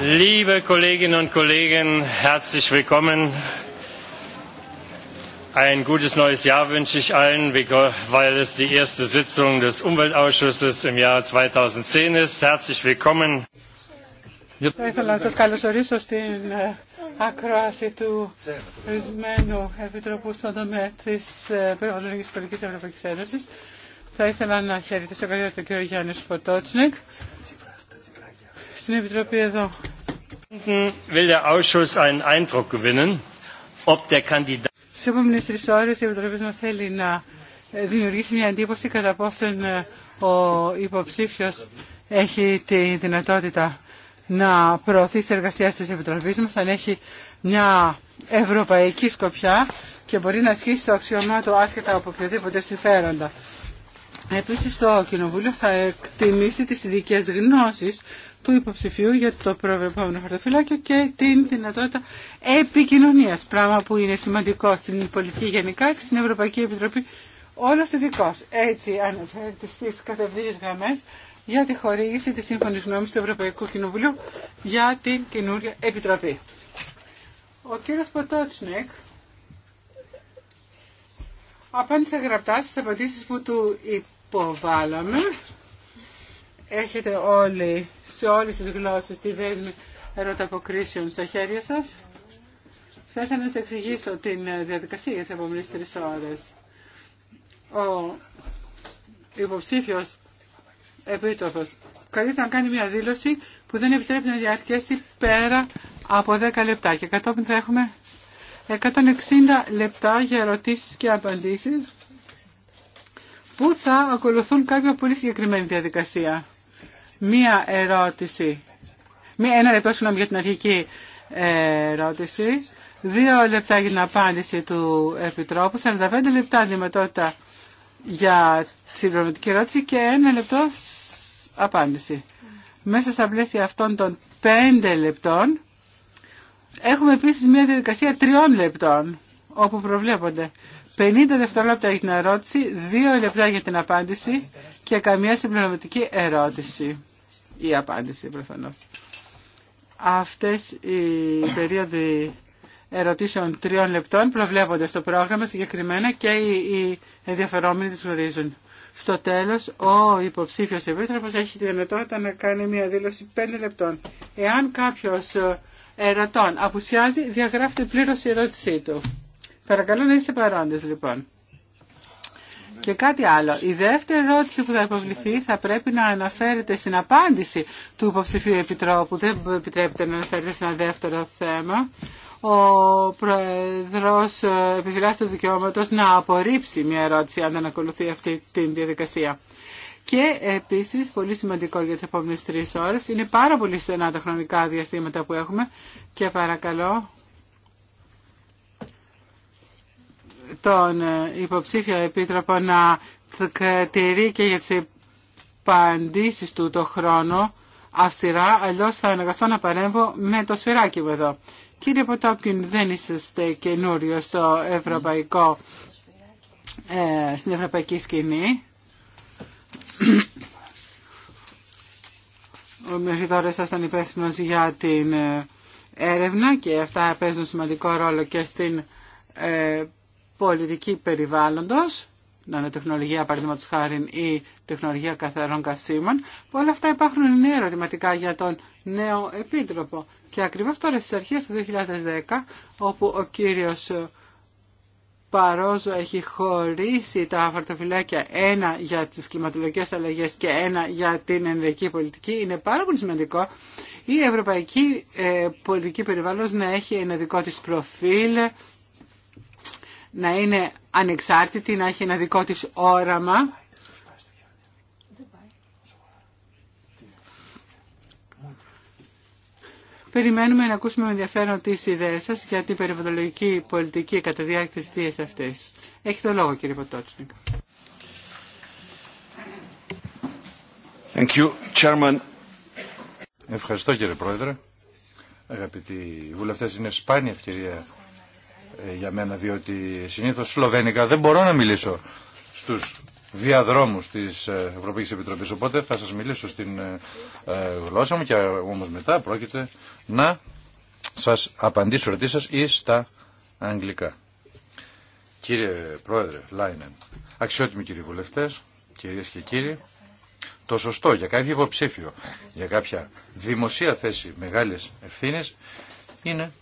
Liebe Kolleginnen und Kollegen, herzlich willkommen. Ein gutes neues Jahr wünsche ich allen, weil es die erste Sitzung des Umweltausschusses im Jahr 2010 ist. Herzlich willkommen. Θα ήθελα να σας καλωσορίσω στην ε, ακρόαση του ορισμένου Επιτροπού στον τομέα της ε, Περιβαλλοντικής Πολιτικής Ευρωπαϊκής Ένωσης. Θα ήθελα να χαιρετήσω καλύτερα τον κύριο Γιάννη Σποτότσνικ, στην Επιτροπή εδώ. Στις επόμενε τρεις ώρες η Επιτροπή μα θέλει να ε, δημιουργήσει μια εντύπωση κατά πόσον ε, ο υποψήφιο έχει τη δυνατότητα να προωθεί τις εργασία τη Επιτροπή μας, αν έχει μια ευρωπαϊκή σκοπιά και μπορεί να ασχίσει το αξιωμά του άσχετα από οποιοδήποτε συμφέροντα. Επίσης το Κοινοβούλιο θα εκτιμήσει τις ειδικέ γνώσεις του υποψηφίου για το προεπόμενο χαρτοφυλάκιο και την δυνατότητα επικοινωνίας, πράγμα που είναι σημαντικό στην πολιτική γενικά και στην Ευρωπαϊκή Επιτροπή όλος ειδικό. Έτσι αναφέρεται στις κατευθύνσεις γραμμές για τη χορήγηση της σύμφωνης γνώμης του Ευρωπαϊκού Κοινοβουλίου για την καινούργια Επιτροπή. Ο κύριος Ποτότσνεκ απάντησε γραπτά στις απαντήσεις που του υπήρχε που βάλαμε. Έχετε όλοι, σε όλες τις γλώσσες, τη δέσμη ερωταποκρίσεων στα χέρια σας. Θα ήθελα να σας εξηγήσω την ε, διαδικασία για τις επόμενες τρεις ώρες. Ο υποψήφιος επίτροπος καλείται να κάνει μια δήλωση που δεν επιτρέπει να διαρκέσει πέρα από 10 λεπτά και κατόπιν θα έχουμε 160 λεπτά για ερωτήσεις και απαντήσεις που θα ακολουθούν κάποια πολύ συγκεκριμένη διαδικασία. Μία ερώτηση. Μία, ένα λεπτό συγγνώμη για την αρχική ε, ερώτηση. Δύο λεπτά για την απάντηση του Επιτρόπου. 45 λεπτά δυνατότητα για συμπληρωματική ερώτηση και ένα λεπτό απάντηση. Μέσα στα πλαίσια αυτών των πέντε λεπτών έχουμε επίσης μια διαδικασία τριών λεπτών όπου προβλέπονται 50 δευτερόλεπτα για την ερώτηση, 2 λεπτά για την απάντηση και καμία συμπληρωματική ερώτηση ή απάντηση προφανώς. Αυτές οι περίοδοι ερωτήσεων τριών λεπτών προβλέπονται στο πρόγραμμα συγκεκριμένα και οι ενδιαφερόμενοι τις γνωρίζουν. Στο τέλος, ο υποψήφιος επίτροπος έχει τη δυνατότητα να κάνει μια δήλωση 5 λεπτών. Εάν κάποιος ε, ερωτών απουσιάζει, διαγράφεται πλήρως η ερώτησή του. Παρακαλώ να είστε παρόντες λοιπόν. Και κάτι άλλο. Η δεύτερη ερώτηση που θα υποβληθεί θα πρέπει να αναφέρεται στην απάντηση του υποψηφίου επιτρόπου. Δεν επιτρέπεται να αναφέρεται σε ένα δεύτερο θέμα. Ο Προεδρός ε, επιφυλάσσει του δικαιώματο να απορρίψει μια ερώτηση αν δεν ακολουθεί αυτή τη διαδικασία. Και επίση, πολύ σημαντικό για τι επόμενε τρει ώρε, είναι πάρα πολύ στενά τα χρονικά διαστήματα που έχουμε και παρακαλώ τον ε, υποψήφιο επίτροπο να τηρεί και για τις απαντήσεις του το χρόνο αυστηρά, αλλιώς θα αναγκαστώ να παρέμβω με το σφυράκι μου εδώ. Κύριε Ποτόπιν, δεν είσαστε καινούριο στο ευρωπαϊκό, ε, στην ευρωπαϊκή σκηνή. Μέχρι τώρα ήσασταν υπεύθυνο για την ε, έρευνα και αυτά παίζουν σημαντικό ρόλο και στην πολιτική περιβάλλοντος, τεχνολογία παραδείγματο χάρη ή τεχνολογία καθαρών καυσίμων, που όλα αυτά υπάρχουν νέα ερωτηματικά για τον νέο επίτροπο. Και ακριβώς τώρα στις αρχές του 2010, όπου ο κύριος Παρόζο έχει χωρίσει τα φαρτοφυλάκια ένα για τις κλιματολογικές αλλαγές και ένα για την ενεργειακή πολιτική, είναι πάρα πολύ σημαντικό η ευρωπαϊκή ε, πολιτική περιβάλλοντος να έχει ένα δικό της προφίλ, να είναι ανεξάρτητη, να έχει ένα δικό της όραμα. Περιμένουμε να ακούσουμε με ενδιαφέρον τις ιδέες σας για την περιβαλλοντική πολιτική κατά διάρκεια της δίας Έχει το λόγο κύριε Ποτότσνικ. Thank you, Chairman. Ευχαριστώ κύριε Πρόεδρε. Αγαπητοί βουλευτές, είναι σπάνια ευκαιρία ε, για μένα διότι συνήθως σλοβενικά δεν μπορώ να μιλήσω στους διαδρόμους της ε, Ευρωπαϊκής Επιτροπής οπότε θα σας μιλήσω στην ε, γλώσσα μου και όμως μετά πρόκειται να σας απαντήσω ρωτή σας ή στα αγγλικά. Κύριε Πρόεδρε Λάινεν, αξιότιμοι κύριοι βουλευτές, κυρίες και κύριοι, το σωστό για κάποιο υποψήφιο, για κάποια δημοσία θέση μεγάλες ευθύνες είναι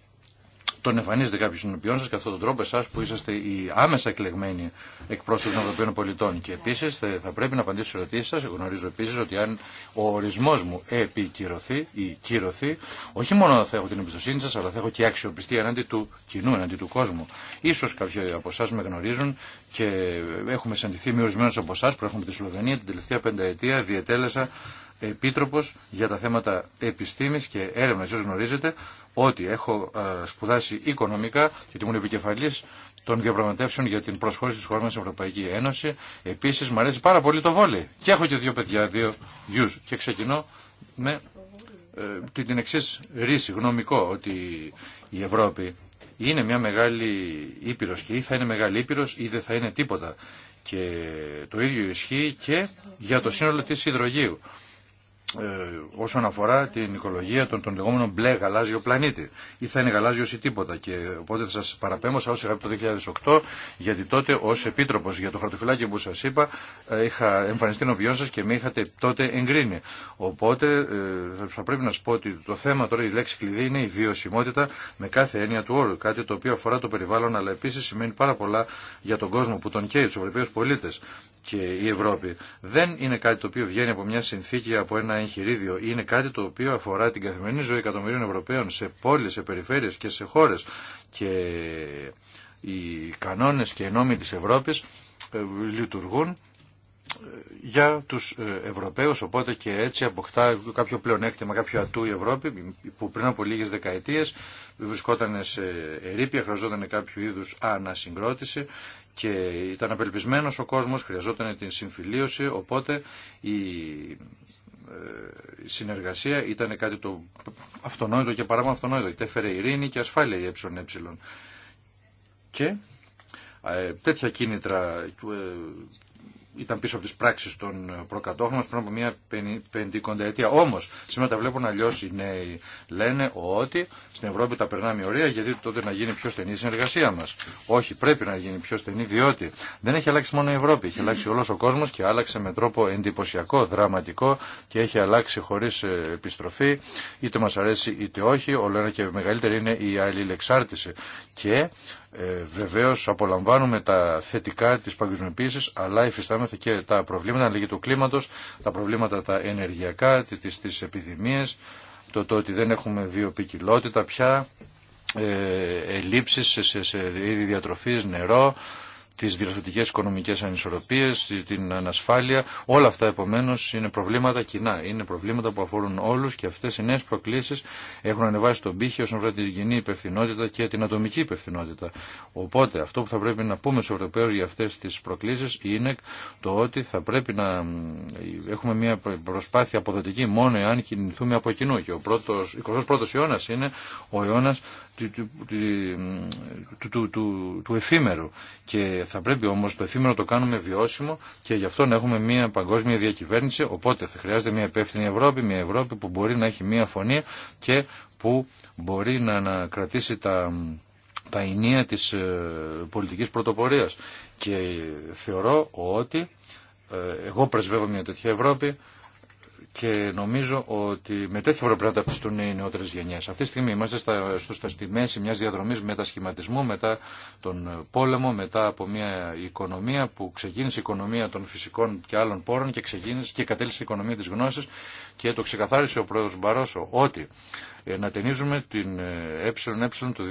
τον εμφανίζεται κάποιου συνοποιών σα και αυτόν τον τρόπο εσά που είσαστε οι άμεσα εκλεγμένοι εκπρόσωποι των Ευρωπαίων Πολιτών. Και επίση θα πρέπει να απαντήσω στι ερωτήσει σα. Γνωρίζω επίση ότι αν ο ορισμό μου επικυρωθεί ή κυρωθεί, όχι μόνο θα έχω την εμπιστοσύνη σα, αλλά θα έχω και αξιοπιστία εναντί του κοινού, εναντί του κόσμου. σω κάποιοι από εσά με γνωρίζουν και έχουμε συναντηθεί με ορισμένου από εσά που έχουμε τη Σλοβενία την τελευταία πενταετία. Διετέλεσα επίτροπο για τα θέματα επιστήμης και έρευνα Εσεί γνωρίζετε ότι έχω ε, σπουδάσει οικονομικά και ήμουν επικεφαλή των διαπραγματεύσεων για την προσχώρηση τη χώρα μας στην Ευρωπαϊκή Ένωση. Επίσης μου αρέσει πάρα πολύ το βόλιο Και έχω και δύο παιδιά, δύο γιους. Και ξεκινώ με ε, την εξή ρίση γνωμικό ότι η Ευρώπη είναι μια μεγάλη ήπειρος και ή θα είναι μεγάλη ήπειρος ή δεν θα είναι τίποτα. Και το ίδιο ισχύει και για το σύνολο της υδρογείου. Ε, όσον αφορά την οικολογία των, των λεγόμενων μπλε γαλάζιο πλανήτη. Ή θα είναι γαλάζιος ή τίποτα. Και οπότε θα σα παραπέμω σε όσοι το 2008, γιατί τότε ω επίτροπο για το χαρτοφυλάκιο που σα είπα, ε, είχα εμφανιστεί βιών σα και με είχατε τότε εγκρίνει. Οπότε ε, θα πρέπει να σα πω ότι το θέμα τώρα η λέξη κλειδί είναι η βιωσιμότητα με κάθε έννοια του όρου. Κάτι το οποίο αφορά το περιβάλλον, αλλά επίση σημαίνει πάρα πολλά για τον κόσμο που τον καίει, του Ευρωπαίου πολίτε και η Ευρώπη. Δεν είναι κάτι το οποίο βγαίνει από μια συνθήκη, από ένα εγχειρίδιο είναι κάτι το οποίο αφορά την καθημερινή ζωή εκατομμυρίων Ευρωπαίων σε πόλεις, σε περιφέρειες και σε χώρες και οι κανόνες και οι νόμοι της Ευρώπης ε, λειτουργούν ε, για τους ε, Ευρωπαίους οπότε και έτσι αποκτά κάποιο πλεονέκτημα, κάποιο ατού η Ευρώπη που πριν από λίγες δεκαετίες βρισκόταν σε ερήπια, χρειαζόταν κάποιο είδους ανασυγκρότηση και ήταν απελπισμένος ο κόσμος, χρειαζόταν την συμφιλίωση οπότε η ε, συνεργασία ήταν κάτι το αυτονόητο και παράμα αυτονόητο. Και έφερε ειρήνη και ασφάλεια η ΕΕ. Και ε, τέτοια κίνητρα ε, ήταν πίσω από τι πράξεις των προκατόχων μα πριν από μια πεντηκονταετία. Όμω, σήμερα τα βλέπουν αλλιώ οι νέοι. Λένε ότι στην Ευρώπη τα περνάμε ωραία γιατί τότε να γίνει πιο στενή η συνεργασία μα. Όχι, πρέπει να γίνει πιο στενή διότι δεν έχει αλλάξει μόνο η Ευρώπη. Έχει αλλάξει όλο ο κόσμο και άλλαξε με τρόπο εντυπωσιακό, δραματικό και έχει αλλάξει χωρί ε, επιστροφή. Είτε μα αρέσει είτε όχι, όλο ένα και μεγαλύτερη είναι η αλληλεξάρτηση. Και ε, βεβαίως απολαμβάνουμε τα θετικά της παγκοσμιοποίηση, αλλά υφιστάμεθα και τα προβλήματα αλλαγή του κλίματος, τα προβλήματα τα ενεργειακά, τι επιδημίε, το, το ότι δεν έχουμε βιοπικιλότητα πια, ε, ελλείψεις σε, σε, σε είδη διατροφής, νερό, τις διορθωτικές οικονομικές ανισορροπίες, την ανασφάλεια. Όλα αυτά επομένως είναι προβλήματα κοινά. Είναι προβλήματα που αφορούν όλους και αυτές οι νέες προκλήσεις έχουν ανεβάσει τον πύχη όσον αφορά την κοινή υπευθυνότητα και την ατομική υπευθυνότητα. Οπότε αυτό που θα πρέπει να πούμε στους Ευρωπαίους για αυτές τις προκλήσεις είναι το ότι θα πρέπει να έχουμε μια προσπάθεια αποδοτική μόνο εάν κινηθούμε από κοινού. Και ο πρώτος, 21ος αιώνας είναι ο αιώνας του, του, εφήμερου και θα πρέπει όμως το εφήμερο το κάνουμε βιώσιμο και γι' αυτό να έχουμε μια παγκόσμια διακυβέρνηση οπότε θα χρειάζεται μια υπεύθυνη Ευρώπη, μια Ευρώπη που μπορεί να έχει μια φωνή και που μπορεί να, να κρατήσει τα, τα ενία της ε, πολιτικής πρωτοπορίας και θεωρώ ότι ε, εγώ πρεσβεύω μια τέτοια Ευρώπη και νομίζω ότι με τέτοια πρέπει να ταυτιστούν οι νεότερε γενιέ. Αυτή τη στιγμή είμαστε στα, στο, στη μέση μια διαδρομή μετασχηματισμού μετά τον πόλεμο, μετά από μια οικονομία που ξεκίνησε η οικονομία των φυσικών και άλλων πόρων και, ξεκίνησε, και κατέληξε η οικονομία τη γνώση και το ξεκαθάρισε ο πρόεδρο Μπαρόσο ότι ε, να ταινίζουμε την ΕΕ του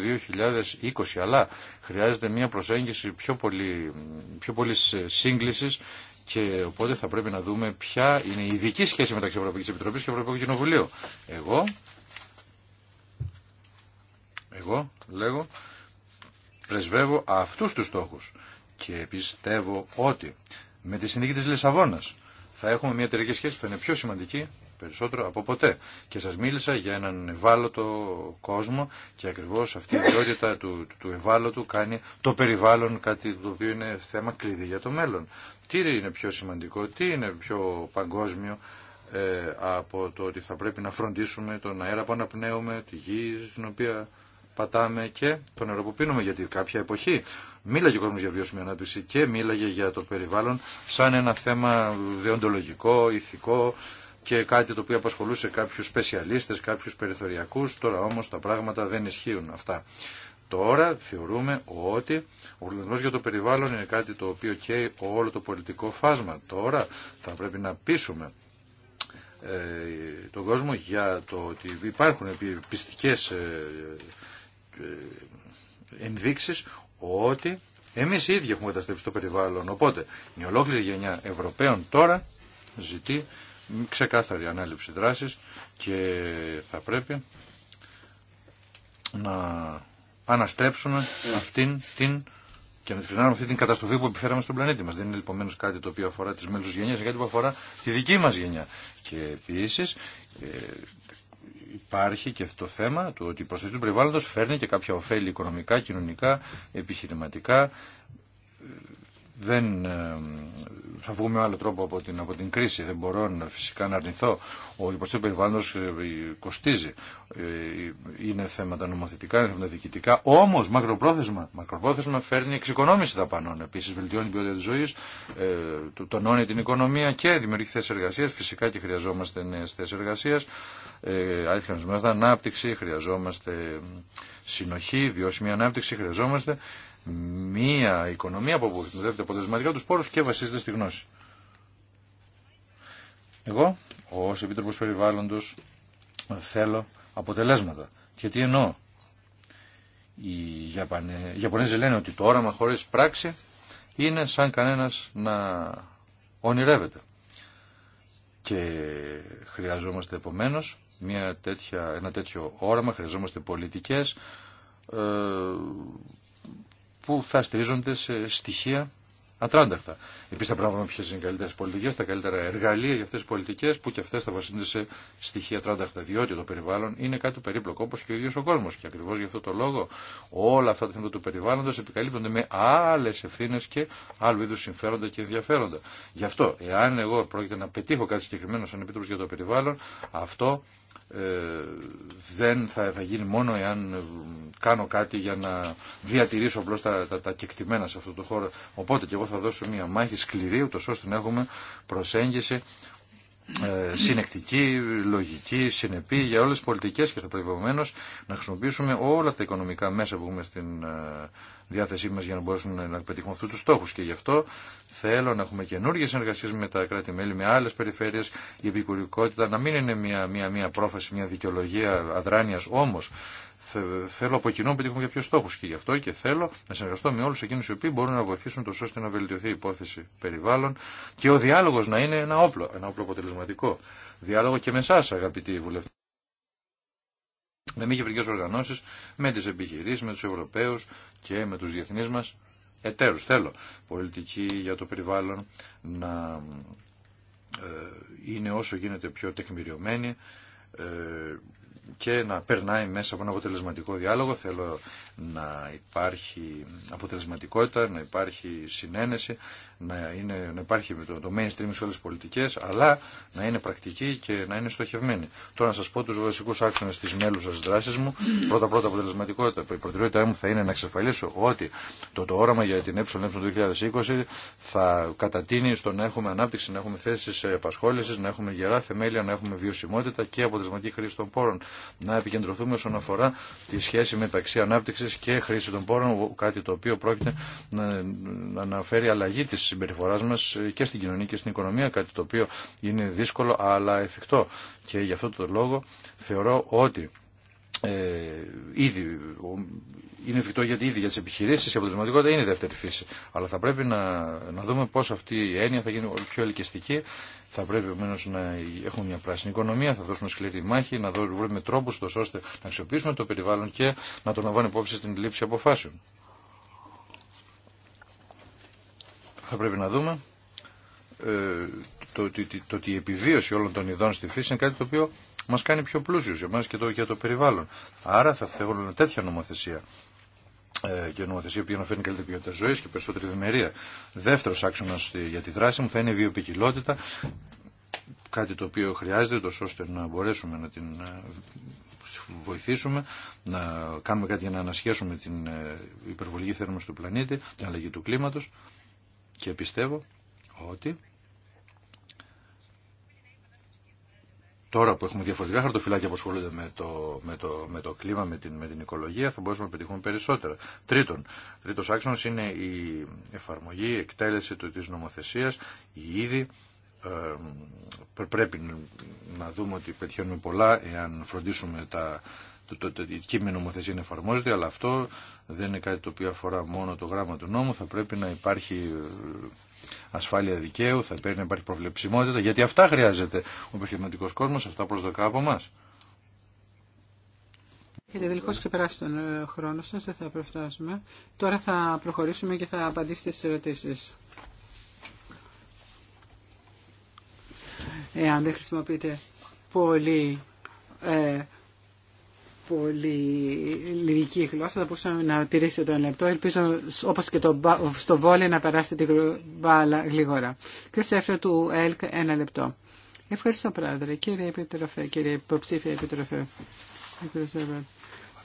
2020, αλλά χρειάζεται μια προσέγγιση πιο πολύ, πιο πολύ σύγκληση και οπότε θα πρέπει να δούμε ποια είναι η ειδική σχέση μεταξύ Ευρωπαϊκής Επιτροπής και Ευρωπαϊκού Κοινοβουλίου. Εγώ, εγώ λέγω, πρεσβεύω αυτούς τους στόχους και πιστεύω ότι με τη συνθήκη της Λισαβόνας θα έχουμε μια εταιρική σχέση που είναι πιο σημαντική περισσότερο από ποτέ. Και σας μίλησα για έναν ευάλωτο κόσμο και ακριβώς αυτή η ιδιότητα του, του ευάλωτου κάνει το περιβάλλον κάτι το οποίο είναι θέμα κλειδί για το μέλλον. Τι είναι πιο σημαντικό, τι είναι πιο παγκόσμιο ε, από το ότι θα πρέπει να φροντίσουμε τον αέρα που αναπνέουμε, τη γη στην οποία πατάμε και το νερό που πίνουμε. Γιατί κάποια εποχή μίλαγε ο κόσμο για βιώσιμη ανάπτυξη και μίλαγε για το περιβάλλον σαν ένα θέμα διοντολογικό, ηθικό και κάτι το οποίο απασχολούσε κάποιους σπεσιαλίστε, κάποιους περιθωριακούς, Τώρα όμως τα πράγματα δεν ισχύουν αυτά. Τώρα θεωρούμε ότι ο οργανισμός για το περιβάλλον είναι κάτι το οποίο καίει όλο το πολιτικό φάσμα. Τώρα θα πρέπει να πείσουμε ε, τον κόσμο για το ότι υπάρχουν πιστικές ε, ε, ενδείξεις ότι εμείς ίδιοι έχουμε καταστρέψει το περιβάλλον. Οπότε η ολόκληρη γενιά Ευρωπαίων τώρα ζητεί ξεκάθαρη ανάληψη δράσης και θα πρέπει να αναστρέψουμε ναι. αυτήν την και να την αυτή την καταστροφή που επιφέραμε στον πλανήτη μα. Δεν είναι λοιπόν κάτι το οποίο αφορά τι μέλου γενία είναι κάτι που αφορά τη δική μα γενιά. Και επίση ε, υπάρχει και αυτό το θέμα του ότι η προστασία του περιβάλλοντο φέρνει και κάποια ωφέλη οικονομικά, κοινωνικά, επιχειρηματικά δεν ε, θα βγούμε άλλο τρόπο από την, από την κρίση. Δεν μπορώ να, φυσικά να αρνηθώ. Ο υποστήριο περιβάλλοντο ε, κοστίζει. Ε, είναι θέματα νομοθετικά, είναι θέματα διοικητικά. Όμω μακροπρόθεσμα, μακροπρόθεσμα φέρνει εξοικονόμηση δαπανών. Επίση βελτιώνει την ποιότητα τη ζωή, τονώνει την οικονομία και δημιουργεί θέσει εργασία. Φυσικά και χρειαζόμαστε νέε θέσει εργασία. Άλλοι χρειαζόμαστε ανάπτυξη, χρειαζόμαστε συνοχή, βιώσιμη ανάπτυξη, χρειαζόμαστε μία οικονομία που αποδεύεται αποτελεσματικά τους πόρους και βασίζεται στη γνώση. Εγώ, ως Επίτροπος Περιβάλλοντος, θέλω αποτελέσματα. Και τι εννοώ. Οι Ιαπωνέζοι λένε ότι το όραμα χωρίς πράξη είναι σαν κανένας να ονειρεύεται. Και χρειαζόμαστε επομένως μια ένα τέτοιο όραμα, χρειαζόμαστε πολιτικές, ε, που θα στηρίζονται σε στοιχεία ατράνταχτα. Επίση θα πρέπει να ποιε είναι οι καλύτερε πολιτικέ, τα καλύτερα εργαλεία για αυτέ τι πολιτικέ που και αυτέ θα βασίζονται σε στοιχεία ατράνταχτα. Διότι το περιβάλλον είναι κάτι περίπλοκο όπω και ο ίδιο ο κόσμο. Και ακριβώ γι' αυτό το λόγο όλα αυτά τα θέματα του περιβάλλοντο επικαλύπτονται με άλλε ευθύνε και άλλου είδου συμφέροντα και ενδιαφέροντα. Γι' αυτό, εάν εγώ πρόκειται να πετύχω κάτι συγκεκριμένο σαν επίτροπο για το περιβάλλον, αυτό ε, δεν θα, θα γίνει μόνο εάν κάνω κάτι για να διατηρήσω απλώς τα, τα, τα κεκτημένα σε αυτό το χώρο. Οπότε και εγώ θα δώσω μια μάχη σκληρή, ούτως ώστε να έχουμε προσέγγιση ε, συνεκτική, λογική, συνεπή για όλες τις πολιτικές και θα πρέπει να χρησιμοποιήσουμε όλα τα οικονομικά μέσα που έχουμε στην ε, διάθεσή μας για να μπορέσουμε να πετύχουμε αυτούς τους στόχους και γι' αυτό θέλω να έχουμε καινούργιες συνεργασίες με τα κράτη-μέλη, με άλλες περιφέρειες, η επικουρικότητα να μην είναι μια, μια, μια πρόφαση, μια δικαιολογία αδράνειας όμως θέλω από κοινό να πετύχουμε για ποιου στόχου και γι' αυτό και θέλω να συνεργαστώ με όλου εκείνου οι οποίοι μπορούν να βοηθήσουν τόσο ώστε να βελτιωθεί η υπόθεση περιβάλλον και ο διάλογο να είναι ένα όπλο, ένα όπλο αποτελεσματικό. Διάλογο και με εσά, αγαπητοί βουλευτέ. Με μη κυβερνικέ οργανώσει, με τι επιχειρήσει, με του Ευρωπαίου και με του διεθνεί μα εταίρου. Θέλω πολιτική για το περιβάλλον να ε, είναι όσο γίνεται πιο τεκμηριωμένη ε, και να περνάει μέσα από ένα αποτελεσματικό διάλογο. Θέλω να υπάρχει αποτελεσματικότητα, να υπάρχει συνένεση, να, είναι, να υπάρχει το, το mainstream σε όλες τις πολιτικές, αλλά να είναι πρακτική και να είναι στοχευμένη. Τώρα να σας πω τους βασικούς άξονες της μέλους σας δράσης μου. Πρώτα-πρώτα αποτελεσματικότητα. Η προτεραιότητά μου θα είναι να εξασφαλίσω ότι το, το όραμα για την ΕΕ του 2020 θα κατατείνει στο να έχουμε ανάπτυξη, να έχουμε θέσεις επασχόλησης, να έχουμε γερά θεμέλια, να έχουμε βιωσιμότητα και αποτελεσματική χρήση των πόρων. Να επικεντρωθούμε όσον αφορά τη σχέση μεταξύ ανάπτυξη και χρήση των πόρων, κάτι το οποίο πρόκειται να αναφέρει αλλαγή της συμπεριφοράς μας και στην κοινωνία και στην οικονομία, κάτι το οποίο είναι δύσκολο αλλά εφικτό. Και γι' αυτό το λόγο θεωρώ ότι ε, ήδη είναι εφικτό γιατί ήδη για τι επιχειρήσει η αποτελεσματικότητα είναι η δεύτερη φύση. Αλλά θα πρέπει να, να δούμε πώ αυτή η έννοια θα γίνει πιο ελκυστική θα πρέπει όμως να έχουμε μια πράσινη οικονομία, θα δώσουμε σκληρή μάχη, να βρούμε τρόπου ώστε να αξιοποιήσουμε το περιβάλλον και να το λαμβάνει υπόψη στην λήψη αποφάσεων. Θα πρέπει να δούμε ε, το, το, το, ότι η επιβίωση όλων των ειδών στη φύση είναι κάτι το οποίο μας κάνει πιο πλούσιους για μας και το, για το περιβάλλον. Άρα θα θέλουν τέτοια νομοθεσία ε, και νομοθεσία που να φέρνει καλύτερη ποιότητα ζωή και περισσότερη ευημερία. Δεύτερο άξονα για τη δράση μου θα είναι η βιοπικιλότητα. Κάτι το οποίο χρειάζεται, ώστε να μπορέσουμε να την ε, βοηθήσουμε, να κάνουμε κάτι για να ανασχέσουμε την ε, υπερβολική θέρμανση του πλανήτη, την αλλαγή του κλίματος και πιστεύω ότι τώρα που έχουμε διαφορετικά χαρτοφυλάκια που ασχολούνται με το, με το, με το κλίμα, με την, με την οικολογία, θα μπορούσαμε να πετύχουμε περισσότερα. Τρίτον, τρίτο άξονα είναι η εφαρμογή, η εκτέλεση της νομοθεσίας, η είδη. Ε, πρέπει να δούμε ότι πετυχαίνουμε πολλά εάν φροντίσουμε τα, το, το, το, κείμενο νομοθεσία να εφαρμόζεται, αλλά αυτό δεν είναι κάτι το οποίο αφορά μόνο το γράμμα του νόμου, θα πρέπει να υπάρχει ε, ασφάλεια δικαίου, θα πρέπει να υπάρχει προβλεψιμότητα, γιατί αυτά χρειάζεται ο επιχειρηματικός κόσμος, αυτά προσδοκά από εμάς. Έχετε και ξεπεράσει τον ε, χρόνο σα, δεν θα προφτάσουμε. Τώρα θα προχωρήσουμε και θα απαντήσετε στι ερωτήσει. Εάν δεν χρησιμοποιείτε πολύ ε, πολύ λυγική γλώσσα, θα μπορούσαμε να τηρήσετε ένα λεπτό. Ελπίζω όπως και το, στο βόλιο να περάσετε την μπάλα γλίγορα. Κρυσέφερ του ΕΛΚ ένα λεπτό. Ευχαριστώ πρόεδρε, κύριε Επιτροφέ, κύριε υποψήφια Επιτροφέ.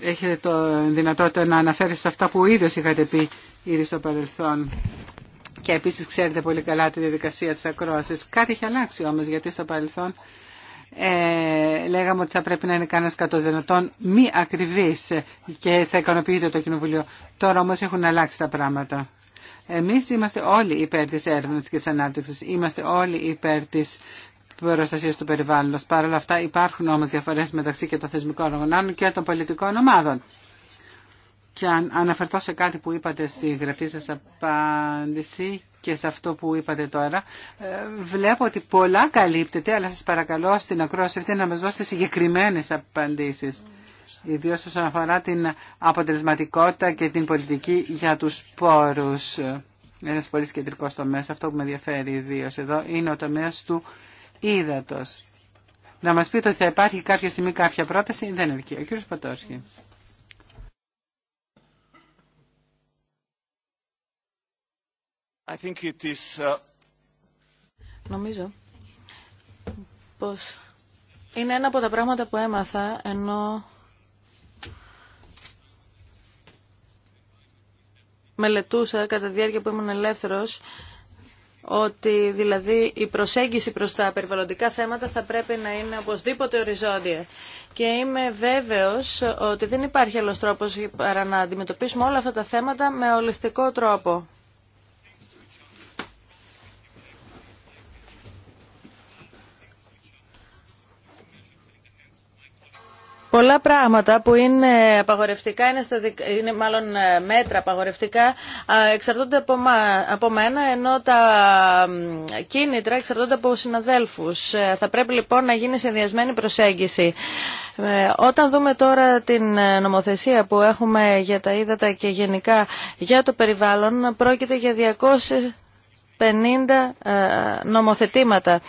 Έχετε το δυνατότητα να αναφέρεστε σε αυτά που ήδη είχατε πει ήδη στο παρελθόν. Και επίσης ξέρετε πολύ καλά τη διαδικασία της ακρόασης. Κάτι έχει αλλάξει όμως, γιατί στο παρελθόν ε, λέγαμε ότι θα πρέπει να είναι κανένας οδυνατόν μη ακριβής και θα ικανοποιείται το Κοινοβουλίο. Τώρα όμως έχουν αλλάξει τα πράγματα. Εμείς είμαστε όλοι υπέρ της έρευνα και της ανάπτυξης. Είμαστε όλοι υπέρ της προστασίας του περιβάλλοντος. Παρ' όλα αυτά υπάρχουν όμως διαφορές μεταξύ και των θεσμικών οργανών και των πολιτικών ομάδων. Και αν αναφερθώ σε κάτι που είπατε στη γραπτή σας απάντηση και σε αυτό που είπατε τώρα. Ε, βλέπω ότι πολλά καλύπτεται, αλλά σας παρακαλώ στην ακρόαση αυτή να μας δώσετε συγκεκριμένες απαντήσεις. Ιδίω όσον αφορά την αποτελεσματικότητα και την πολιτική για τους πόρους. Ένας πολύ κεντρικό τομέα, αυτό που με ενδιαφέρει ιδίω εδώ, είναι ο τομέας του ύδατος. Να μας πείτε ότι θα υπάρχει κάποια στιγμή κάποια πρόταση, δεν αρκεί. Ο κύριος Πατώσχη. Uh, Νομίζω πως είναι ένα από τα πράγματα που έμαθα ενώ μελετούσα κατά τη διάρκεια που ήμουν ελεύθερος ότι δηλαδή η προσέγγιση προς τα περιβαλλοντικά θέματα θα πρέπει να είναι οπωσδήποτε οριζόντια. Και είμαι βέβαιος ότι δεν υπάρχει άλλος τρόπος παρά να αντιμετωπίσουμε όλα αυτά τα θέματα με ολιστικό τρόπο. Πολλά πράγματα που είναι απαγορευτικά, είναι, είναι μάλλον ε, μέτρα απαγορευτικά, εξαρτώνται από, μα... από μένα, ενώ τα κίνητρα εξαρτώνται από συναδέλφους. Ε, θα πρέπει λοιπόν να γίνει συνδυασμένη προσέγγιση. Ε, όταν δούμε τώρα την νομοθεσία που έχουμε για τα ύδατα και γενικά για το περιβάλλον, πρόκειται για 250 νομοθετήματα.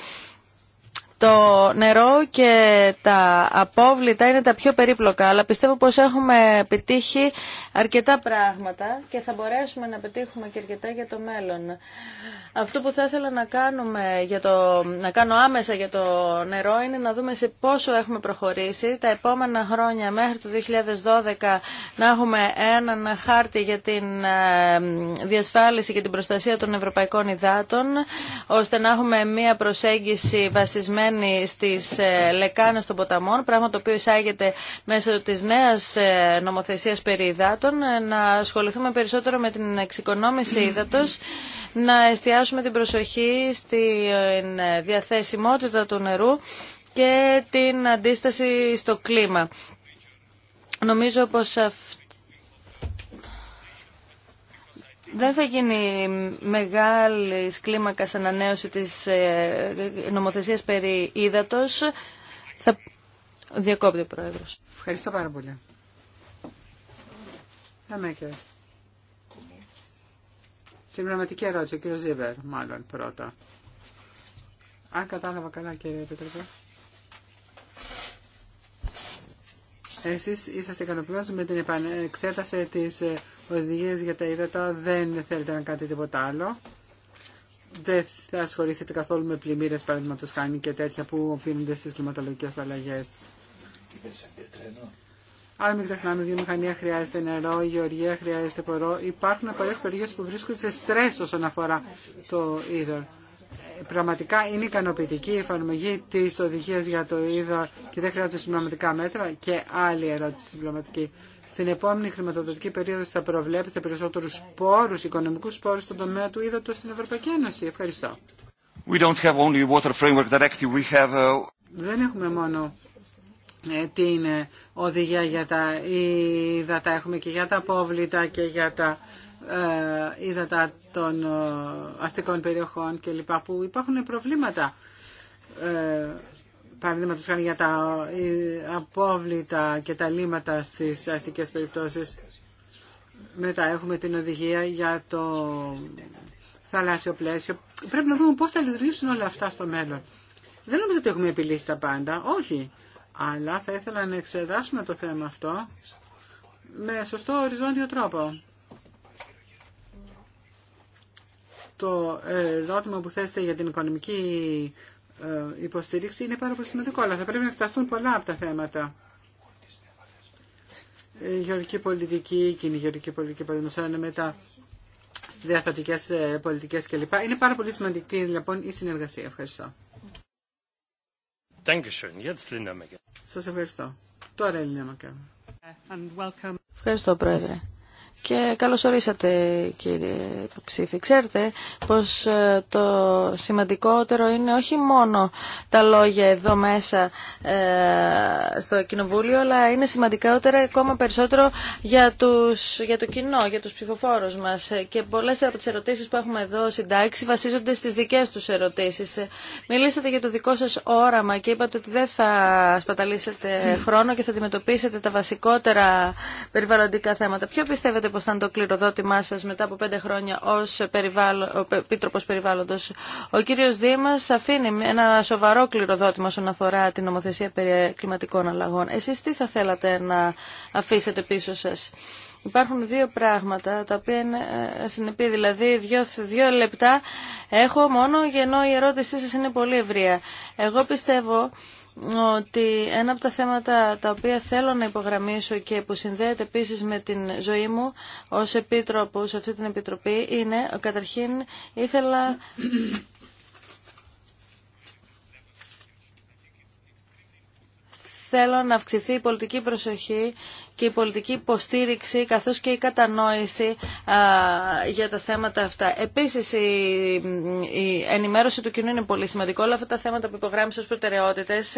Το νερό και τα απόβλητα είναι τα πιο περίπλοκα, αλλά πιστεύω πως έχουμε πετύχει αρκετά πράγματα και θα μπορέσουμε να πετύχουμε και αρκετά για το μέλλον. Αυτό που θα ήθελα να, κάνουμε για το, να κάνω άμεσα για το νερό είναι να δούμε σε πόσο έχουμε προχωρήσει τα επόμενα χρόνια μέχρι το 2012 να έχουμε έναν χάρτη για την ε, διασφάλιση και την προστασία των ευρωπαϊκών υδάτων, ώστε να έχουμε μία προσέγγιση βασισμένη συμβαίνει στις ε, λεκάνες των ποταμών, πράγμα το οποίο εισάγεται μέσω της νέα ε, νομοθεσίας περί υδάτων, ε, να ασχοληθούμε περισσότερο με την εξοικονόμηση υδατος, να εστιάσουμε την προσοχή στην διαθέσιμότητα του νερού και την αντίσταση στο κλίμα. Νομίζω πως αυτό δεν θα γίνει μεγάλη κλίμακα ανανέωση της ε, νομοθεσίας περί ύδατος. Θα διακόπτει ο Πρόεδρος. Ευχαριστώ πάρα πολύ. και. Συμπληρωματική ερώτηση, ο κύριος Ζήβερ, μάλλον πρώτα. Αν κατάλαβα καλά κύριε Επίτροπε. Εσεί είσαστε ικανοποιημένοι με την επανεξέταση τη οδηγίας για τα ύδατα. Δεν θέλετε να κάνετε τίποτα άλλο. Δεν θα ασχοληθείτε καθόλου με πλημμύρε, παραδείγματο χάνει και τέτοια που οφείλονται στι κλιματολογικέ αλλαγέ. Άρα μην ξεχνάμε, η βιομηχανία χρειάζεται νερό, η γεωργία χρειάζεται πορό. Υπάρχουν πολλέ περιοχέ που βρίσκονται σε στρε όσον αφορά το είδωρ πραγματικά είναι ικανοποιητική η εφαρμογή τη οδηγία για το είδο και δεν χρειάζονται συμπληρωματικά μέτρα και άλλη ερώτηση συμπληρωματική. Στην επόμενη χρηματοδοτική περίοδο θα προβλέψετε περισσότερου πόρου, οικονομικού πόρου στον τομέα του του στην Ευρωπαϊκή Ένωση. Ευχαριστώ. We don't have only water framework directive. We have uh, Δεν έχουμε μόνο ε, την ε, οδηγία για τα είδατα, έχουμε και για τα απόβλητα και για τα ύδατα ε, των ε, αστικών περιοχών κλπ. που υπάρχουν προβλήματα. Ε, Παραδείγματος για τα ε, απόβλητα και τα λύματα στις αστικές περιπτώσεις. Μετά έχουμε την οδηγία για το θαλάσσιο πλαίσιο. Πρέπει να δούμε πώς θα λειτουργήσουν όλα αυτά στο μέλλον. Δεν νομίζω ότι έχουμε επιλύσει τα πάντα. Όχι. Αλλά θα ήθελα να εξετάσουμε το θέμα αυτό με σωστό οριζόντιο τρόπο. το ερώτημα που θέσετε για την οικονομική ε, υποστήριξη είναι πάρα πολύ σημαντικό, αλλά θα πρέπει να φταστούν πολλά από τα θέματα. Ε, η γεωργική πολιτική, η κοινή γεωργική πολιτική, είναι μετά στις διαθωτικές ε, πολιτικές κλπ. Είναι πάρα πολύ σημαντική λοιπόν η συνεργασία. Ευχαριστώ. Σας ευχαριστώ. Τώρα Ελίνα Μακέβα. Ευχαριστώ Πρόεδρε και καλώς ορίσατε κύριε υποψήφι. Ξέρετε πως ε, το σημαντικότερο είναι όχι μόνο τα λόγια εδώ μέσα ε, στο Κοινοβούλιο, αλλά είναι σημαντικότερα ακόμα περισσότερο για, τους, για το κοινό, για τους ψηφοφόρους μας. Και πολλές από τις ερωτήσεις που έχουμε εδώ συντάξει βασίζονται στις δικές τους ερωτήσεις. Μιλήσατε για το δικό σας όραμα και είπατε ότι δεν θα σπαταλήσετε χρόνο και θα αντιμετωπίσετε τα βασικότερα περιβαλλοντικά θέματα. Ποιο πιστεύετε πως θα είναι το κληροδότημά σα μετά από πέντε χρόνια ως περιβάλλον, περιβάλλοντο. Περιβάλλοντος. Ο κύριος Δήμας αφήνει ένα σοβαρό κληροδότημα όσον αφορά την νομοθεσία περί κλιματικών αλλαγών. Εσείς τι θα θέλατε να αφήσετε πίσω σας. Υπάρχουν δύο πράγματα τα οποία είναι ε, συνεπή, δηλαδή δύο, λεπτά έχω μόνο, ενώ η ερώτησή σας είναι πολύ ευρία. Εγώ πιστεύω ότι ένα από τα θέματα τα οποία θέλω να υπογραμμίσω και που συνδέεται επίση με την ζωή μου ως επίτροπο σε αυτή την επιτροπή είναι καταρχήν ήθελα θέλω να αυξηθεί η πολιτική προσοχή και η πολιτική υποστήριξη καθώς και η κατανόηση για τα θέματα αυτά. Επίσης η, ενημέρωση του κοινού είναι πολύ σημαντικό. Όλα αυτά τα θέματα που υπογράμμισε ως προτεραιότητες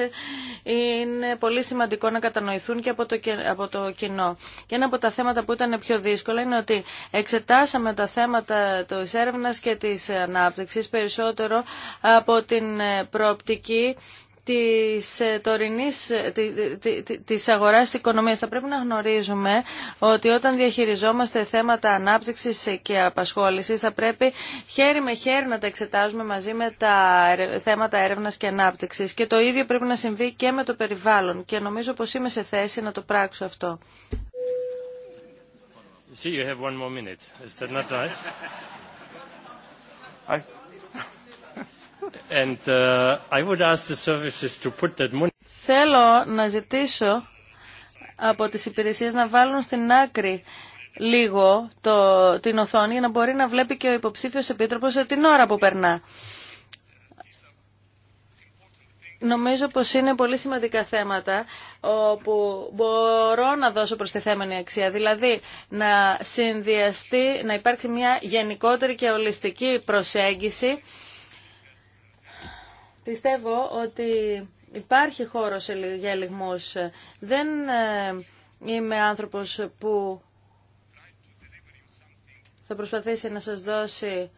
είναι πολύ σημαντικό να κατανοηθούν και από το, από το κοινό. Και ένα από τα θέματα που ήταν πιο δύσκολα είναι ότι εξετάσαμε τα θέματα της έρευνα και της ανάπτυξης περισσότερο από την προοπτική της ε, τωρινής της αγοράς οικονομίας. Θα πρέπει να γνωρίζουμε ότι όταν διαχειριζόμαστε θέματα ανάπτυξης και απασχόλησης θα πρέπει χέρι με χέρι να τα εξετάζουμε μαζί με τα θέματα έρευνας και ανάπτυξης και το ίδιο πρέπει να συμβεί και με το περιβάλλον και νομίζω πως είμαι σε θέση να το πράξω αυτό. See, you have one more minute. Θέλω να ζητήσω από τις υπηρεσίες να βάλουν στην άκρη λίγο το, την οθόνη για να μπορεί να βλέπει και ο υποψήφιος επίτροπος την ώρα που περνά. Νομίζω πως είναι πολύ σημαντικά θέματα όπου μπορώ να δώσω προστιθέμενη αξία. Δηλαδή να συνδυαστεί, να υπάρχει μια γενικότερη και ολιστική προσέγγιση Πιστεύω ότι υπάρχει χώρος για ελιγμούς. Δεν ε, είμαι άνθρωπος που θα προσπαθήσει να σας δώσει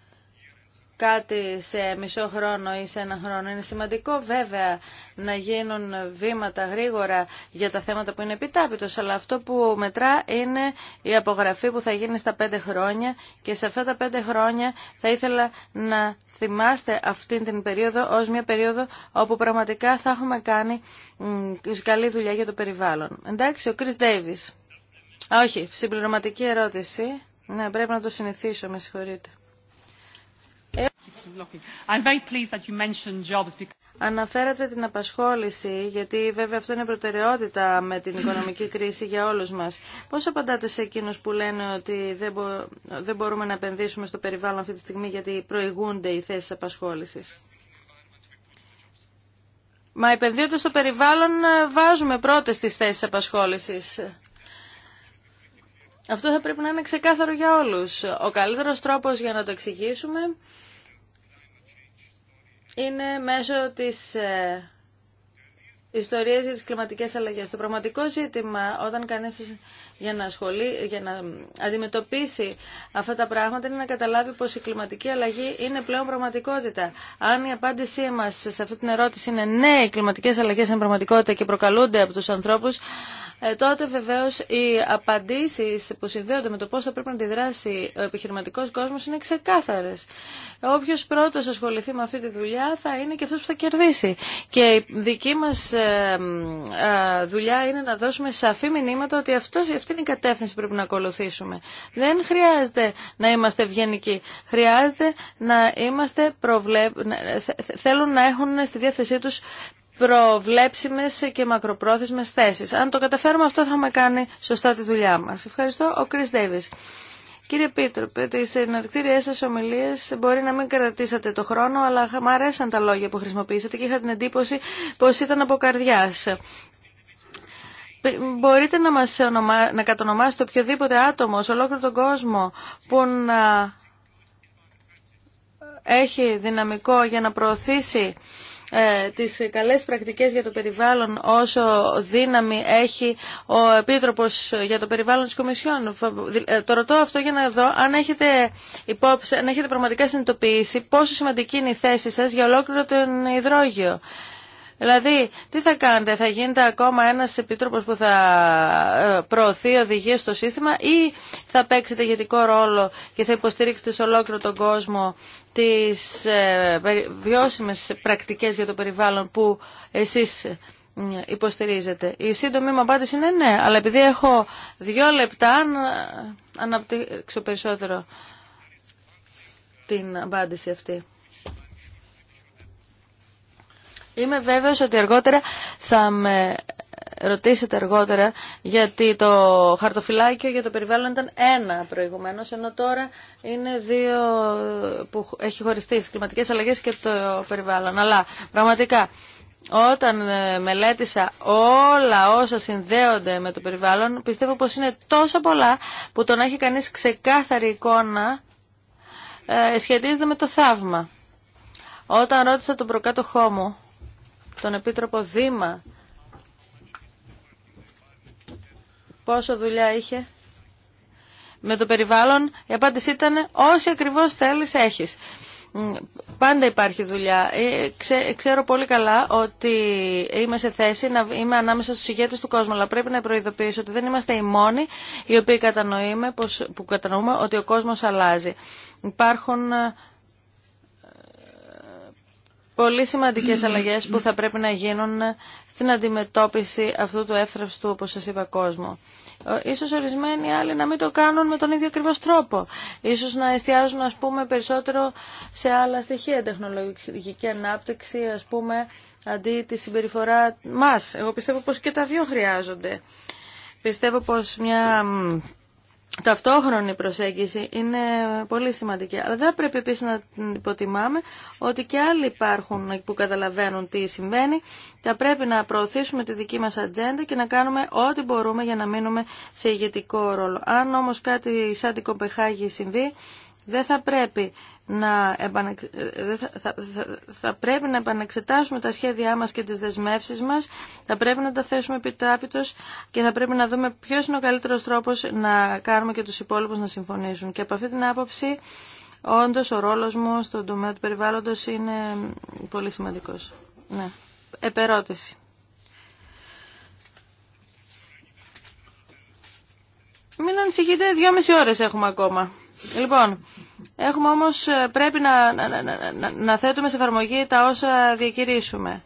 κάτι σε μισό χρόνο ή σε ένα χρόνο. Είναι σημαντικό βέβαια να γίνουν βήματα γρήγορα για τα θέματα που είναι επιτάπητος, αλλά αυτό που μετρά είναι η απογραφή που θα γίνει στα πέντε χρόνια και σε αυτά τα πέντε χρόνια θα ήθελα να θυμάστε αυτή την περίοδο ως μια περίοδο όπου πραγματικά θα έχουμε κάνει καλή δουλειά για το περιβάλλον. Εντάξει, ο Κρις Ντέιβις. όχι, συμπληρωματική ερώτηση. Ναι, πρέπει να το συνηθίσω, με συγχωρείτε. Αναφέρατε την απασχόληση, γιατί βέβαια αυτό είναι προτεραιότητα με την οικονομική κρίση για όλους μας. Πώς απαντάτε σε εκείνους που λένε ότι δεν, μπορούμε να επενδύσουμε στο περιβάλλον αυτή τη στιγμή γιατί προηγούνται οι θέσεις απασχόλησης. Μα επενδύοντας στο περιβάλλον ε, βάζουμε πρώτες τις θέσεις απασχόλησης. Αυτό θα πρέπει να είναι ξεκάθαρο για όλους. Ο καλύτερος τρόπος για να το εξηγήσουμε είναι μέσω της ε, ιστορίας για τις κλιματικές αλλαγές. Το πραγματικό ζήτημα όταν κανείς για να, ασχολεί, για να αντιμετωπίσει αυτά τα πράγματα είναι να καταλάβει πως η κλιματική αλλαγή είναι πλέον πραγματικότητα. Αν η απάντησή μας σε αυτή την ερώτηση είναι ναι, οι κλιματικές αλλαγές είναι πραγματικότητα και προκαλούνται από τους ανθρώπους, ε, τότε βεβαίω οι απαντήσει που συνδέονται με το πώ θα πρέπει να αντιδράσει ο επιχειρηματικό κόσμο είναι ξεκάθαρε. Όποιο πρώτο ασχοληθεί με αυτή τη δουλειά θα είναι και αυτό που θα κερδίσει. Και η δική μας ε, ε, δουλειά είναι να δώσουμε σαφή μηνύματα ότι αυτό αυτή είναι η κατεύθυνση που πρέπει να ακολουθήσουμε. Δεν χρειάζεται να είμαστε ευγενικοί. Χρειάζεται να είμαστε προβλε... θέλουν να έχουν στη διάθεσή τους προβλέψιμες και μακροπρόθεσμες θέσεις. Αν το καταφέρουμε αυτό θα με κάνει σωστά τη δουλειά μας. Ευχαριστώ. Ο Κρίς Davis. Κύριε Πίτροπε, τι εναρκτήριέ σα ομιλίε μπορεί να μην κρατήσατε το χρόνο, αλλά μου αρέσαν τα λόγια που χρησιμοποιήσατε και είχα την εντύπωση πω ήταν από καρδιά. Μπορείτε να μας ονομα... να κατονομάσετε οποιοδήποτε άτομο σε ολόκληρο τον κόσμο που να έχει δυναμικό για να προωθήσει ε, τις καλές πρακτικές για το περιβάλλον όσο δύναμη έχει ο Επίτροπος για το περιβάλλον της Κομισιόν. Ε, το ρωτώ αυτό για να δω αν έχετε, υπόψη, αν έχετε πραγματικά συνειδητοποιήσει πόσο σημαντική είναι η θέση σας για ολόκληρο τον υδρόγειο. Δηλαδή, τι θα κάνετε, θα γίνετε ακόμα ένας επίτροπος που θα ε, προωθεί οδηγίες στο σύστημα ή θα παίξετε ηγετικό ρόλο και θα υποστηρίξετε σε ολόκληρο τον κόσμο τις ε, βιώσιμες πρακτικές για το περιβάλλον που εσείς υποστηρίζετε. Η σύντομη μου απάντηση είναι ναι, αλλά επειδή έχω δύο λεπτά ε, αναπτύξω περισσότερο την απάντηση αυτή. Είμαι βέβαιος ότι αργότερα θα με ρωτήσετε αργότερα γιατί το χαρτοφυλάκιο για το περιβάλλον ήταν ένα προηγουμένως ενώ τώρα είναι δύο που έχει χωριστεί στις κλιματικές αλλαγές και το περιβάλλον. Αλλά πραγματικά όταν ε, μελέτησα όλα όσα συνδέονται με το περιβάλλον πιστεύω πως είναι τόσο πολλά που το να έχει κανείς ξεκάθαρη εικόνα ε, σχετίζεται με το θαύμα. Όταν ρώτησα τον προκάτοχό μου τον Επίτροπο Δήμα. Πόσο δουλειά είχε με το περιβάλλον, η απάντηση ήταν όσοι ακριβώς θέλεις έχεις». Πάντα υπάρχει δουλειά. Ε, ξέρω πολύ καλά ότι είμαι σε θέση να είμαι ανάμεσα στους ηγέτες του κόσμου, αλλά πρέπει να προειδοποιήσω ότι δεν είμαστε οι μόνοι οι οποίοι κατανοούμε, που κατανοούμε ότι ο κόσμος αλλάζει. Υπάρχουν πολύ σημαντικές αλλαγές που θα πρέπει να γίνουν στην αντιμετώπιση αυτού του έφραυστου, όπως σας είπα, κόσμου. Ε, ίσως ορισμένοι άλλοι να μην το κάνουν με τον ίδιο ακριβώ τρόπο. Ίσως να εστιάζουν ας πούμε περισσότερο σε άλλα στοιχεία, τεχνολογική ανάπτυξη ας πούμε αντί τη συμπεριφορά μας. Εγώ πιστεύω πως και τα δύο χρειάζονται. Πιστεύω πως μια ταυτόχρονη προσέγγιση είναι πολύ σημαντική. Αλλά δεν πρέπει επίση να υποτιμάμε ότι και άλλοι υπάρχουν που καταλαβαίνουν τι συμβαίνει. Θα πρέπει να προωθήσουμε τη δική μα ατζέντα και να κάνουμε ό,τι μπορούμε για να μείνουμε σε ηγετικό ρόλο. Αν όμως κάτι σαν την Κοπεχάγη συμβεί, δεν θα πρέπει να θα, θα, πρέπει να επανεξετάσουμε τα σχέδιά μας και τις δεσμεύσεις μας, θα πρέπει να τα θέσουμε επιτράπητος και θα πρέπει να δούμε ποιος είναι ο καλύτερος τρόπος να κάνουμε και τους υπόλοιπους να συμφωνήσουν. Και από αυτή την άποψη, όντως ο ρόλος μου στον τομέα του περιβάλλοντος είναι πολύ σημαντικός. Ναι. Επερώτηση. Μην ανησυχείτε, δυόμιση ώρες έχουμε ακόμα. Λοιπόν, Έχουμε όμως, ε, πρέπει να, να, να, να θέτουμε σε εφαρμογή τα όσα διακηρύσουμε.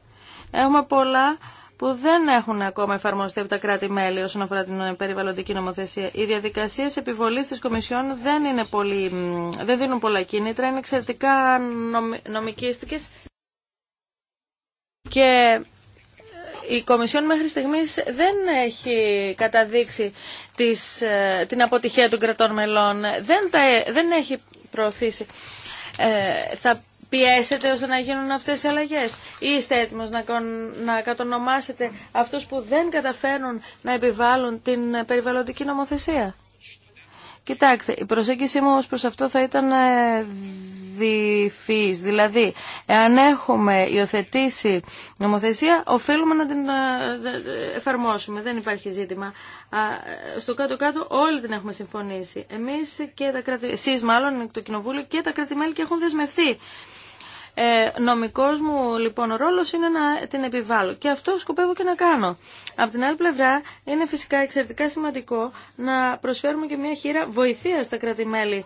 Έχουμε πολλά που δεν έχουν ακόμα εφαρμοστεί από τα κράτη-μέλη όσον αφορά την ε, περιβαλλοντική νομοθεσία. Οι διαδικασίες επιβολής της Κομισιόν δεν, είναι πολύ, δεν δίνουν πολλά κίνητρα, είναι εξαιρετικά νομικίστικες Και ε, η Κομισιόν μέχρι στιγμής δεν έχει καταδείξει τις, την αποτυχία των κρατών μελών, δεν, τα, δεν έχει προωθήσει. Ε, θα πιέσετε ώστε να γίνουν αυτές οι αλλαγές. Είστε έτοιμος να, να κατονομάσετε αυτούς που δεν καταφέρνουν να επιβάλλουν την περιβαλλοντική νομοθεσία. Κοιτάξτε, η προσέγγιση μου ως προς αυτό θα ήταν ε, διφύς. Δηλαδή, εάν έχουμε υιοθετήσει νομοθεσία, οφείλουμε να την ε, ε, εφαρμόσουμε. Δεν υπάρχει ζήτημα. Στο κάτω-κάτω όλοι την έχουμε συμφωνήσει. Εμείς και τα κράτη... Εσείς μάλλον, το Κοινοβούλιο και τα κράτη-μέλη και έχουν δεσμευθεί ε, νομικός μου λοιπόν ο ρόλος είναι να την επιβάλλω και αυτό σκοπεύω και να κάνω. Από την άλλη πλευρά είναι φυσικά εξαιρετικά σημαντικό να προσφέρουμε και μια χείρα βοηθεία στα κρατημέλη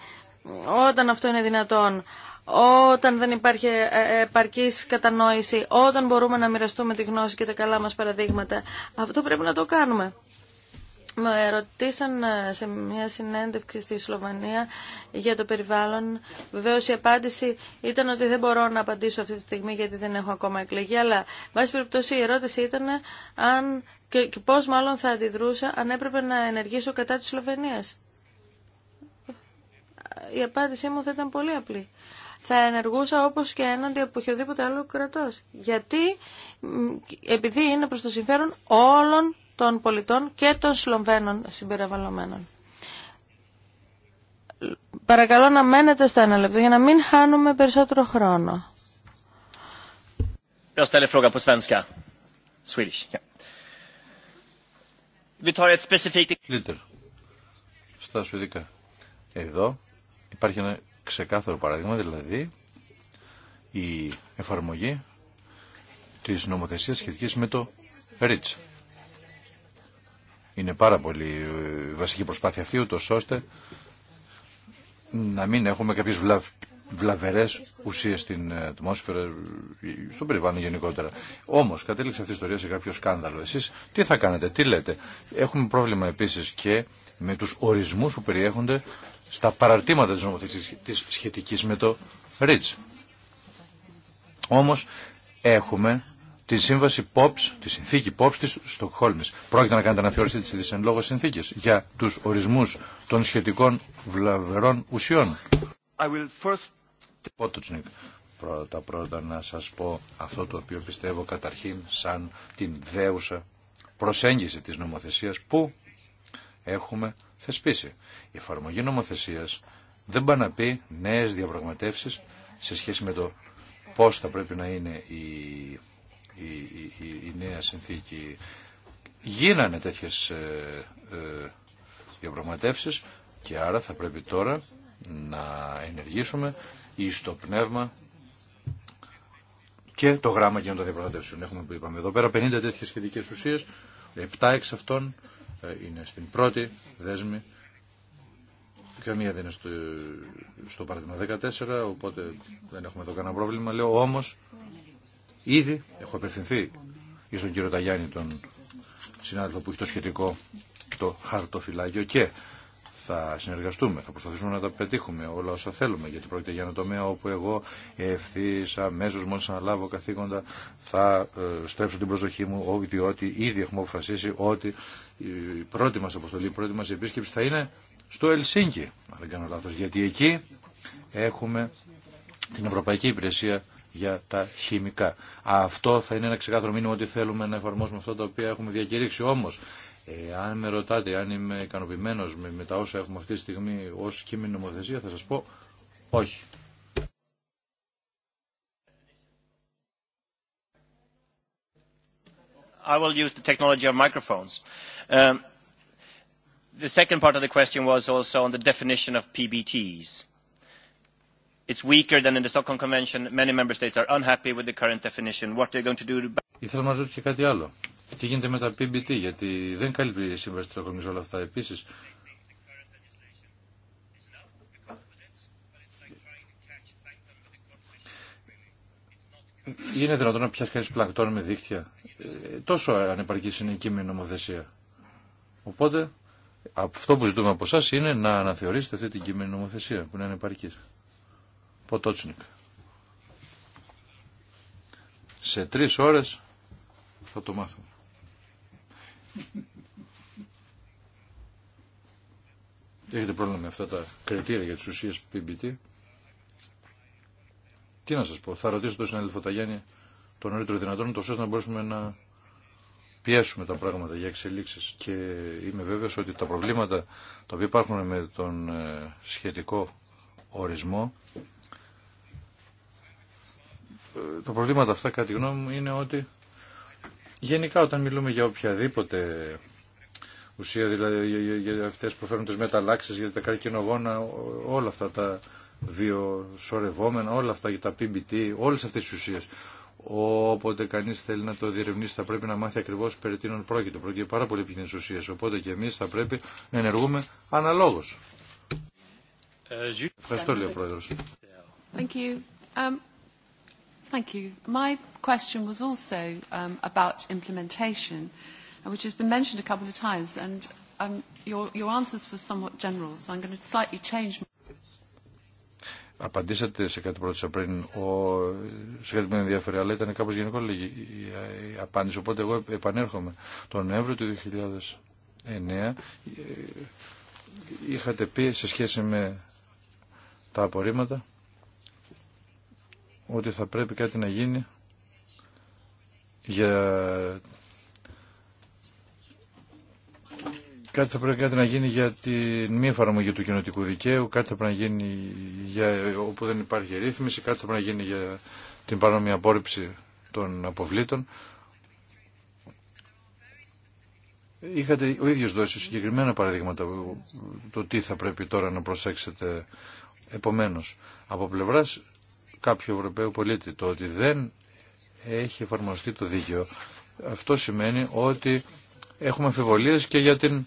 όταν αυτό είναι δυνατόν όταν δεν υπάρχει ε, επαρκής κατανόηση, όταν μπορούμε να μοιραστούμε τη γνώση και τα καλά μας παραδείγματα. Αυτό πρέπει να το κάνουμε. Με ερωτήσαν ε, σε μια συνέντευξη στη Σλοβανία για το περιβάλλον. Βεβαίω η απάντηση ήταν ότι δεν μπορώ να απαντήσω αυτή τη στιγμή γιατί δεν έχω ακόμα εκλεγεί. Αλλά, βάση περιπτώσει, η ερώτηση ήταν αν και, και πώ μάλλον θα αντιδρούσα αν έπρεπε να ενεργήσω κατά τη Σλοβενία. Η απάντησή μου θα ήταν πολύ απλή. Θα ενεργούσα όπω και έναντι από οποιοδήποτε άλλο κρατό. Γιατί, επειδή είναι προ το συμφέρον όλων των πολιτών και των Σλοβαίνων συμπεριβαλλονμένων. Παρακαλώ να μένετε στο ένα λεπτό για να μην χάνουμε περισσότερο χρόνο. Jag ställer på svenska. Swedish. Vi tar ett specifikt... Στα σουηδικά. Εδώ υπάρχει ένα ξεκάθαρο παράδειγμα, δηλαδή η εφαρμογή της νομοθεσίας σχετικής με το ΡΙΤΣΑ. Είναι πάρα πολύ ε, βασική προσπάθεια αυτή, ούτως ώστε να μην έχουμε κάποιες βλα, βλαβερές ουσίες στην ε, ατμόσφαιρα, ε, στο περιβάλλον γενικότερα. Όμως, κατέληξε αυτή η ιστορία σε κάποιο σκάνδαλο. Εσείς τι θα κάνετε, τι λέτε. Έχουμε πρόβλημα επίσης και με τους ορισμούς που περιέχονται στα παραρτήματα της νομοθεσίας της σχετικής με το ΡΙΤΣ. Όμως, έχουμε τη σύμβαση POPS, τη συνθήκη POPS της Στοκχόλμης. Πρόκειται να κάνετε αναθεώρηση της της εν λόγω συνθήκης για τους ορισμούς των σχετικών βλαβερών ουσιών. Πρώτα πρώτα να σας πω αυτό το οποίο πιστεύω καταρχήν σαν την δέουσα προσέγγιση της νομοθεσίας που έχουμε θεσπίσει. Η εφαρμογή νομοθεσία δεν πάει να πει νέες διαπραγματεύσεις σε σχέση με το πώς θα πρέπει να είναι η η, η, η νέα συνθήκη. Γίνανε τέτοιες ε, ε και άρα θα πρέπει τώρα να ενεργήσουμε εις το πνεύμα και το γράμμα και των διαπραγματεύσεων. Έχουμε που είπαμε εδώ πέρα 50 τέτοιες σχετικές ουσίες, 7 εξ αυτών ε, είναι στην πρώτη δέσμη Καμία δεν είναι στο, στο παράδειγμα 14, οπότε δεν έχουμε εδώ κανένα πρόβλημα. Λέω όμως Ήδη έχω απευθυνθεί εις τον κύριο Ταγιάννη, τον συνάδελφο που έχει το σχετικό το χαρτοφυλάκιο και θα συνεργαστούμε, θα προσπαθήσουμε να τα πετύχουμε όλα όσα θέλουμε, γιατί πρόκειται για ένα τομέα όπου εγώ ευθύ αμέσω, μόλι αναλάβω καθήκοντα, θα ε, στρέψω την προσοχή μου, διότι ήδη έχουμε αποφασίσει ότι η πρώτη μα αποστολή, η πρώτη μα επίσκεψη θα είναι στο Ελσίνκι, αν δεν κάνω λάθο, γιατί εκεί έχουμε την Ευρωπαϊκή Υπηρεσία για τα χημικά. Αυτό θα είναι ένα ξεκάθαρο μήνυμα ότι θέλουμε να εφαρμόσουμε αυτά τα οποία έχουμε διακηρύξει. ε, αν με ρωτάτε αν είμαι ικανοποιημένο με, με τα όσα έχουμε αυτή τη στιγμή ως κείμενη νομοθεσία, θα σας πω όχι. I will use the technology of microphones. Um, the second part of the question was also on the definition of PBTs Ήθελα να ρωτήσω και κάτι άλλο. Τι γίνεται με τα PBT, γιατί δεν καλύπτει η σύμβαση της Στοκχολμής όλα αυτά επίσης. Είναι δυνατόν να πιάσει κανείς πλακτόν με δίχτυα. Ε, τόσο ανεπαρκής είναι η κείμενη νομοθεσία. Οπότε αυτό που ζητούμε από εσά είναι να αναθεωρήσετε αυτή την κείμενη νομοθεσία που είναι ανεπαρκής. Ποτότσνικ. Σε τρεις ώρες θα το μάθουμε. Έχετε πρόβλημα με αυτά τα κριτήρια για τις ουσίες PBT. Τι να σας πω, θα ρωτήσω τον συνάδελφο Ταγιάννη τον νωρίτερο δυνατόν, τόσο να μπορέσουμε να πιέσουμε τα πράγματα για εξελίξεις. Και είμαι βέβαιος ότι τα προβλήματα τα οποία υπάρχουν με τον ε, σχετικό ορισμό τα προβλήματα αυτά κατά τη γνώμη μου είναι ότι γενικά όταν μιλούμε για οποιαδήποτε ουσία, δηλαδή για αυτέ που φέρνουν τι μεταλλάξει, για τα καρκινογόνα, όλα αυτά τα βιοσορευόμενα, όλα αυτά για τα PBT, όλε αυτέ τι ουσίε. Όποτε κανεί θέλει να το διερευνήσει θα πρέπει να μάθει ακριβώ περί τίνων πρόκειται. Πρόκειται για πάρα πολύ επικίνδυνε ουσίε. οπότε και εμεί θα πρέπει να ενεργούμε αναλόγω. Ε, Ευχαριστώ, Λέω πρόεδρο. Thank you. Um... Thank you. My question was also about implementation, which has been mentioned a couple of times, and your your answers were somewhat general, so I'm going to slightly change. my Απαντήσατε σε κάτι πρώτο πριν, ο... σε κάτι που με ενδιαφέρει, αλλά ήταν κάπως γενικό η απάντηση, οπότε εγώ επανέρχομαι. Τον Νοέμβριο του 2009 είχατε πει σε σχέση με τα απορρίμματα ότι θα πρέπει κάτι να γίνει για Κάτι θα πρέπει κάτι να γίνει για τη μη εφαρμογή του κοινοτικού δικαίου, κάτι θα πρέπει να γίνει για, όπου δεν υπάρχει ρύθμιση, κάτι θα πρέπει να γίνει για την παρόμοια απόρριψη των αποβλήτων. Είχατε ο ίδιος δώσει συγκεκριμένα παραδείγματα το τι θα πρέπει τώρα να προσέξετε επομένως από πλευράς Κάποιο Ευρωπαίο πολίτη. Το ότι δεν έχει εφαρμοστεί το δίκαιο, αυτό σημαίνει ότι έχουμε αμφιβολίες και για την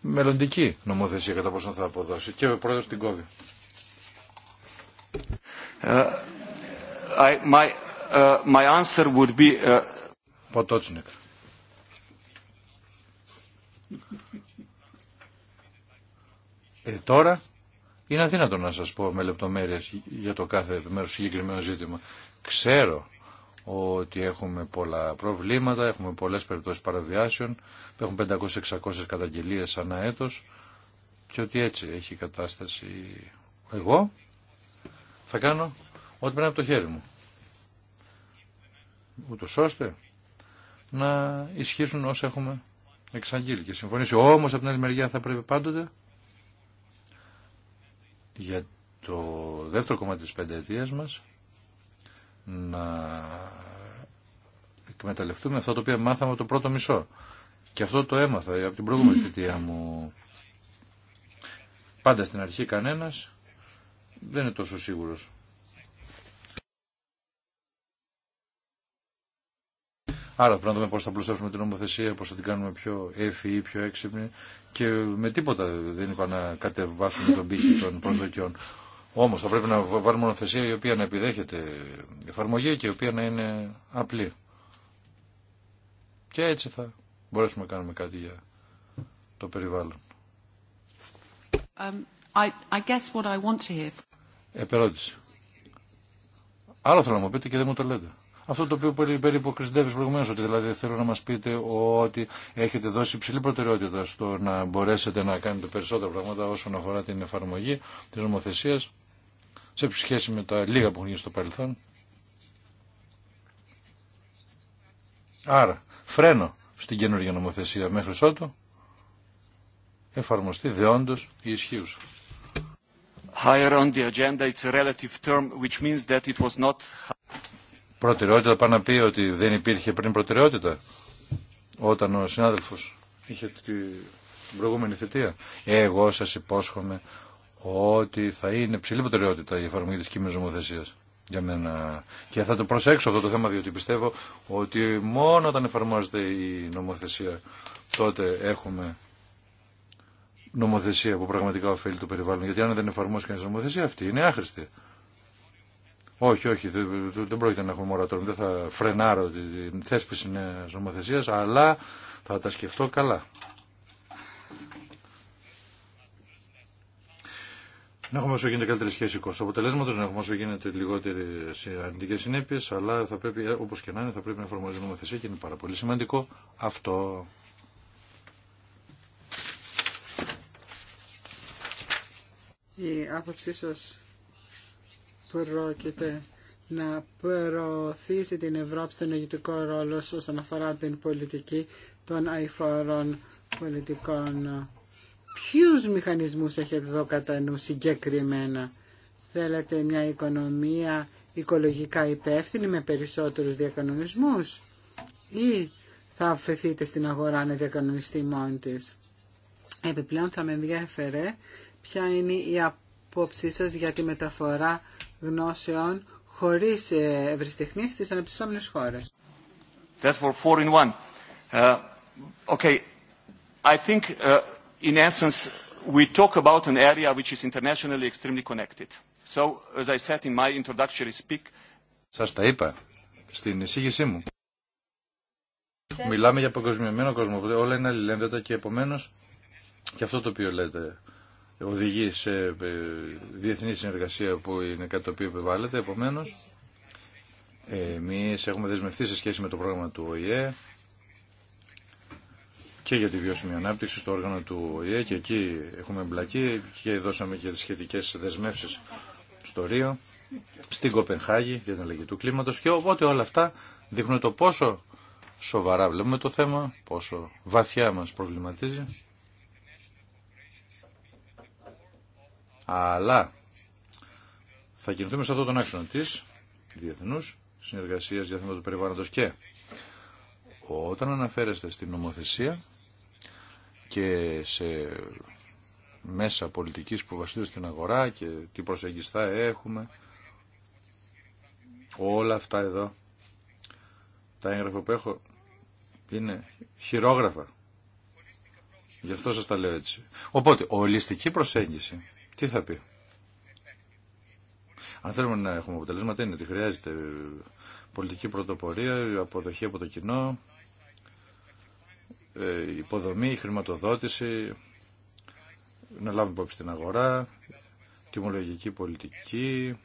μελλοντική νομοθεσία κατά πόσο θα αποδώσει. Και ο πρόεδρος την κόβει. Uh, uh my, answer would be, uh, Ε, τώρα είναι αδύνατο να σας πω με λεπτομέρειες για το κάθε μέρος συγκεκριμένο ζήτημα. Ξέρω ότι έχουμε πολλά προβλήματα, έχουμε πολλές περιπτώσεις παραβιάσεων, έχουν 500-600 καταγγελίες ανά έτος και ότι έτσι έχει η κατάσταση εγώ. Θα κάνω ό,τι πρέπει από το χέρι μου. Ούτως ώστε να ισχύσουν όσα έχουμε εξαγγείλει και συμφωνήσει. Όμως από την άλλη μεριά θα πρέπει πάντοτε για το δεύτερο κομμάτι της πενταετίας μας να εκμεταλλευτούμε αυτό τα οποία μάθαμε το πρώτο μισό. Και αυτό το έμαθα από την προηγούμενη θητεία μου. Πάντα στην αρχή κανένας δεν είναι τόσο σίγουρος Άρα πρέπει να δούμε πώ θα πλουστεύσουμε την νομοθεσία, πώ θα την κάνουμε πιο ευφυή, πιο έξυπνη και με τίποτα δεν είπα να κατεβάσουμε τον πύχη των προσδοκιών. Όμω θα πρέπει να βάλουμε νομοθεσία η οποία να επιδέχεται εφαρμογή και η οποία να είναι απλή. Και έτσι θα μπορέσουμε να κάνουμε κάτι για το περιβάλλον. Um, I, I Επερώτηση. Άλλο θέλω να μου πείτε και δεν μου το λέτε αυτό το οποίο περίπου κρυστεύει προηγουμένω, ότι δηλαδή θέλω να μα πείτε ότι έχετε δώσει υψηλή προτεραιότητα στο να μπορέσετε να κάνετε περισσότερα πράγματα όσον αφορά την εφαρμογή τη νομοθεσία σε σχέση με τα λίγα που έχουν γίνει στο παρελθόν. Άρα, φρένο στην καινούργια νομοθεσία μέχρι ότου εφαρμοστεί δεόντως η ισχύουσα. Higher on the agenda, it's a relative term, which means that it was not προτεραιότητα πάνω να πει ότι δεν υπήρχε πριν προτεραιότητα όταν ο συνάδελφος είχε την προηγούμενη θητεία. Εγώ σας υπόσχομαι ότι θα είναι ψηλή προτεραιότητα η εφαρμογή της κείμενης νομοθεσίας για μένα. Και θα το προσέξω αυτό το θέμα διότι πιστεύω ότι μόνο όταν εφαρμόζεται η νομοθεσία τότε έχουμε νομοθεσία που πραγματικά ωφέλει το περιβάλλον. Γιατί αν δεν εφαρμόσει κανεί νομοθεσία αυτή είναι άχρηστη. Όχι, όχι, δεν πρόκειται να έχουμε μορατόν, Δεν θα φρενάρω την θέσπιση νέας νομοθεσία, αλλά θα τα σκεφτώ καλά. Να έχουμε όσο γίνεται καλύτερη σχέση κόστο αποτελέσματο, να έχουμε όσο γίνεται λιγότερε αρνητικές συνέπειες, αλλά θα πρέπει, ε, όπως και να είναι, θα πρέπει να εφαρμόζει νομοθεσία και είναι πάρα πολύ σημαντικό αυτό. Η άποψή σας πρόκειται να προωθήσει την Ευρώπη στον ηγετικό ρόλο όσον αφορά την πολιτική των αηφορών πολιτικών. Ποιους μηχανισμούς έχετε εδώ κατά νου συγκεκριμένα. Θέλετε μια οικονομία οικολογικά υπεύθυνη με περισσότερους διακανονισμούς ή θα αφαιθείτε στην αγορά να διακανονιστεί μόνη της. Επιπλέον θα με ενδιαφέρε ποια είναι η απόψη σας για τη μεταφορά γνώσεων χωρίς ε, ευρυστεχνή στις αναπτυσσόμενες χώρες. That's for four in one. Uh, okay, I think uh, in essence we talk about an area which is internationally extremely connected. So, as I said in my introductory speak, σας τα είπα στην εισήγησή μου. Μιλάμε για παγκοσμιωμένο κόσμο, όλα είναι αλληλένδετα και επομένως και αυτό το οποίο λέτε οδηγεί σε ε, διεθνή συνεργασία που είναι κάτι το οποίο επιβάλλεται. Επομένως, εμείς έχουμε δεσμευτεί σε σχέση με το πρόγραμμα του ΟΗΕ και για τη βιώσιμη ανάπτυξη στο όργανο του ΟΗΕ και εκεί έχουμε εμπλακεί και δώσαμε και τις σχετικές δεσμεύσεις στο Ρίο, στην Κοπενχάγη για την αλλαγή του κλίματος και οπότε όλα αυτά δείχνουν το πόσο σοβαρά βλέπουμε το θέμα, πόσο βαθιά μας προβληματίζει Αλλά θα κινηθούμε σε αυτόν τον άξονα τη διεθνού, συνεργασία για θέματα του περιβάλλοντος και όταν αναφέρεστε στην νομοθεσία και σε μέσα πολιτικής που βασίζεται στην αγορά και τι προσεγγιστά έχουμε όλα αυτά εδώ τα έγγραφα που έχω είναι χειρόγραφα γι' αυτό σας τα λέω έτσι οπότε ολιστική προσέγγιση τι θα πει. Αν θέλουμε να έχουμε αποτελέσματα είναι ότι χρειάζεται πολιτική πρωτοπορία, αποδοχή από το κοινό, ε, υποδομή, χρηματοδότηση, να λάβουμε υπόψη την αγορά, τιμολογική πολιτική,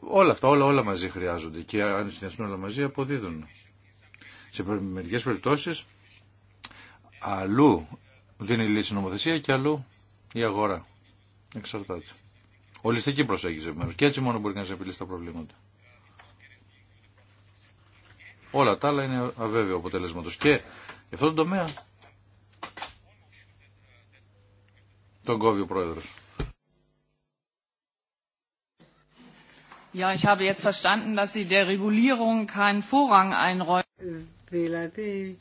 όλα αυτά, όλα, όλα μαζί χρειάζονται και αν συνδυαστούν όλα μαζί αποδίδουν. Σε μερικές περιπτώσεις αλλού δίνει λύση νομοθεσία και αλλού η αγορά. Εξαρτάται. Ολιστική προσέγγιση επομένω. Και έτσι μόνο μπορεί να επιλύσει τα προβλήματα. Όλα τα άλλα είναι αβέβαιο αποτέλεσματο. Και για αυτόν τον τομέα τον κόβει ο πρόεδρο. Ja, ich habe jetzt verstanden, dass Sie der Regulierung keinen Vorrang einräumen. Ε, δηλαδή,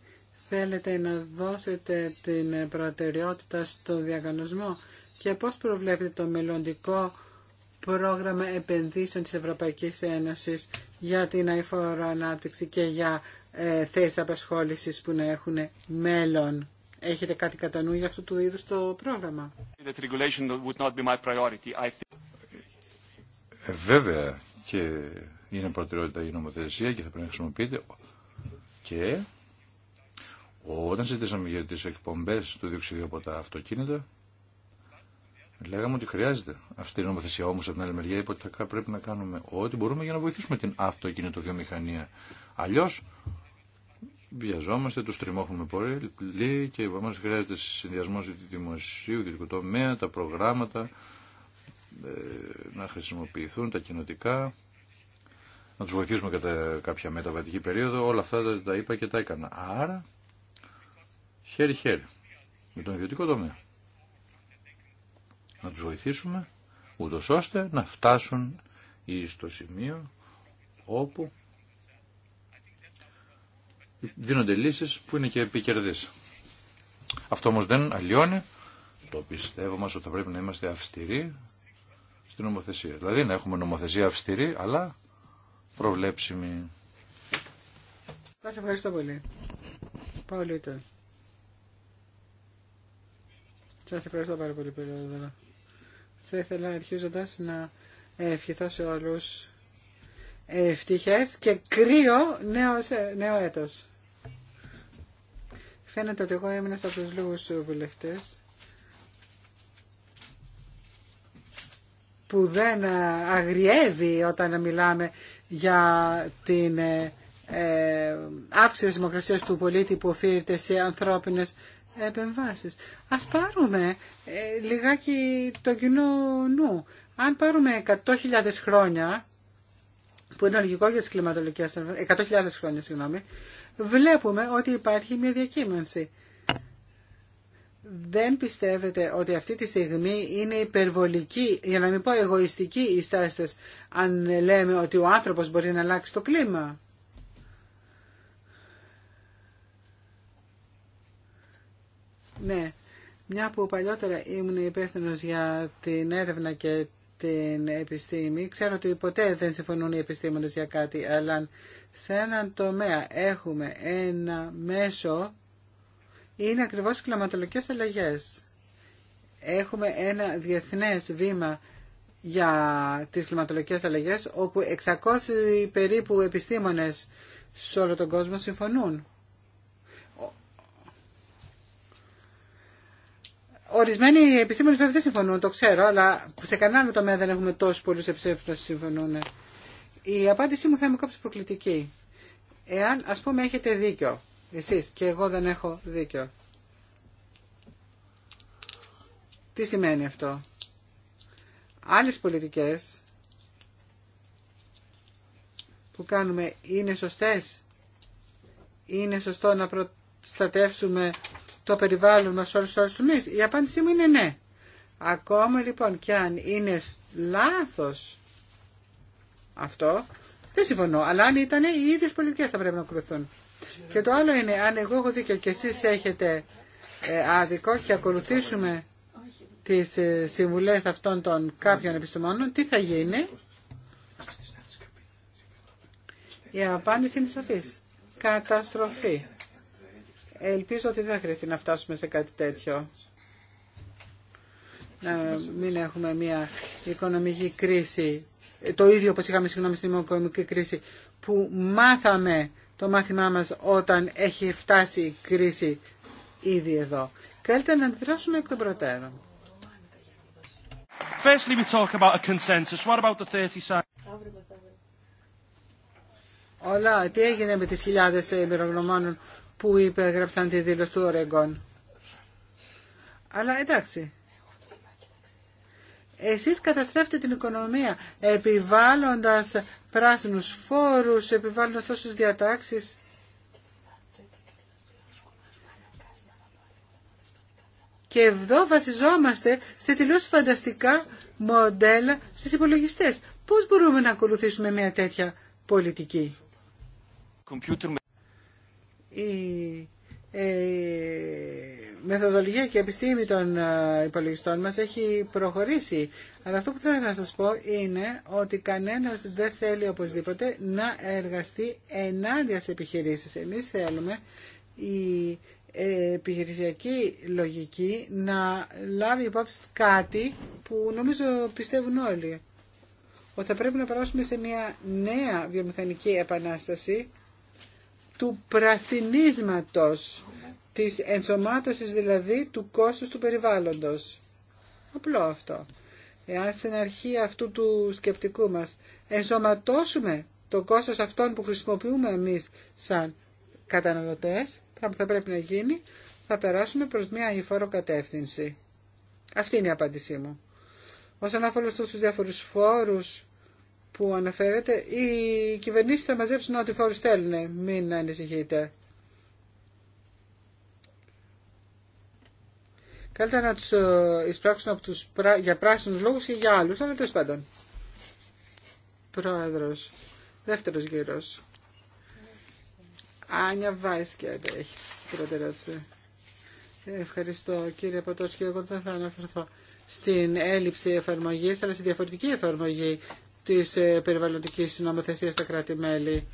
θέλετε να δώσετε την προτεραιότητα στο διαγωνισμό και πώς προβλέπετε το μελλοντικό πρόγραμμα επενδύσεων της Ευρωπαϊκής Ένωσης για την αηφόρο ανάπτυξη και για ε, θέσεις απασχόλησης που να έχουν μέλλον. Έχετε κάτι κατά νου για αυτού του είδους το πρόγραμμα. βέβαια και είναι προτεραιότητα η νομοθεσία και θα πρέπει να χρησιμοποιείται και όταν συζητήσαμε για τις εκπομπές του διοξιδίου από τα αυτοκίνητα, λέγαμε ότι χρειάζεται αυτή η νομοθεσία. Όμως από την άλλη μεριά είπε ότι πρέπει να κάνουμε ό,τι μπορούμε για να βοηθήσουμε την αυτοκινητοβιομηχανία. Αλλιώς βιαζόμαστε, τους τριμώχνουμε πολύ και μας χρειάζεται συνδυασμός του δημοσίου, του τομέα, τα προγράμματα ε, να χρησιμοποιηθούν τα κοινοτικά, να τους βοηθήσουμε κατά κάποια μεταβατική περίοδο. Όλα αυτά τα είπα και τα έκανα. Άρα χέρι-χέρι με τον ιδιωτικό τομέα. Να τους βοηθήσουμε ούτω ώστε να φτάσουν στο σημείο όπου δίνονται λύσεις που είναι και επικερδείς. Αυτό όμως δεν αλλοιώνει το πιστεύω μας ότι θα πρέπει να είμαστε αυστηροί στην νομοθεσία. Δηλαδή να έχουμε νομοθεσία αυστηρή αλλά προβλέψιμη. Σας ευχαριστώ πολύ. Πάω σας ευχαριστώ πάρα πολύ πρόεδρε. Θα ήθελα αρχίζοντα να ευχηθώ σε όλους ευτυχές και κρύο νέο, νέο έτος. Φαίνεται ότι εγώ έμεινα από τους λίγους βουλευτέ. που δεν ε, αγριεύει όταν μιλάμε για την ε, ε αύξηση της του πολίτη που οφείλεται σε ανθρώπινες επεμβάσεις. Ας πάρουμε ε, λιγάκι το κοινό νου. Αν πάρουμε 100.000 χρόνια, που είναι λογικό για τις κλιματολογικές, 100.000 χρόνια, συγγνώμη, βλέπουμε ότι υπάρχει μια διακύμανση. Δεν πιστεύετε ότι αυτή τη στιγμή είναι υπερβολική, για να μην πω εγωιστική οι στάση αν λέμε ότι ο άνθρωπος μπορεί να αλλάξει το κλίμα. Ναι, μια που παλιότερα ήμουν υπεύθυνο για την έρευνα και την επιστήμη, ξέρω ότι ποτέ δεν συμφωνούν οι επιστήμονες για κάτι, αλλά σε έναν τομέα έχουμε ένα μέσο, είναι ακριβώς κλαματολογικές αλλαγές. Έχουμε ένα διεθνές βήμα για τις κλιματολογικές αλλαγές, όπου 600 περίπου επιστήμονες σε όλο τον κόσμο συμφωνούν. Ορισμένοι επιστήμονε βέβαια δεν συμφωνούν, το ξέρω, αλλά σε κανένα άλλο τομέα δεν έχουμε τόσου πολλού επιστήμονε που συμφωνούν. Η απάντησή μου θα είμαι κάπω προκλητική. Εάν, α πούμε, έχετε δίκιο, εσεί και εγώ δεν έχω δίκιο. Τι σημαίνει αυτό. Άλλε πολιτικέ που κάνουμε είναι σωστές. Είναι σωστό να προστατεύσουμε το περιβάλλον μας όλους τους τομείς. Η απάντησή μου είναι ναι. Ακόμα λοιπόν και αν είναι λάθος αυτό, δεν συμφωνώ. Αλλά αν ήταν οι ίδιες πολιτικές θα πρέπει να ακολουθούν. Και το άλλο είναι, αν εγώ έχω δίκιο και εσείς έχετε ε, άδικο και ακολουθήσουμε τις ε, συμβουλές αυτών των κάποιων επιστημόνων, τι θα γίνει. Η απάντηση είναι σαφής. Καταστροφή. Ελπίζω ότι δεν χρειαστεί να φτάσουμε σε κάτι τέτοιο. Να μην έχουμε μια οικονομική κρίση, το ίδιο όπως είχαμε συγγνώμη στην οικονομική κρίση, που μάθαμε το μάθημά μας όταν έχει φτάσει η κρίση ήδη εδώ. Καλύτερα να αντιδράσουμε εκ των προτέρων. Όλα, τι έγινε με τις χιλιάδες εμπειρογνωμόνων που υπέγραψαν τη δήλωση του Ορεγκόν. Αλλά εντάξει. Εσείς καταστρέφετε την οικονομία επιβάλλοντας πράσινους φόρους, επιβάλλοντας τόσες διατάξεις. Και εδώ βασιζόμαστε σε τελείως φανταστικά μοντέλα στις υπολογιστές. Πώς μπορούμε να ακολουθήσουμε μια τέτοια πολιτική η ε, μεθοδολογία και επιστήμη των ε, υπολογιστών μας έχει προχωρήσει. Αλλά αυτό που θέλω να σας πω είναι ότι κανένας δεν θέλει οπωσδήποτε να εργαστεί ενάντια σε επιχειρήσεις. Εμείς θέλουμε η ε, επιχειρησιακή λογική να λάβει υπόψη κάτι που νομίζω πιστεύουν όλοι. Ότι θα πρέπει να περάσουμε σε μια νέα βιομηχανική επανάσταση του πρασινίσματος, της ενσωμάτωσης δηλαδή του κόστους του περιβάλλοντος. Απλό αυτό. Εάν στην αρχή αυτού του σκεπτικού μας ενσωματώσουμε το κόστος αυτών που χρησιμοποιούμε εμείς σαν καταναλωτές, πράγμα που θα πρέπει να γίνει, θα περάσουμε προς μια ανηφόρο κατεύθυνση. Αυτή είναι η απάντησή μου. Όσον αφορά στους διάφορους φόρους που αναφέρεται, οι κυβερνήσει θα μαζέψουν ό,τι φόρου θέλουν. Μην ανησυχείτε. Καλύτερα να τους ε, εισπράξουν από τους, για πράσινους λόγους ή για άλλους, αλλά τέλο πάντων. Πρόεδρος. Δεύτερος γύρος. Άνια Βάισκερ έχει την πρώτη ερώτηση. Ευχαριστώ κύριε Ποτός. και εγώ δεν θα αναφερθώ στην έλλειψη εφαρμογής αλλά στη διαφορετική εφαρμογή της ε, περιβαλλοντικής νομοθεσίας στα κράτη-μέλη.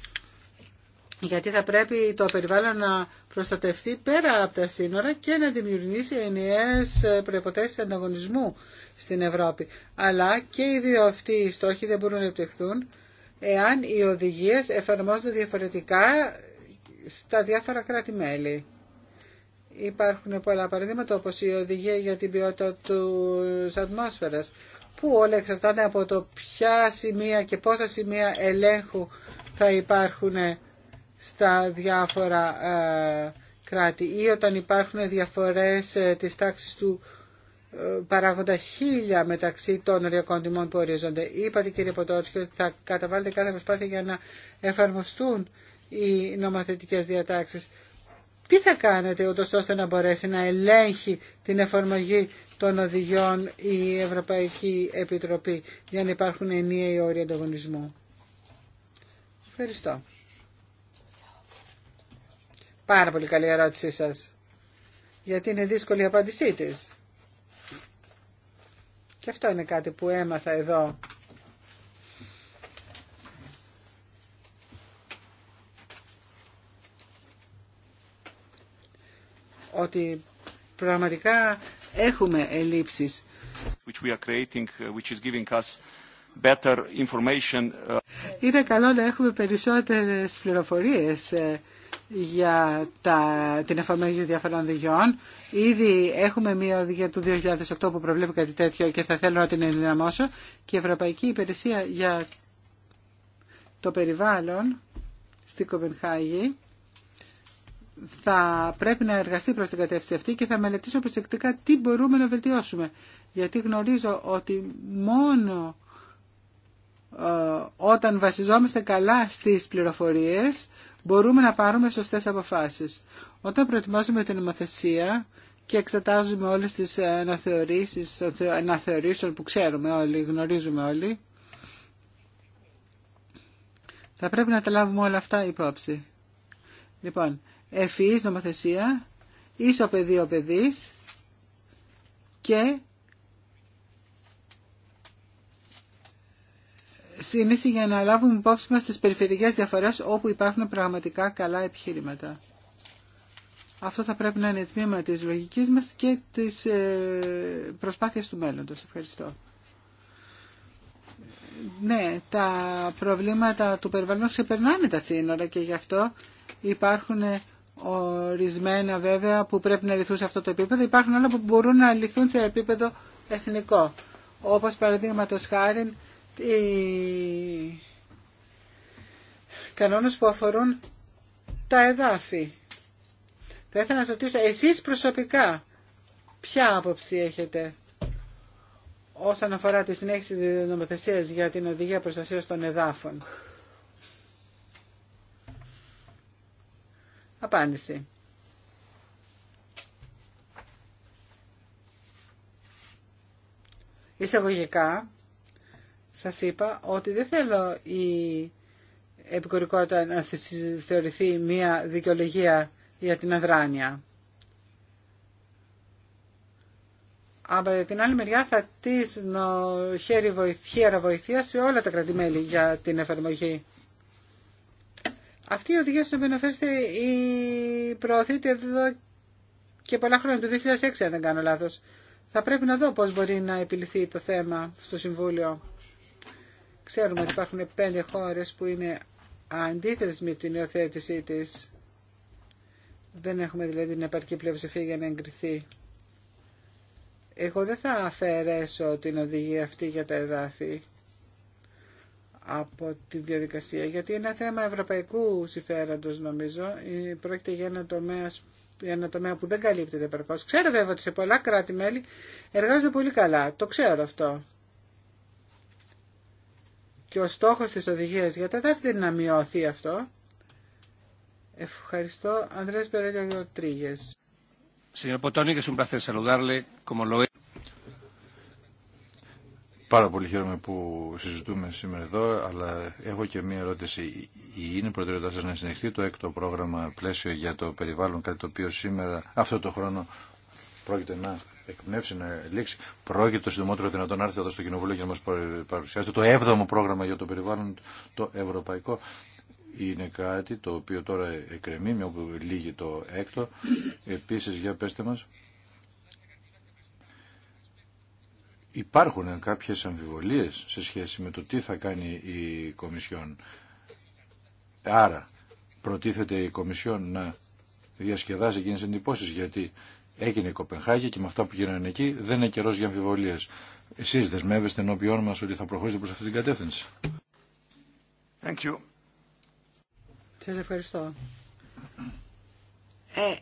Γιατί θα πρέπει το περιβάλλον να προστατευτεί πέρα από τα σύνορα και να δημιουργήσει ενιαίες ε, προϋποθέσεις ανταγωνισμού στην Ευρώπη. Αλλά και οι δύο αυτοί οι στόχοι δεν μπορούν να επιτευχθούν εάν οι οδηγίες εφαρμόζονται διαφορετικά στα διάφορα κράτη-μέλη. Υπάρχουν πολλά παραδείγματα όπως η οδηγία για την ποιότητα του ατμόσφαιρας που όλα εξαρτάται από το ποια σημεία και πόσα σημεία ελέγχου θα υπάρχουν στα διάφορα ε, κράτη ή όταν υπάρχουν διαφορές ε, της τάξης του ε, παράγοντα χίλια μεταξύ των οριακών τιμών που ορίζονται. Είπατε κύριε ποτοτσιο ότι θα καταβάλλετε κάθε προσπάθεια για να εφαρμοστούν οι νομοθετικές διατάξεις. Τι θα κάνετε ούτως ώστε να μπορέσει να ελέγχει την εφαρμογή των οδηγιών η Ευρωπαϊκή Επιτροπή για να υπάρχουν ενιαίοι όροι ανταγωνισμού. Ευχαριστώ. Πάρα πολύ καλή ερώτησή σας. Γιατί είναι δύσκολη η απάντησή της. Και αυτό είναι κάτι που έμαθα εδώ. Ότι πραγματικά έχουμε ελλείψεις. Είναι καλό να έχουμε περισσότερες πληροφορίες ε, για τα, την εφαρμογή διαφορών οδηγιών. Ήδη έχουμε μία οδηγία του 2008 που προβλέπει κάτι τέτοιο και θα θέλω να την ενδυναμώσω. Και η Ευρωπαϊκή Υπηρεσία για το Περιβάλλον στην Κοπενχάγη θα πρέπει να εργαστεί προς την κατεύθυνση αυτή και θα μελετήσω προσεκτικά τι μπορούμε να βελτιώσουμε. Γιατί γνωρίζω ότι μόνο ε, όταν βασιζόμαστε καλά στις πληροφορίες μπορούμε να πάρουμε σωστές αποφάσεις. Όταν προετοιμάζουμε την νομοθεσία και εξετάζουμε όλες τις αναθεωρήσεις, αναθεωρήσεων που ξέρουμε όλοι, γνωρίζουμε όλοι, θα πρέπει να τα λάβουμε όλα αυτά υπόψη. Λοιπόν, ευφυής νομοθεσία, ίσο πεδίο παιδής και Σύνηση για να λάβουμε υπόψη μας τις περιφερειακές διαφορές όπου υπάρχουν πραγματικά καλά επιχείρηματα. Αυτό θα πρέπει να είναι τμήμα της λογικής μας και της ε, προσπάθειας του μέλλοντος. Ευχαριστώ. Ναι, τα προβλήματα του περιβάλλοντος ξεπερνάνε τα σύνορα και γι' αυτό υπάρχουν ε, ορισμένα βέβαια που πρέπει να λυθούν σε αυτό το επίπεδο. Υπάρχουν άλλα που μπορούν να λυθούν σε επίπεδο εθνικό. Όπως παραδείγματο χάρη οι κανόνες που αφορούν τα εδάφη. Θα ήθελα να σα ρωτήσω εσείς προσωπικά ποια άποψη έχετε όσον αφορά τη συνέχιση της νομοθεσίας για την οδηγία προστασίας των εδάφων. Απάντηση. Εισαγωγικά, σας είπα ότι δεν θέλω η επικορικότητα να θεωρηθεί μια δικαιολογία για την αδράνεια. Από την άλλη μεριά θα τίσνω χέρι βοηθία σε όλα τα κρατημέλη για την εφαρμογή αυτή η οδηγία στην οποία αναφέρεστε η... προωθείται εδώ και πολλά χρόνια, το 2006 αν δεν κάνω λάθος. Θα πρέπει να δω πώς μπορεί να επιληθεί το θέμα στο Συμβούλιο. Ξέρουμε ότι υπάρχουν πέντε χώρες που είναι αντίθετες με την υιοθέτησή της. Δεν έχουμε δηλαδή την επαρκή πλειοψηφία για να εγκριθεί. Εγώ δεν θα αφαιρέσω την οδηγία αυτή για τα εδάφη από τη διαδικασία, γιατί είναι ένα θέμα ευρωπαϊκού συμφέροντος νομίζω. Πρόκειται για ένα τομέα, ένα τομέα που δεν καλύπτεται περπώς Ξέρω βέβαια ότι σε πολλά κράτη-μέλη εργάζονται πολύ καλά. Το ξέρω αυτό. Και ο στόχος της οδηγίας για τα τάφη είναι να μειωθεί αυτό. Ευχαριστώ. Ανδρέας Περέλιο Τρίγες. Πάρα πολύ χαίρομαι που συζητούμε σήμερα εδώ, αλλά έχω και μία ερώτηση. Είναι προτεραιότητά σα να συνεχθεί το έκτο πρόγραμμα πλαίσιο για το περιβάλλον, κάτι το οποίο σήμερα, αυτό το χρόνο, πρόκειται να εκπνεύσει, να λήξει. Πρόκειται το συντομότερο δυνατόν να έρθει εδώ στο Κοινοβούλιο για να μα παρουσιάσετε το έβδομο πρόγραμμα για το περιβάλλον, το ευρωπαϊκό. Είναι κάτι το οποίο τώρα εκκρεμεί, μια όπου λύγει το έκτο. Επίση, για πέστε μα. υπάρχουν κάποιες αμφιβολίες σε σχέση με το τι θα κάνει η Κομισιόν. Άρα, προτίθεται η Κομισιόν να διασκεδάσει εκείνες τις εντυπώσεις, γιατί έγινε η Κοπενχάγη και με αυτά που γίνανε εκεί δεν είναι καιρός για αμφιβολίες. Εσείς δεσμεύεστε ενώπιόν μας ότι θα προχωρήσετε προς αυτή την κατεύθυνση. Thank you. Σας ευχαριστώ. Ε,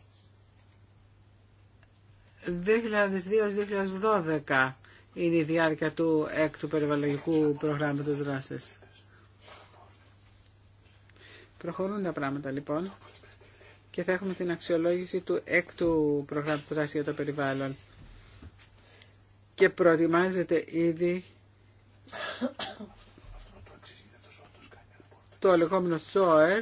2002-2012 είναι η διάρκεια του έκτου περιβαλλοντικού προγράμματος δράσης. Προχωρούν τα πράγματα λοιπόν και θα έχουμε την αξιολόγηση του έκτου προγράμματος δράσης για το περιβάλλον και προετοιμάζεται ήδη το λεγόμενο SOER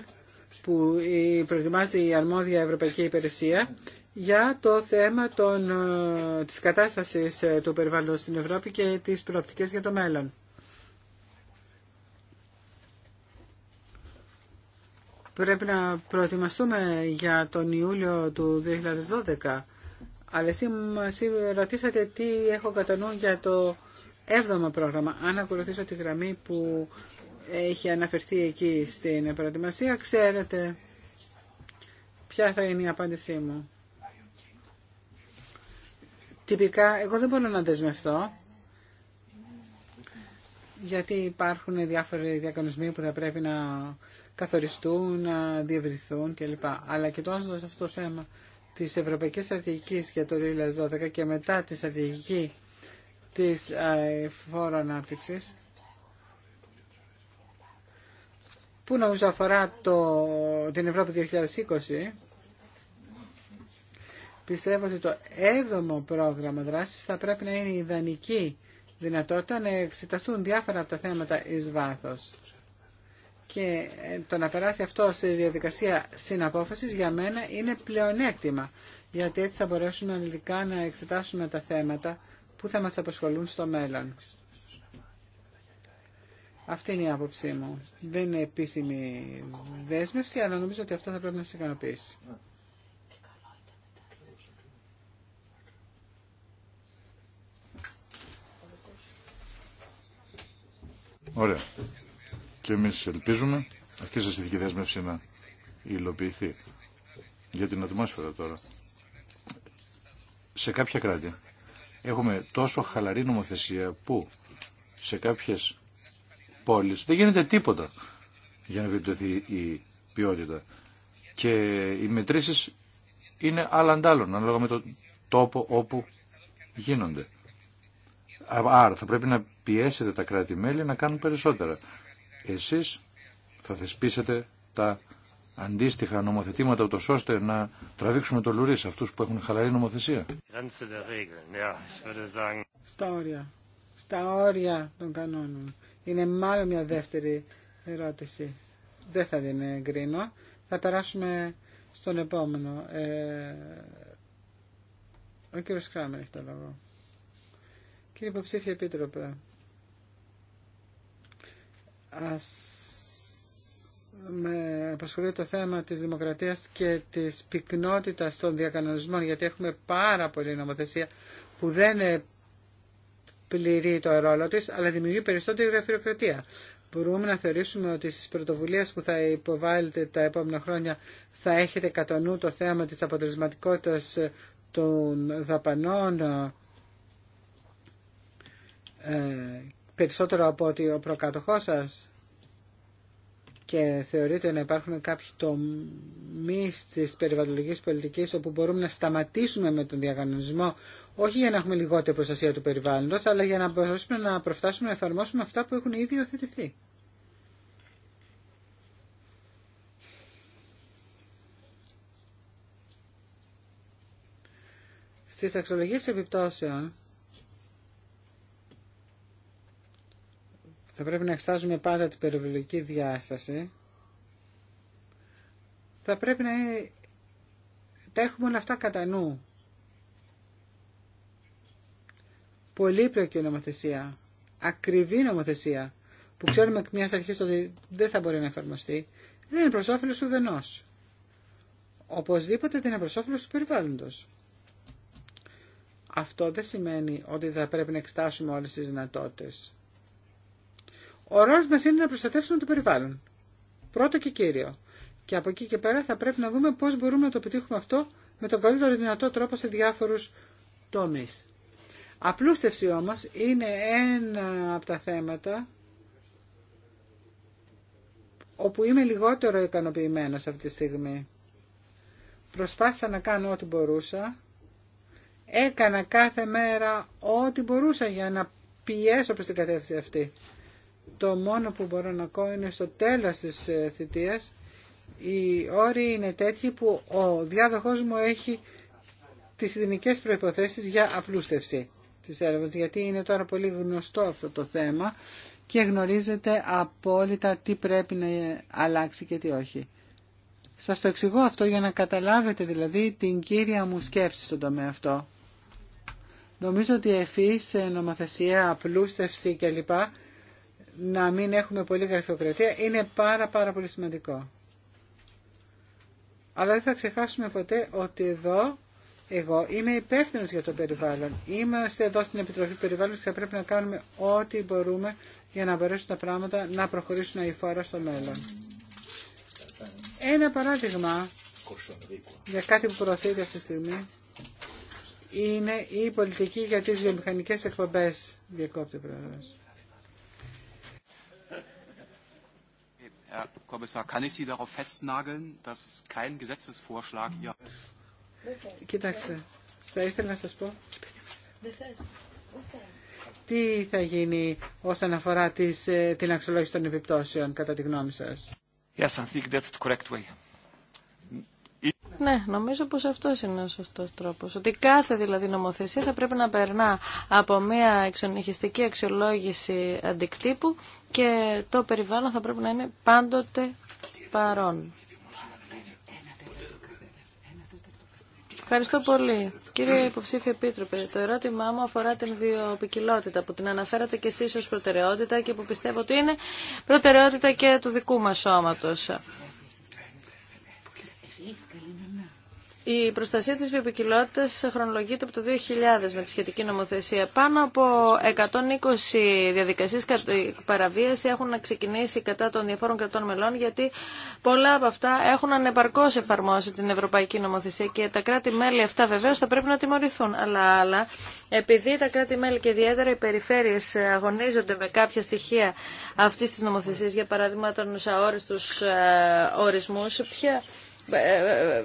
που προετοιμάζει η αρμόδια Ευρωπαϊκή Υπηρεσία για το θέμα των, ε, της κατάστασης ε, του περιβάλλοντος στην Ευρώπη και τις προοπτικές για το μέλλον. Πρέπει να προετοιμαστούμε για τον Ιούλιο του 2012. Αλλά εσύ μας ρωτήσατε τι έχω κατά νου για το 7ο πρόγραμμα. Αν ακολουθήσω τη γραμμή που έχει αναφερθεί εκεί στην προετοιμασία, ξέρετε ποια θα είναι η απάντησή μου τυπικά εγώ δεν μπορώ να δεσμευτώ γιατί υπάρχουν διάφοροι διακανονισμοί που θα πρέπει να καθοριστούν, να διευρυθούν κλπ. Αλλά κοιτώντα αυτό το θέμα τη Ευρωπαϊκή Στρατηγική για το 2012 και μετά τη στρατηγική της ε, φόρου ανάπτυξη, που νομίζω αφορά το, την Ευρώπη 2020, Πιστεύω ότι το έβδομο πρόγραμμα δράσης θα πρέπει να είναι ιδανική δυνατότητα να εξεταστούν διάφορα από τα θέματα εις βάθος. Και ε, το να περάσει αυτό σε διαδικασία συναπόφασης για μένα είναι πλεονέκτημα, γιατί έτσι θα μπορέσουμε αναλυτικά να εξετάσουμε τα θέματα που θα μας απασχολούν στο μέλλον. Αυτή είναι η άποψή μου. Δεν είναι επίσημη δέσμευση, αλλά νομίζω ότι αυτό θα πρέπει να σας ικανοποιήσει. Ωραία. Και εμεί ελπίζουμε αυτή σας ειδική δέσμευση να υλοποιηθεί. Για την ατμόσφαιρα τώρα. Σε κάποια κράτη έχουμε τόσο χαλαρή νομοθεσία που σε κάποιε πόλει δεν γίνεται τίποτα για να βελτιωθεί η ποιότητα. Και οι μετρήσει είναι άλλα αντάλλων, ανάλογα με τον τόπο όπου γίνονται. Άρα θα πρέπει να πιέσετε τα κράτη-μέλη να κάνουν περισσότερα. Εσείς θα θεσπίσετε τα αντίστοιχα νομοθετήματα ούτως ώστε να τραβήξουμε το λουρί σε αυτούς που έχουν χαλαρή νομοθεσία. Στα όρια. Στα όρια των κανόνων. Είναι μάλλον μια δεύτερη ερώτηση. Δεν θα την εγκρίνω. Θα περάσουμε στον επόμενο. Ε... Ο κύριος Κράμερ έχει το λόγο. Κύριε υποψήφια επίτροπε, ας με απασχολεί το θέμα της δημοκρατίας και της πυκνότητας των διακανονισμών, γιατί έχουμε πάρα πολλή νομοθεσία που δεν πληρεί το ρόλο της, αλλά δημιουργεί περισσότερη γραφειοκρατία. Μπορούμε να θεωρήσουμε ότι στις πρωτοβουλίες που θα υποβάλλετε τα επόμενα χρόνια θα έχετε κατά νου το θέμα της αποτελεσματικότητας των δαπανών ε, περισσότερο από ότι ο προκατοχός σας και θεωρείτε να υπάρχουν κάποιοι τομεί τη περιβαλλοντική πολιτική όπου μπορούμε να σταματήσουμε με τον διαγωνισμό όχι για να έχουμε λιγότερη προστασία του περιβάλλοντος αλλά για να μπορέσουμε να προφτάσουμε να εφαρμόσουμε αυτά που έχουν ήδη υιοθετηθεί. Στις αξιολογίες επιπτώσεων θα πρέπει να εξετάζουμε πάντα την περιβαλλοντική διάσταση. Θα πρέπει να ε, τα έχουμε όλα αυτά κατά νου. Πολύπλοκη νομοθεσία, ακριβή νομοθεσία, που ξέρουμε εκ μιας αρχής ότι δεν θα μπορεί να εφαρμοστεί, δεν είναι προ όφελο ουδενός. Οπωσδήποτε δεν είναι προ όφελο του περιβάλλοντος. Αυτό δεν σημαίνει ότι θα πρέπει να εξτάσουμε όλες τις δυνατότητες. Ο ρόλο μα είναι να προστατεύσουμε το περιβάλλον. Πρώτο και κύριο. Και από εκεί και πέρα θα πρέπει να δούμε πώ μπορούμε να το πετύχουμε αυτό με τον καλύτερο δυνατό τρόπο σε διάφορου τομεί. Απλούστευση όμω είναι ένα από τα θέματα όπου είμαι λιγότερο ικανοποιημένος αυτή τη στιγμή. Προσπάθησα να κάνω ό,τι μπορούσα. Έκανα κάθε μέρα ό,τι μπορούσα για να πιέσω προς την κατεύθυνση αυτή. Το μόνο που μπορώ να πω είναι στο τέλος της ε, θητείας οι όροι είναι τέτοιοι που ο διάδοχός μου έχει τις ειδικές προϋποθέσεις για απλούστευση της έρευνας, γιατί είναι τώρα πολύ γνωστό αυτό το θέμα και γνωρίζετε απόλυτα τι πρέπει να ε, αλλάξει και τι όχι. Σας το εξηγώ αυτό για να καταλάβετε δηλαδή την κύρια μου σκέψη στον τομέα αυτό. Νομίζω ότι εφής ε, νομοθεσία, απλούστευση κλπ να μην έχουμε πολύ γραφειοκρατία είναι πάρα πάρα πολύ σημαντικό. Αλλά δεν θα ξεχάσουμε ποτέ ότι εδώ εγώ είμαι υπεύθυνο για το περιβάλλον. Είμαστε εδώ στην Επιτροπή Περιβάλλοντος και θα πρέπει να κάνουμε ό,τι μπορούμε για να μπορέσουν τα πράγματα να προχωρήσουν αηφόρα στο μέλλον. Ένα παράδειγμα για κάτι που προωθείται αυτή τη στιγμή είναι η πολιτική για τις βιομηχανικές εκπομπές, διακόπτει ο Πρόεδρος. Herr Kommissar, kann ich Sie darauf festnageln, dass kein Gesetzesvorschlag hier... Κοιτάξτε, θα ήθελα να σας πω τι θα γίνει όσον αφορά τις, την αξιολόγηση των επιπτώσεων, κατά τη γνώμη σας. Yes, I think that's the correct way. Ναι, νομίζω πως αυτό είναι ο σωστός τρόπος. Ότι κάθε δηλαδή νομοθεσία θα πρέπει να περνά από μια εξονυχιστική αξιολόγηση αντικτύπου και το περιβάλλον θα πρέπει να είναι πάντοτε παρόν. Ευχαριστώ πολύ. Κύριε Υποψήφιο Επίτροπε, το ερώτημά μου αφορά την βιοπικιλότητα που την αναφέρατε και εσείς ως προτεραιότητα και που πιστεύω ότι είναι προτεραιότητα και του δικού μας σώματος. Η προστασία της βιοποικιλότητας χρονολογείται από το 2000 με τη σχετική νομοθεσία. Πάνω από 120 διαδικασίες παραβίαση έχουν ξεκινήσει κατά των διαφόρων κρατών μελών γιατί πολλά από αυτά έχουν ανεπαρκώς εφαρμόσει την Ευρωπαϊκή Νομοθεσία και τα κράτη-μέλη αυτά βεβαίως θα πρέπει να τιμωρηθούν. Αλλά, αλλά επειδή τα κράτη-μέλη και ιδιαίτερα οι περιφέρειες αγωνίζονται με κάποια στοιχεία αυτής της νομοθεσίας, για παράδειγμα των αόριστους ε, ορισμούς, ε, ε,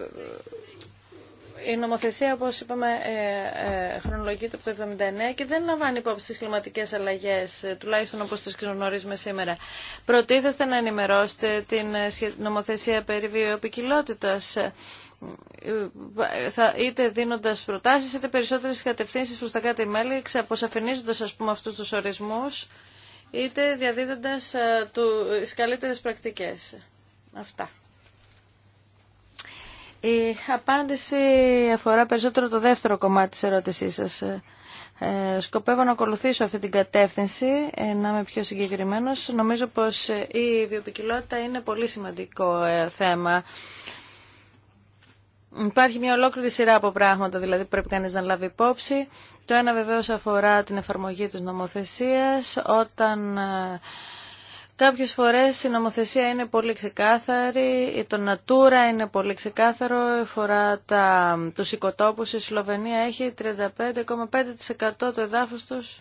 η νομοθεσία, όπως είπαμε, ε, ε, χρονολογείται από το 1979 και δεν λαμβάνει υπόψη τι κλιματικέ αλλαγέ, ε, τουλάχιστον όπως τις γνωρίζουμε σήμερα. Προτίθεστε να ενημερώσετε την νομοθεσία περί βιοποικιλότητας θα, είτε δίνοντα προτάσει είτε περισσότερε κατευθύνσει προ τα κάτι μέλη, αποσαφηνίζοντα ας πούμε αυτού του ορισμού, είτε διαδίδοντα τι καλύτερε πρακτικέ. Αυτά. Η απάντηση αφορά περισσότερο το δεύτερο κομμάτι της ερώτησής σας. Ε, σκοπεύω να ακολουθήσω αυτή την κατεύθυνση, ε, να είμαι πιο συγκεκριμένος. Νομίζω πως ε, η βιοπικιλότητα είναι πολύ σημαντικό θέμα. Υπάρχει μια ολόκληρη σειρά από πράγματα δηλαδή πρέπει κανείς να λάβει υπόψη. Το ένα βεβαίως αφορά την εφαρμογή της νομοθεσίας όταν Κάποιες φορές η νομοθεσία είναι πολύ ξεκάθαρη, το Natura είναι πολύ ξεκάθαρο, φορά τα, τους οικοτόπους. Η Σλοβενία έχει 35,5% του εδάφους τους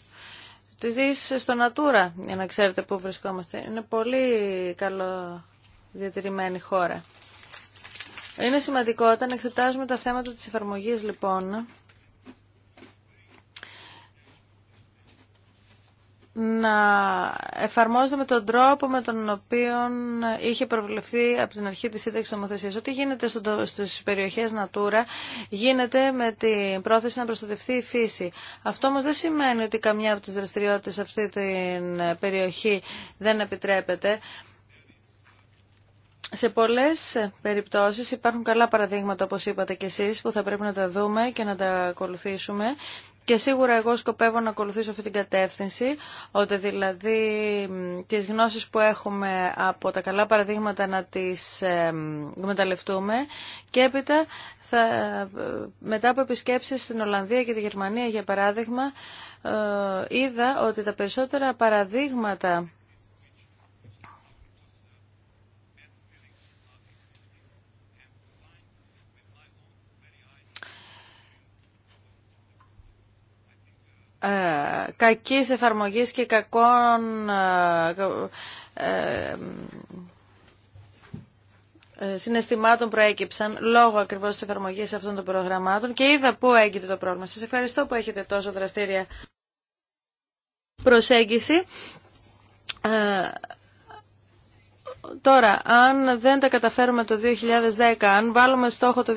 της στο Natura, για να ξέρετε πού βρισκόμαστε. Είναι πολύ καλό διατηρημένη χώρα. Είναι σημαντικό όταν εξετάζουμε τα θέματα της εφαρμογής λοιπόν να εφαρμόζεται με τον τρόπο με τον οποίο είχε προβλεφθεί από την αρχή της σύνταξης νομοθεσίας. Ό,τι γίνεται στις περιοχές Natura γίνεται με την πρόθεση να προστατευτεί η φύση. Αυτό όμως δεν σημαίνει ότι καμιά από τις δραστηριότητες σε αυτή την περιοχή δεν επιτρέπεται. Σε πολλές περιπτώσεις υπάρχουν καλά παραδείγματα, όπως είπατε και εσείς, που θα πρέπει να τα δούμε και να τα ακολουθήσουμε και σίγουρα εγώ σκοπεύω να ακολουθήσω αυτή την κατεύθυνση, ότι δηλαδή τις γνώσεις που έχουμε από τα καλά παραδείγματα να τις ε, εκμεταλλευτούμε και έπειτα θα, ε, μετά από επισκέψεις στην Ολλανδία και τη Γερμανία για παράδειγμα ε, είδα ότι τα περισσότερα παραδείγματα Ε, κακής εφαρμογής και κακών ε, ε, συναισθημάτων προέκυψαν λόγω ακριβώς της εφαρμογής αυτών των προγραμμάτων και είδα πού έγκυται το πρόβλημα. Σας ευχαριστώ που εγινε το προβλημα τόσο δραστήρια προσέγγιση. Τώρα, αν δεν τα καταφέρουμε το 2010, αν βάλουμε στόχο το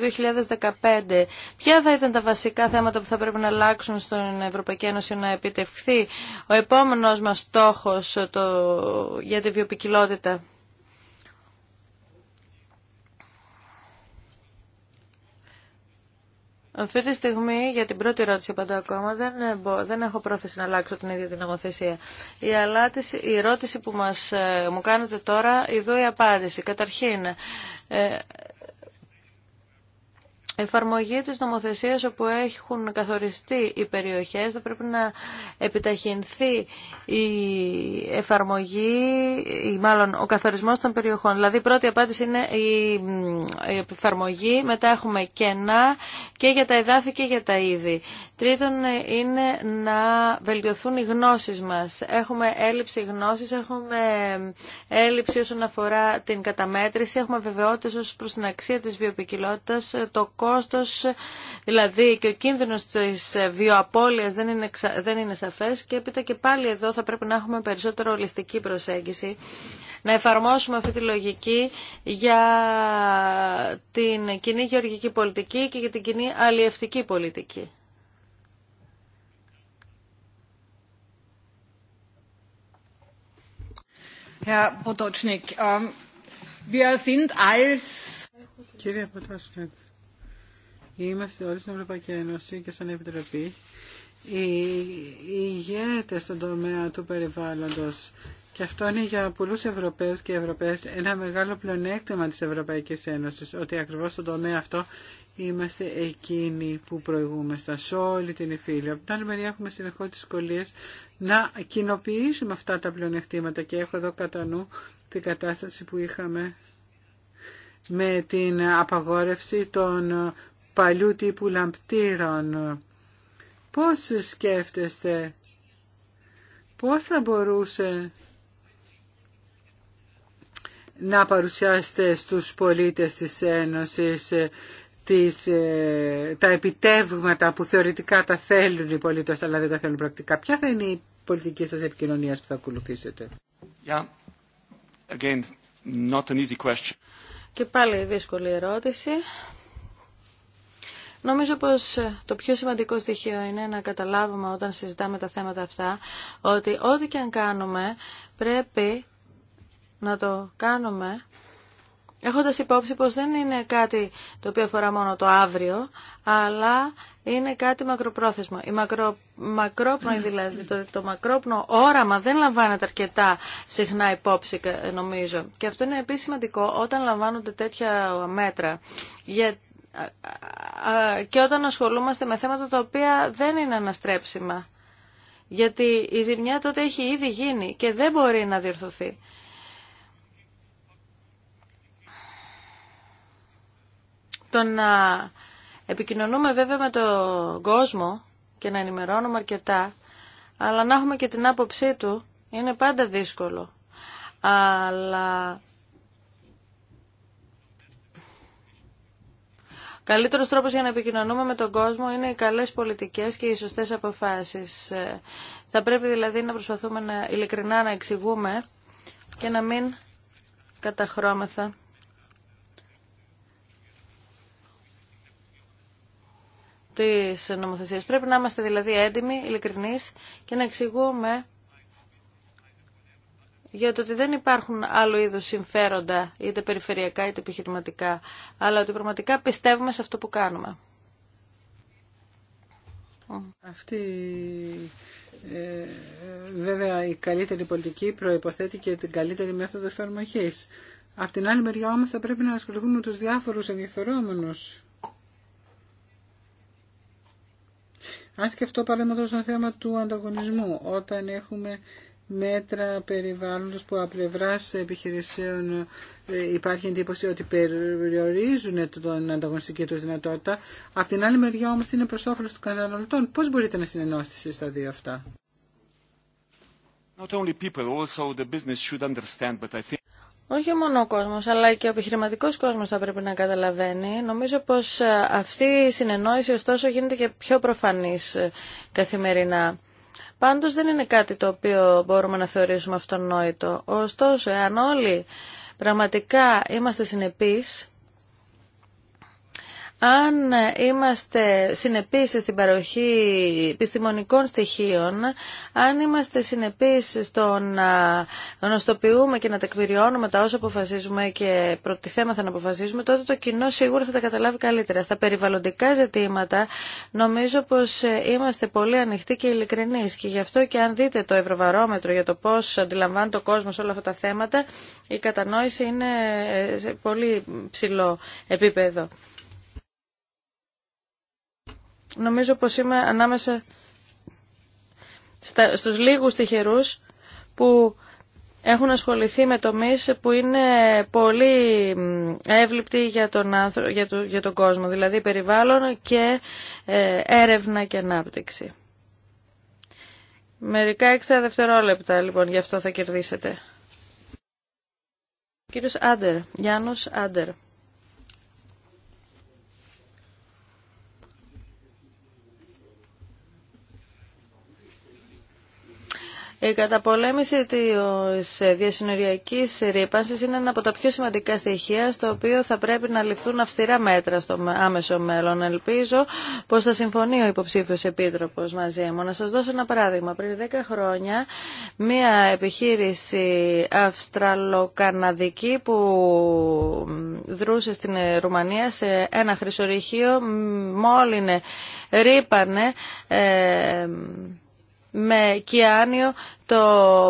2015, ποια θα ήταν τα βασικά θέματα που θα πρέπει να αλλάξουν στην Ευρωπαϊκή Ένωση να επιτευχθεί ο επόμενος μας στόχος το... για τη βιοπικιλότητα Αυτή τη στιγμή, για την πρώτη ερώτηση απαντώ ακόμα, δεν, ε, δεν έχω πρόθεση να αλλάξω την ίδια την νομοθεσία. Η, αλάτηση, η ερώτηση που μας, ε, μου κάνετε τώρα, ειδού η απάντηση. Καταρχήν, ε, εφαρμογή της νομοθεσίας όπου έχουν καθοριστεί οι περιοχές θα πρέπει να επιταχυνθεί η εφαρμογή ή μάλλον ο καθορισμός των περιοχών. Δηλαδή η πρώτη απάντηση είναι η εφαρμογή, μετά έχουμε κενά και για τα εδάφη και για τα είδη. Τρίτον είναι να βελτιωθούν οι γνώσεις μας. Έχουμε έλλειψη γνώσης, έχουμε έλλειψη όσον αφορά την καταμέτρηση, έχουμε βεβαιότητες ως προς την αξία της βιοποικιλότητας, το κόστος, δηλαδή και ο κίνδυνος της βιοαπόλειας δεν είναι, δεν είναι σαφές και έπειτα και πάλι εδώ θα πρέπει να έχουμε περισσότερο ολιστική προσέγγιση να εφαρμόσουμε αυτή τη λογική για την κοινή γεωργική πολιτική και για την κοινή αλλιευτική πολιτική. Ähm, Κύριε είμαστε όλοι στην Ευρωπαϊκή Ένωση και σαν Επιτροπή οι ηγέτες στον τομέα του περιβάλλοντος και αυτό είναι για πολλούς Ευρωπαίους και Ευρωπαίες ένα μεγάλο πλεονέκτημα της Ευρωπαϊκής Ένωσης ότι ακριβώς στον τομέα αυτό είμαστε εκείνοι που προηγούμε σε όλη την υφήλια. Από την άλλη μεριά έχουμε συνεχώ δυσκολίε να κοινοποιήσουμε αυτά τα πλεονεκτήματα και έχω εδώ κατά νου την κατάσταση που είχαμε με την απαγόρευση των παλιού τύπου λαμπτήρων. Πώς σκέφτεστε, πώς θα μπορούσε να παρουσιάσετε στους πολίτες της Ένωσης ε, τις, ε, τα επιτεύγματα που θεωρητικά τα θέλουν οι πολίτες αλλά δεν τα θέλουν πρακτικά. Ποια θα είναι η πολιτική σας επικοινωνία που θα ακολουθήσετε. Again, not an easy Και πάλι δύσκολη ερώτηση. Νομίζω πως ε, το πιο σημαντικό στοιχείο είναι να καταλάβουμε όταν συζητάμε τα θέματα αυτά ότι ό,τι και αν κάνουμε πρέπει να το κάνουμε έχοντας υπόψη πως δεν είναι κάτι το οποίο αφορά μόνο το αύριο, αλλά είναι κάτι μακροπρόθεσμο. Η μακρο, δηλαδή, το, το μακρόπνο όραμα δεν λαμβάνεται αρκετά συχνά υπόψη νομίζω. Και αυτό είναι επίσης σημαντικό όταν λαμβάνονται τέτοια μέτρα. Γιατί και όταν ασχολούμαστε με θέματα τα οποία δεν είναι αναστρέψιμα. Γιατί η ζημιά τότε έχει ήδη γίνει και δεν μπορεί να διορθωθεί. Το να επικοινωνούμε βέβαια με τον κόσμο και να ενημερώνουμε αρκετά, αλλά να έχουμε και την άποψή του είναι πάντα δύσκολο. Αλλά Καλύτερο τρόπος για να επικοινωνούμε με τον κόσμο είναι οι καλές πολιτικές και οι σωστέ αποφάσει. Ε, θα πρέπει δηλαδή να προσπαθούμε να, ειλικρινά να εξηγούμε και να μην καταχρώμεθα. Τις νομοθεσίες. Πρέπει να είμαστε δηλαδή έντιμοι, ειλικρινείς και να εξηγούμε για το ότι δεν υπάρχουν άλλο είδους συμφέροντα, είτε περιφερειακά είτε επιχειρηματικά, αλλά ότι πραγματικά πιστεύουμε σε αυτό που κάνουμε. Αυτή ε, ε, βέβαια η καλύτερη πολιτική προϋποθέτει και την καλύτερη μέθοδο εφαρμογή. Απ' την άλλη μεριά όμως θα πρέπει να ασχοληθούμε με τους διάφορους ενδιαφερόμενους. Αν σκεφτώ παραδείγματος το θέμα του ανταγωνισμού, όταν έχουμε μέτρα περιβάλλοντος που από πλευρά επιχειρησίων ε, υπάρχει εντύπωση ότι περιορίζουν την ανταγωνιστική του δυνατότητα. Απ' την άλλη μεριά όμως είναι προς όφελος των καταναλωτών. Πώς μπορείτε να συνενώσετε εσείς τα δύο αυτά. Όχι μόνο ο κόσμος, αλλά και ο επιχειρηματικός κόσμος θα πρέπει να καταλαβαίνει. Νομίζω πως ε, αυτή η συνεννόηση ωστόσο γίνεται και πιο προφανής ε, καθημερινά. Πάντως δεν είναι κάτι το οποίο μπορούμε να θεωρήσουμε αυτονόητο. Ωστόσο, εάν όλοι πραγματικά είμαστε συνεπείς αν είμαστε συνεπείς στην παροχή επιστημονικών στοιχείων, αν είμαστε συνεπείς στο να γνωστοποιούμε και να τεκμηριώνουμε τα όσα αποφασίζουμε και θέμα να αποφασίζουμε, τότε το κοινό σίγουρα θα τα καταλάβει καλύτερα. Στα περιβαλλοντικά ζητήματα νομίζω πως είμαστε πολύ ανοιχτοί και ειλικρινείς και γι' αυτό και αν δείτε το ευρωβαρόμετρο για το πώς αντιλαμβάνεται ο κόσμος όλα αυτά τα θέματα, η κατανόηση είναι σε πολύ ψηλό επίπεδο. Νομίζω πως είμαι ανάμεσα στα, στους λίγους τυχερούς που έχουν ασχοληθεί με τομείς που είναι πολύ εύληπτοι για τον, άνθρω... για τον κόσμο, δηλαδή περιβάλλον και ε, έρευνα και ανάπτυξη. Μερικά έξτρα δευτερόλεπτα λοιπόν, γι' αυτό θα κερδίσετε. κύριος Άντερ, Γιάννος Άντερ. Η καταπολέμηση της διασυνοριακής ρήπανσης είναι ένα από τα πιο σημαντικά στοιχεία στο οποίο θα πρέπει να ληφθούν αυστηρά μέτρα στο άμεσο μέλλον. Ελπίζω πως θα συμφωνεί ο υποψήφιος επίτροπος μαζί μου. Να σας δώσω ένα παράδειγμα. Πριν 10 χρόνια μία επιχείρηση αυστραλοκαναδική που δρούσε στην Ρουμανία σε ένα χρυσορυχείο μόλυνε, ρήπανε ε, με κιάνιο το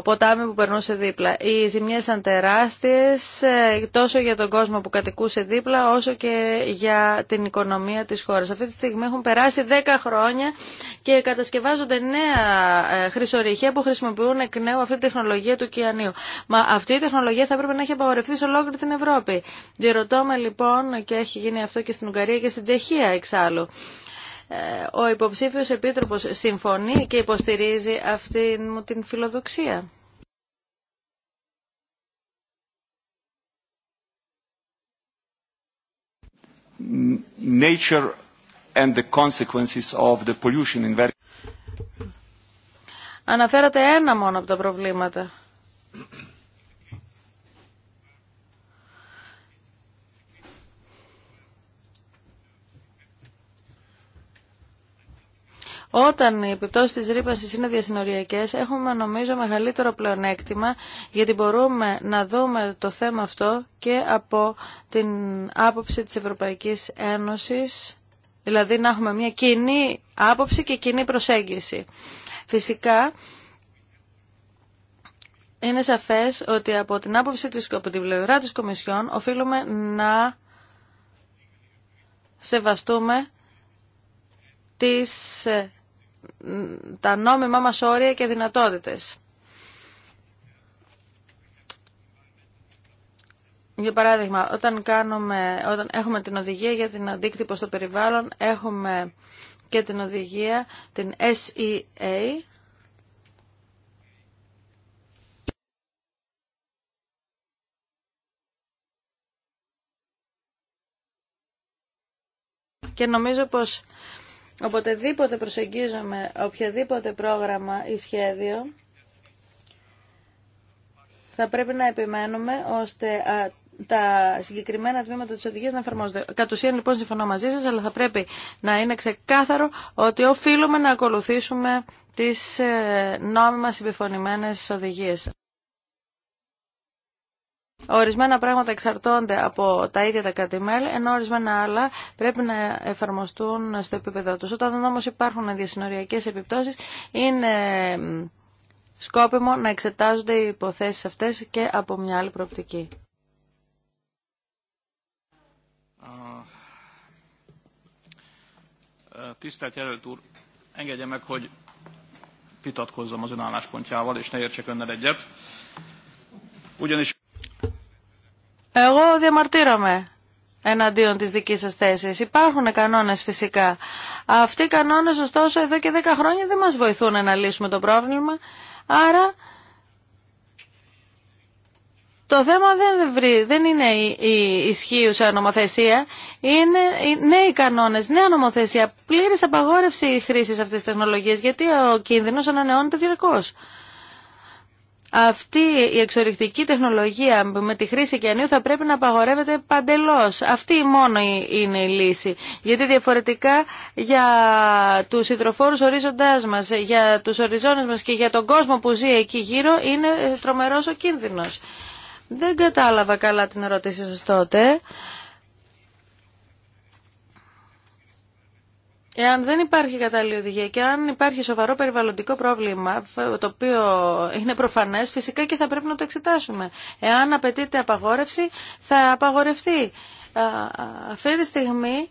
ποτάμι που περνούσε δίπλα. Οι ζημιές ήταν τεράστιες ε, τόσο για τον κόσμο που κατοικούσε δίπλα όσο και για την οικονομία της χώρας. Αυτή τη στιγμή έχουν περάσει 10 χρόνια και κατασκευάζονται νέα ε, χρυσορυχεία που χρησιμοποιούν εκ νέου αυτή τη τεχνολογία του κιανίου. Μα αυτή η τεχνολογία θα έπρεπε να έχει απαγορευτεί σε ολόκληρη την Ευρώπη. Διερωτώ με λοιπόν και έχει γίνει αυτό και στην Ουγγαρία και στην Τσεχία εξάλλου ο υποψήφιος επίτροπος συμφωνεί και υποστηρίζει αυτή μου την φιλοδοξία. Nature and the consequences of the pollution Αναφέρατε ένα μόνο από τα προβλήματα. Όταν οι επιπτώσει τη ρήπανση είναι διασυνοριακέ, έχουμε νομίζω μεγαλύτερο πλεονέκτημα, γιατί μπορούμε να δούμε το θέμα αυτό και από την άποψη τη Ευρωπαϊκής Ένωσης, δηλαδή να έχουμε μια κοινή άποψη και κοινή προσέγγιση. Φυσικά, είναι σαφές ότι από την άποψη της, την πλευρά της Κομισιόν οφείλουμε να σεβαστούμε τις τα νόμιμά μας όρια και δυνατότητες. Για παράδειγμα, όταν, κάνουμε, όταν έχουμε την οδηγία για την αντίκτυπο στο περιβάλλον, έχουμε και την οδηγία, την SEA, και νομίζω πως Οποτεδήποτε προσεγγίζουμε οποιαδήποτε πρόγραμμα ή σχέδιο, θα πρέπει να επιμένουμε ώστε τα συγκεκριμένα τμήματα της οδηγίας να εφαρμόζονται. Κατ' ουσίαν λοιπόν συμφωνώ μαζί σας, αλλά θα πρέπει να είναι ξεκάθαρο ότι οφείλουμε να ακολουθήσουμε τις ε, νόμιμα συμπεφωνημένες οδηγίες. Ορισμένα πράγματα εξαρτώνται από τα ίδια τα κρατημέλη, ενώ ορισμένα άλλα πρέπει να εφαρμοστούν στο επίπεδο τους. Όταν όμως υπάρχουν διασυνοριακές επιπτώσεις, είναι σκόπιμο να εξετάζονται οι υποθέσεις αυτές και από μια άλλη προοπτική. Ε, εγώ διαμαρτύρομαι εναντίον της δικής σας θέσης. Υπάρχουν κανόνες φυσικά. Αυτοί οι κανόνες ωστόσο εδώ και δέκα χρόνια δεν μας βοηθούν να λύσουμε το πρόβλημα. Άρα το θέμα δεν, βρει, δεν είναι η, η ισχύουσα νομοθεσία, είναι οι νέοι κανόνες, νέα νομοθεσία, πλήρης απαγόρευση χρήσης αυτής της τεχνολογίας, γιατί ο κίνδυνος ανανεώνεται διαρκώς αυτή η εξορυκτική τεχνολογία με τη χρήση κενίου θα πρέπει να απαγορεύεται παντελώς. Αυτή μόνο είναι η λύση. Γιατί διαφορετικά για τους υδροφόρους ορίζοντάς μας, για τους οριζόνες μας και για τον κόσμο που ζει εκεί γύρω είναι τρομερός ο κίνδυνος. Δεν κατάλαβα καλά την ερώτησή σας τότε. Εάν δεν υπάρχει κατάλληλη οδηγία και αν υπάρχει σοβαρό περιβαλλοντικό πρόβλημα, το οποίο είναι προφανέ, φυσικά και θα πρέπει να το εξετάσουμε. Εάν απαιτείται απαγόρευση, θα απαγορευτεί. Αυτή τη στιγμή,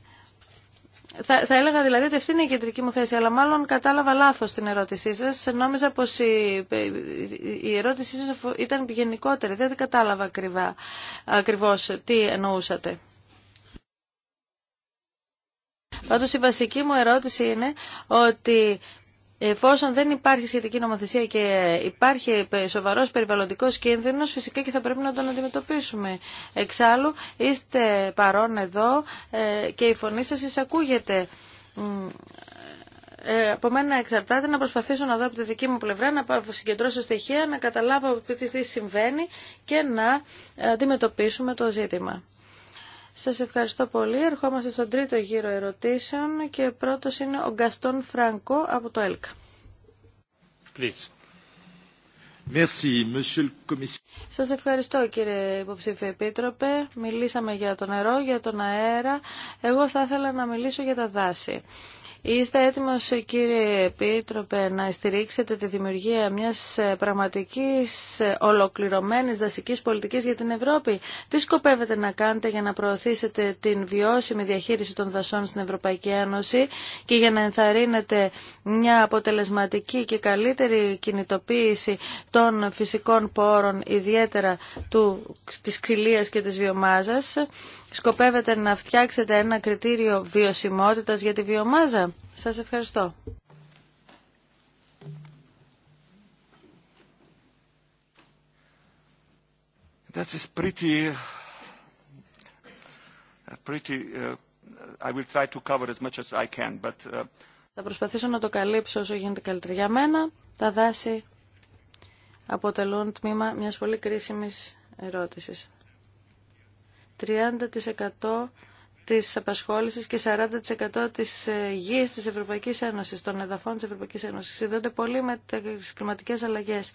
θα, θα έλεγα δηλαδή ότι αυτή είναι η κεντρική μου θέση, αλλά μάλλον κατάλαβα λάθος την ερώτησή σας. Νόμιζα πως η, ερώτησή σα ήταν γενικότερη. Δεν κατάλαβα ακριβώ τι εννοούσατε. Πάντως η βασική μου ερώτηση είναι ότι Εφόσον δεν υπάρχει σχετική νομοθεσία και υπάρχει σοβαρός περιβαλλοντικός κίνδυνος, φυσικά και θα πρέπει να τον αντιμετωπίσουμε. Εξάλλου, είστε παρόν εδώ ε, και η φωνή σας εισακούγεται. Ε, από μένα εξαρτάται να προσπαθήσω να δω από τη δική μου πλευρά, να συγκεντρώσω στοιχεία, να καταλάβω τι συμβαίνει και να αντιμετωπίσουμε το ζήτημα. Σας ευχαριστώ πολύ. Ερχόμαστε στον τρίτο γύρο ερωτήσεων και πρώτος είναι ο Γκαστόν Φρανκό από το ΕΛΚΑ. Please. Merci, Σας ευχαριστώ κύριε υποψήφιε επίτροπε. Μιλήσαμε για το νερό, για τον αέρα. Εγώ θα ήθελα να μιλήσω για τα δάση. Είστε έτοιμος κύριε Επίτροπε να στηρίξετε τη δημιουργία μιας ε, πραγματικής ε, ολοκληρωμένης δασικής πολιτικής για την Ευρώπη. Τι σκοπεύετε να κάνετε για να προωθήσετε την βιώσιμη διαχείριση των δασών στην Ευρωπαϊκή Ένωση και για να ενθαρρύνετε μια αποτελεσματική και καλύτερη κινητοποίηση των φυσικών πόρων, ιδιαίτερα του, της ξυλίας και της βιομάζας σκοπεύετε να φτιάξετε ένα κριτήριο βιωσιμότητας για τη βιομάζα. Σας ευχαριστώ. Θα προσπαθήσω να το καλύψω όσο γίνεται καλύτερα. Για μένα, τα δάση αποτελούν τμήμα μιας πολύ κρίσιμης ερώτησης. 30% της απασχόλησης και 40% της ε, γης της Ευρωπαϊκής Ένωσης, των εδαφών της Ευρωπαϊκής Ένωσης. Συνδέονται πολύ με τις κλιματικές αλλαγές.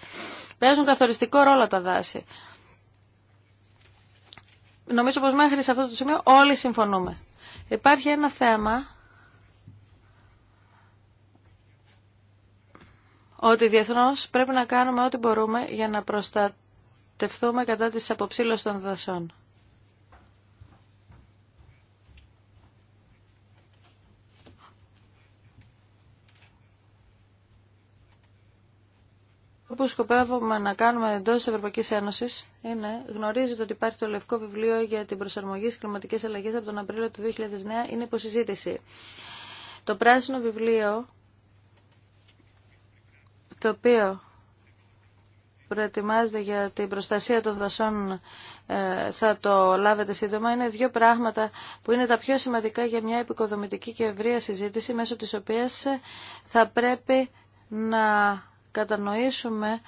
Παίζουν καθοριστικό ρόλο τα δάση. Νομίζω πως μέχρι σε αυτό το σημείο όλοι συμφωνούμε. Υπάρχει ένα θέμα ότι διεθνώς πρέπει να κάνουμε ό,τι μπορούμε για να προστατευτούμε κατά της αποψήλωσης των δασών. που σκοπεύουμε να κάνουμε εντό τη Ευρωπαϊκή Ένωση είναι, γνωρίζετε ότι υπάρχει το λευκό βιβλίο για την προσαρμογή στι κλιματικέ αλλαγέ από τον Απρίλιο του 2009, είναι υποσυζήτηση. Το πράσινο βιβλίο, το οποίο προετοιμάζεται για την προστασία των δασών ε, θα το λάβετε σύντομα. Είναι δύο πράγματα που είναι τα πιο σημαντικά για μια επικοδομητική και ευρεία συζήτηση μέσω της οποίας θα πρέπει να κατανοήσουμε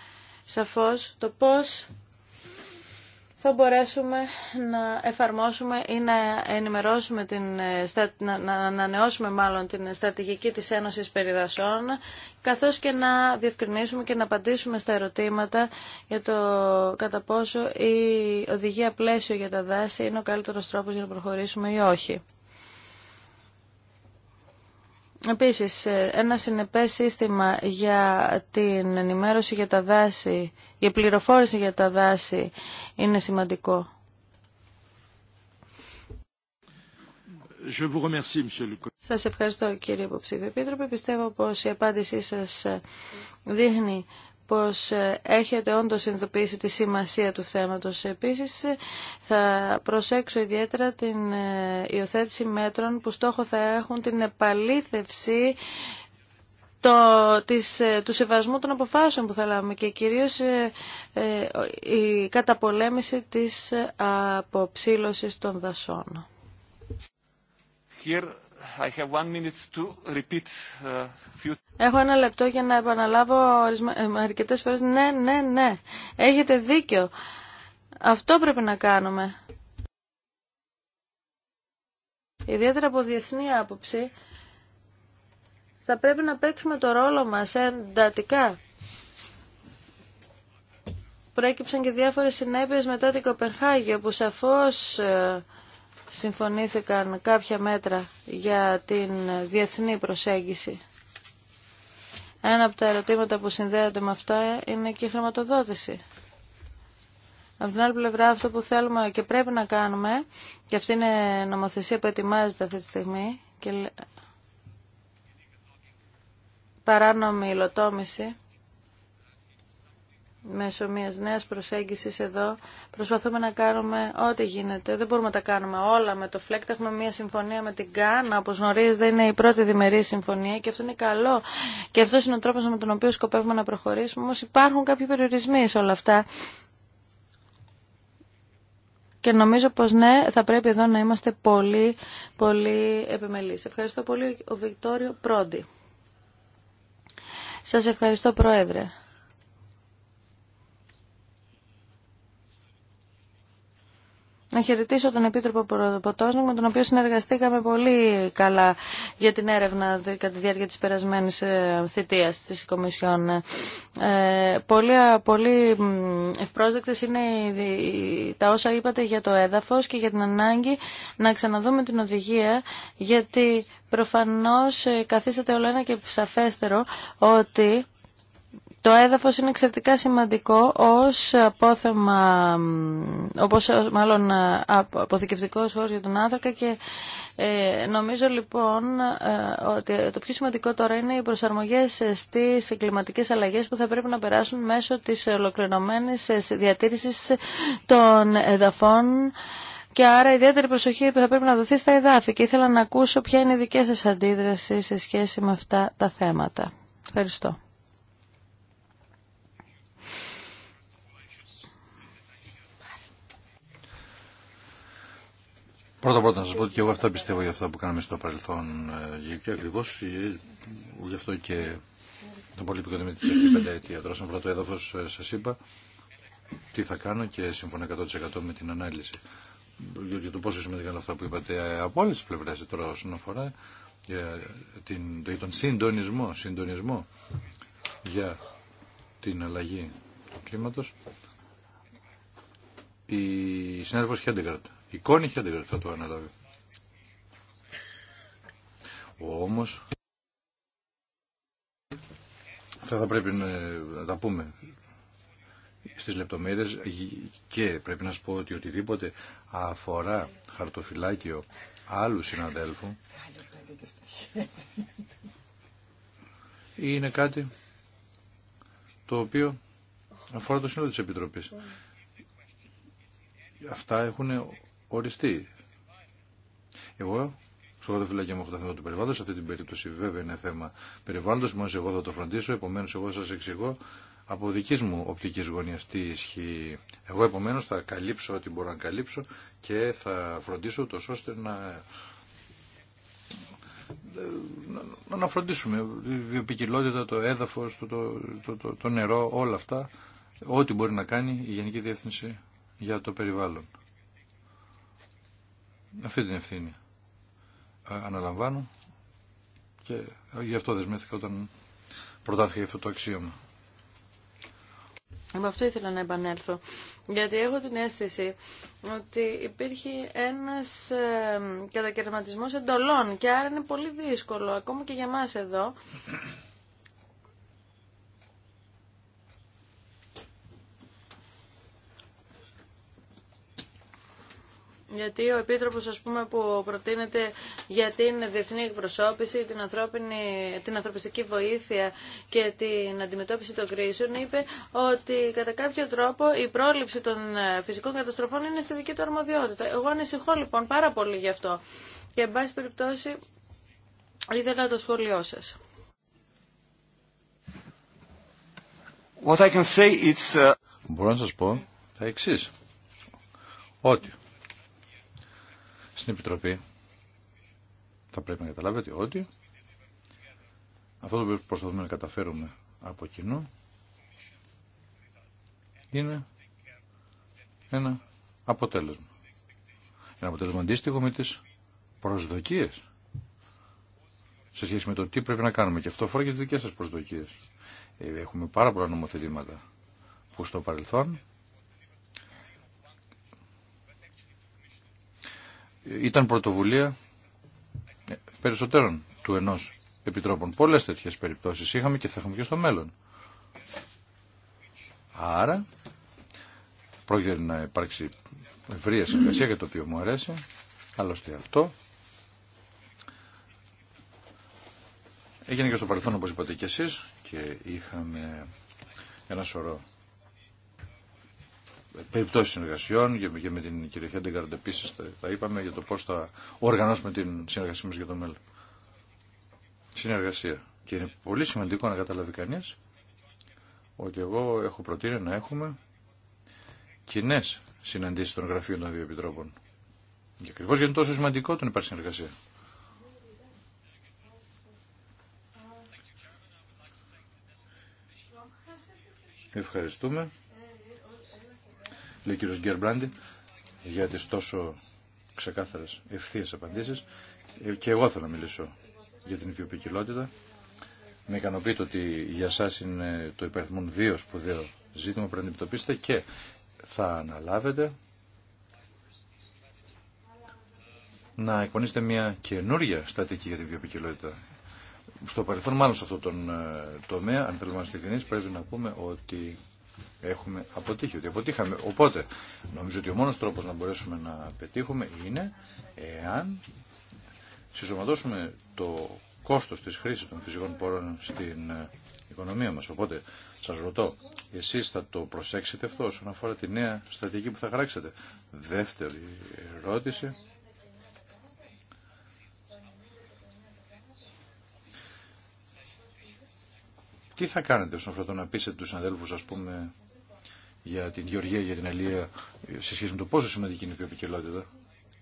σαφώς το πώς θα μπορέσουμε να εφαρμόσουμε ή να ενημερώσουμε την, ε, να ανανεώσουμε μάλλον την στρατηγική της Ένωσης Περιδασών, καθώς και να διευκρινίσουμε και να απαντήσουμε στα ερωτήματα για το κατά πόσο η οδηγία πλαίσιο για τα δάση είναι ο καλύτερος τρόπος για να προχωρήσουμε ή όχι. Επίσης, ε, ένα συνεπές σύστημα για την ενημέρωση για τα δάση, για πληροφόρηση για τα δάση είναι σημαντικό. Je vous remercie, monsieur le... Σας ευχαριστώ κύριε υποψήφιο επίτροπε. Πιστεύω πως η απάντησή σας ε, δείχνει πως ε, έχετε όντως συνειδητοποιήσει τη σημασία του θέματος. Επίσης, ε, θα προσέξω ιδιαίτερα την ε, υιοθέτηση μέτρων που στόχο θα έχουν την επαλήθευση το, της, του σεβασμού των αποφάσεων που θα λάβουμε και κυρίως η καταπολέμηση της αποψήλωσης των δασών. Uh, Έχω ένα λεπτό για να επαναλάβω ε, αρκετές φορές ναι, ναι, ναι. Έχετε δίκιο. Αυτό πρέπει να κάνουμε. Ιδιαίτερα από διεθνή άποψη θα πρέπει να παίξουμε το ρόλο μας εντατικά. Προέκυψαν και διάφορες συνέπειες μετά την Κοπενχάγη όπου σαφώς ε, συμφωνήθηκαν κάποια μέτρα για την διεθνή προσέγγιση. Ένα από τα ερωτήματα που συνδέονται με αυτά είναι και η χρηματοδότηση. Από την άλλη πλευρά αυτό που θέλουμε και πρέπει να κάνουμε, και αυτή είναι νομοθεσία που ετοιμάζεται αυτή τη στιγμή, και παράνομη υλοτόμηση, μέσω μιας νέας προσέγγισης εδώ προσπαθούμε να κάνουμε ό,τι γίνεται. Δεν μπορούμε να τα κάνουμε όλα με το ΦΛΕΚΤ. Έχουμε μια συμφωνία με την ΚΑΝΑ, όπως γνωρίζετε είναι η πρώτη διμερή συμφωνία και αυτό είναι καλό. Και αυτό είναι ο τρόπος με τον οποίο σκοπεύουμε να προχωρήσουμε. Όμως υπάρχουν κάποιοι περιορισμοί σε όλα αυτά. Και νομίζω πως ναι, θα πρέπει εδώ να είμαστε πολύ, πολύ επιμελείς. Ευχαριστώ πολύ ο Βικτόριο Πρόντι. Σας ευχαριστώ Πρόεδρε. να χαιρετήσω τον Επίτροπο Ποτόσνικ με τον οποίο συνεργαστήκαμε πολύ καλά για την έρευνα κατά τη διάρκεια της περασμένης ε, θητείας της Κομισιόν. Ε, πολύ, πολύ ευπρόσδεκτες είναι τα όσα είπατε για το έδαφος και για την ανάγκη να ξαναδούμε την οδηγία γιατί προφανώς ε, καθίσατε όλο ένα και σαφέστερο ότι το έδαφος είναι εξαιρετικά σημαντικό ως απόθεμα, όπως μάλλον ε, αποθηκευτικός χώρος για τον άνθρωπο και ε, νομίζω λοιπόν ε, ότι το πιο σημαντικό τώρα είναι οι προσαρμογές στις κλιματικές αλλαγές που θα πρέπει να περάσουν μέσω της ολοκληρωμένης διατήρησης των εδαφών και άρα ιδιαίτερη προσοχή που θα πρέπει να δοθεί στα εδάφη και ήθελα να ακούσω ποια είναι η δική σας αντίδραση σε σχέση με αυτά τα θέματα. Ευχαριστώ. Πρώτα πρώτα να σας πω ότι και εγώ αυτά πιστεύω για αυτά που κάναμε στο παρελθόν ε, και ακριβώ, ε, γι' αυτό και το πολύ επικοδομητική αυτή πενταετία. Τώρα σαν πρώτο έδαφος ε, σας είπα τι θα κάνω και συμφωνώ 100% με την ανάλυση για το πόσο σημαντικά είναι αυτά που είπατε από όλες τις πλευρές τώρα όσον αφορά για, την, τον συντονισμό, για την αλλαγή του κλίματος η συνάδελφος Χέντεγκρατ η Κόνη αντιγραφή θα το αναλάβει. Όμως θα, πρέπει να, τα πούμε στις λεπτομέρειες και πρέπει να σου πω ότι οτιδήποτε αφορά χαρτοφυλάκιο άλλου συναδέλφου είναι κάτι το οποίο αφορά το σύνολο της Επιτροπής. Αυτά έχουν οριστεί. Εγώ στο χαρτοφυλάκιο μου έχω το θέμα του περιβάλλοντο. Σε αυτή την περίπτωση βέβαια είναι θέμα περιβάλλοντο. Μόνο εγώ θα το φροντίσω. Επομένω, εγώ σα εξηγώ από δική μου οπτική γωνία τι ισχύει. Εγώ επομένω θα καλύψω ό,τι μπορώ να καλύψω και θα φροντίσω το ώστε να να, να φροντίσουμε η βιοπικιλότητα, το έδαφος, το, το, το, το, το νερό, όλα αυτά, ό,τι μπορεί να κάνει η Γενική Διεύθυνση για το περιβάλλον. Αυτή την ευθύνη αναλαμβάνω και γι' αυτό δεσμεύτηκα όταν προτάθηκε αυτό το αξίωμα. Ε, με αυτό ήθελα να επανέλθω. Γιατί έχω την αίσθηση ότι υπήρχε ένας ε, κατακαιρματισμός εντολών και άρα είναι πολύ δύσκολο, ακόμα και για μας εδώ, Γιατί ο επίτροπος πούμε, που προτείνεται για την διεθνή εκπροσώπηση, την, ανθρώπινη, την ανθρωπιστική βοήθεια και την αντιμετώπιση των κρίσεων είπε ότι κατά κάποιο τρόπο η πρόληψη των ε, φυσικών καταστροφών είναι στη δική του αρμοδιότητα. Εγώ ανησυχώ λοιπόν πάρα πολύ γι' αυτό. Και εν πάση περιπτώσει ήθελα το σχόλιο σας. Uh, Μπορώ να σας πω τα εξής. Ότι στην Επιτροπή θα πρέπει να καταλάβετε ότι αυτό το οποίο προσπαθούμε να καταφέρουμε από κοινού είναι ένα αποτέλεσμα. Ένα αποτέλεσμα αντίστοιχο με τις προσδοκίες σε σχέση με το τι πρέπει να κάνουμε. Και αυτό αφορά και τις δικές σας προσδοκίες. Ε, έχουμε πάρα πολλά νομοθετήματα που στο παρελθόν ήταν πρωτοβουλία περισσότερων του ενός επιτρόπων. Πολλές τέτοιες περιπτώσεις είχαμε και θα έχουμε και στο μέλλον. Άρα, πρόκειται να υπάρξει ευρεία συνεργασία για το οποίο μου αρέσει. Άλλωστε αυτό Έγινε και στο παρελθόν όπως είπατε και εσείς και είχαμε ένα σωρό περιπτώσει συνεργασιών και με την κυρία Χέντεγκαρντ επίση θα είπαμε για το πώ θα οργανώσουμε την συνεργασία μα για το μέλλον. Συνεργασία. Και είναι πολύ σημαντικό να καταλάβει κανεί ότι εγώ έχω προτείνει να έχουμε κοινέ συναντήσει των γραφείων των δύο επιτρόπων. Και ακριβώ γιατί είναι τόσο σημαντικό το να υπάρχει συνεργασία. Ευχαριστούμε λέει ο κύριος Γκέρμπραντι, για τις τόσο ξεκάθαρες ευθείες απαντήσεις. Ε, και εγώ θέλω να μιλήσω για την βιοποικιλότητα. Με ικανοποιείτε ότι για σας είναι το υπερθμόν δύο σπουδαίο ζήτημα που αντιμετωπίσετε και θα αναλάβετε να εικονίσετε μια καινούργια στατική για την βιοποικιλότητα. Στο παρελθόν, μάλλον σε αυτό τον ε, τομέα, αν θέλουμε να είμαστε πρέπει να πούμε ότι έχουμε αποτύχει, ότι αποτύχαμε. Οπότε, νομίζω ότι ο μόνος τρόπος να μπορέσουμε να πετύχουμε είναι εάν συσσωματώσουμε το κόστος της χρήσης των φυσικών πόρων στην ε, οικονομία μας. Οπότε, σας ρωτώ, εσείς θα το προσέξετε αυτό όσον αφορά τη νέα στρατηγική που θα χαράξετε. Δεύτερη ερώτηση. Τι θα κάνετε όσον αφορά το να πείσετε τους αδέλφους, ας πούμε, για την γεωργία, για την αλία, σε σχέση με το πόσο σημαντική είναι η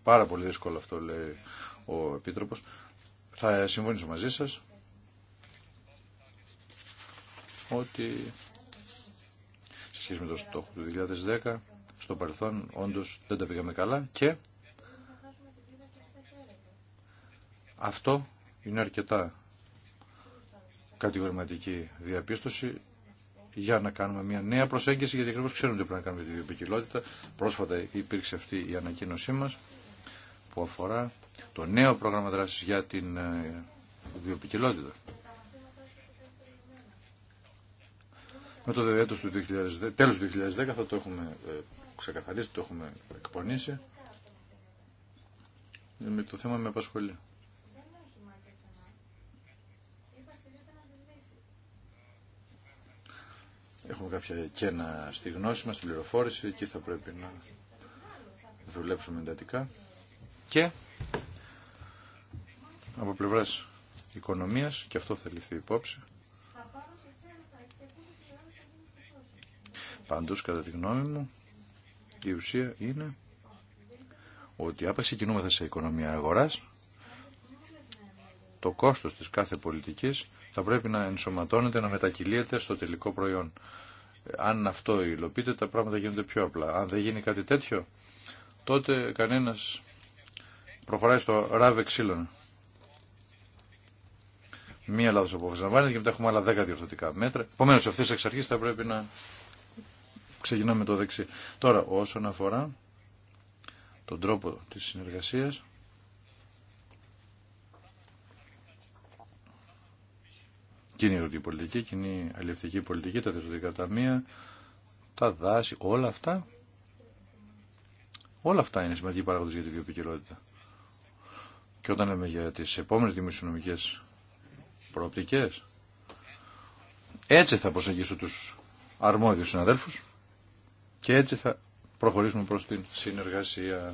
Πάρα πολύ δύσκολο αυτό, λέει ο Επίτροπος. Θα συμφωνήσω μαζί σας ότι σε σχέση με το στόχο του 2010, στο παρελθόν όντως δεν τα πήγαμε καλά και αυτό είναι αρκετά κατηγορηματική διαπίστωση για να κάνουμε μια νέα προσέγγιση, γιατί ακριβώ ξέρουμε τι πρέπει να κάνουμε τη βιοποικιλότητα. Πρόσφατα υπήρξε αυτή η ανακοίνωσή μα που αφορά το νέο πρόγραμμα δράση για την ε, βιοποικιλότητα. Με το έτος του 2010, τέλος του 2010 θα το έχουμε ε, ξεκαθαρίσει, το έχουμε εκπονήσει. Ε, με το θέμα με απασχολεί. έχουμε κάποια κένα στη γνώση μας, στην πληροφόρηση, εκεί θα πρέπει να δουλέψουμε εντατικά. Και από πλευράς οικονομίας, και αυτό θα ληφθεί υπόψη, Πάντως, κατά τη γνώμη μου, η ουσία είναι ότι άπαξε κινούμεθα σε οικονομία αγοράς, το κόστος της κάθε πολιτικής θα πρέπει να ενσωματώνεται, να μετακυλίεται στο τελικό προϊόν. Αν αυτό υλοποιείται, τα πράγματα γίνονται πιο απλά. Αν δεν γίνει κάτι τέτοιο, τότε κανένας προχωράει στο ράβε ξύλων. Μία λάθος απόφαση να και μετά έχουμε άλλα δέκα διορθωτικά μέτρα. Επομένω, αυτέ εξ αρχή θα πρέπει να ξεκινάμε το δεξί. Τώρα, όσον αφορά τον τρόπο τη συνεργασία, κοινή ερωτική πολιτική, κοινή αλληλευτική πολιτική, τα διευθυντικά ταμεία, τα δάση, όλα αυτά. Όλα αυτά είναι σημαντικοί παράγοντες για τη βιοποικιλότητα. Και όταν λέμε για τις επόμενες δημοσιονομικές προοπτικές, έτσι θα προσεγγίσω τους αρμόδιους συναδέλφους και έτσι θα προχωρήσουμε προς την συνεργασία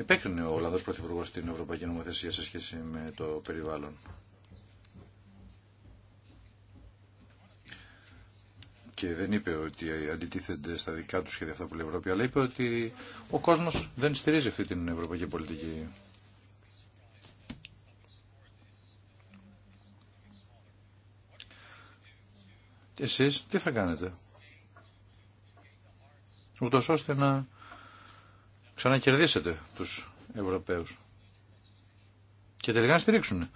επέκρινε ο Ολλανδός Πρωθυπουργός την Ευρωπαϊκή Νομοθεσία σε σχέση με το περιβάλλον. Και δεν είπε ότι αντιτίθενται στα δικά του σχέδια αυτά που λέει η Ευρώπη, αλλά είπε ότι ο κόσμος δεν στηρίζει αυτή την ευρωπαϊκή πολιτική. Εσείς τι θα κάνετε, ούτως ώστε να ξανακερδίσετε τους Ευρωπαίους και τελικά να στηρίξουν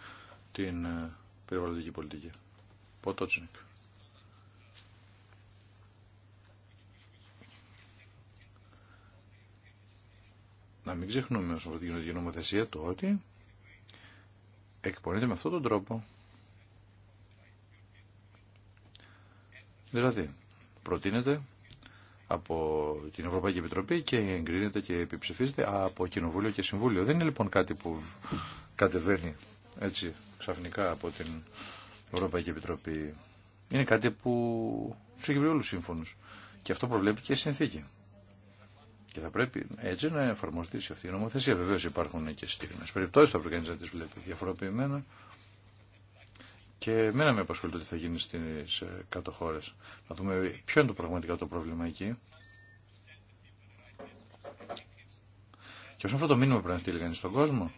την ε, περιβαλλοντική πολιτική. Ποτότσινικ. Να μην ξεχνούμε όσο αυτή την νομοθεσία το ότι εκπονείται με αυτόν τον τρόπο. Δηλαδή, προτείνεται από την Ευρωπαϊκή Επιτροπή και εγκρίνεται και επιψηφίζεται από Κοινοβούλιο και Συμβούλιο. Δεν είναι λοιπόν κάτι που κατεβαίνει έτσι ξαφνικά από την Ευρωπαϊκή Επιτροπή. Είναι κάτι που του έχει όλου σύμφωνου. Και αυτό προβλέπει και η συνθήκη. Και θα πρέπει έτσι να εφαρμοστεί σε αυτή η νομοθεσία. Βεβαίω υπάρχουν και συγκεκριμένε περιπτώσει, θα πρέπει κανεί να τι βλέπει διαφοροποιημένα. Και εμένα με απασχολεί το τι θα γίνει στι ε, κάτω χώρε Να δούμε ποιο είναι το πραγματικά το πρόβλημα εκεί. Και όσον αυτό το μήνυμα πρέπει να στείλει κανεί στον κόσμο,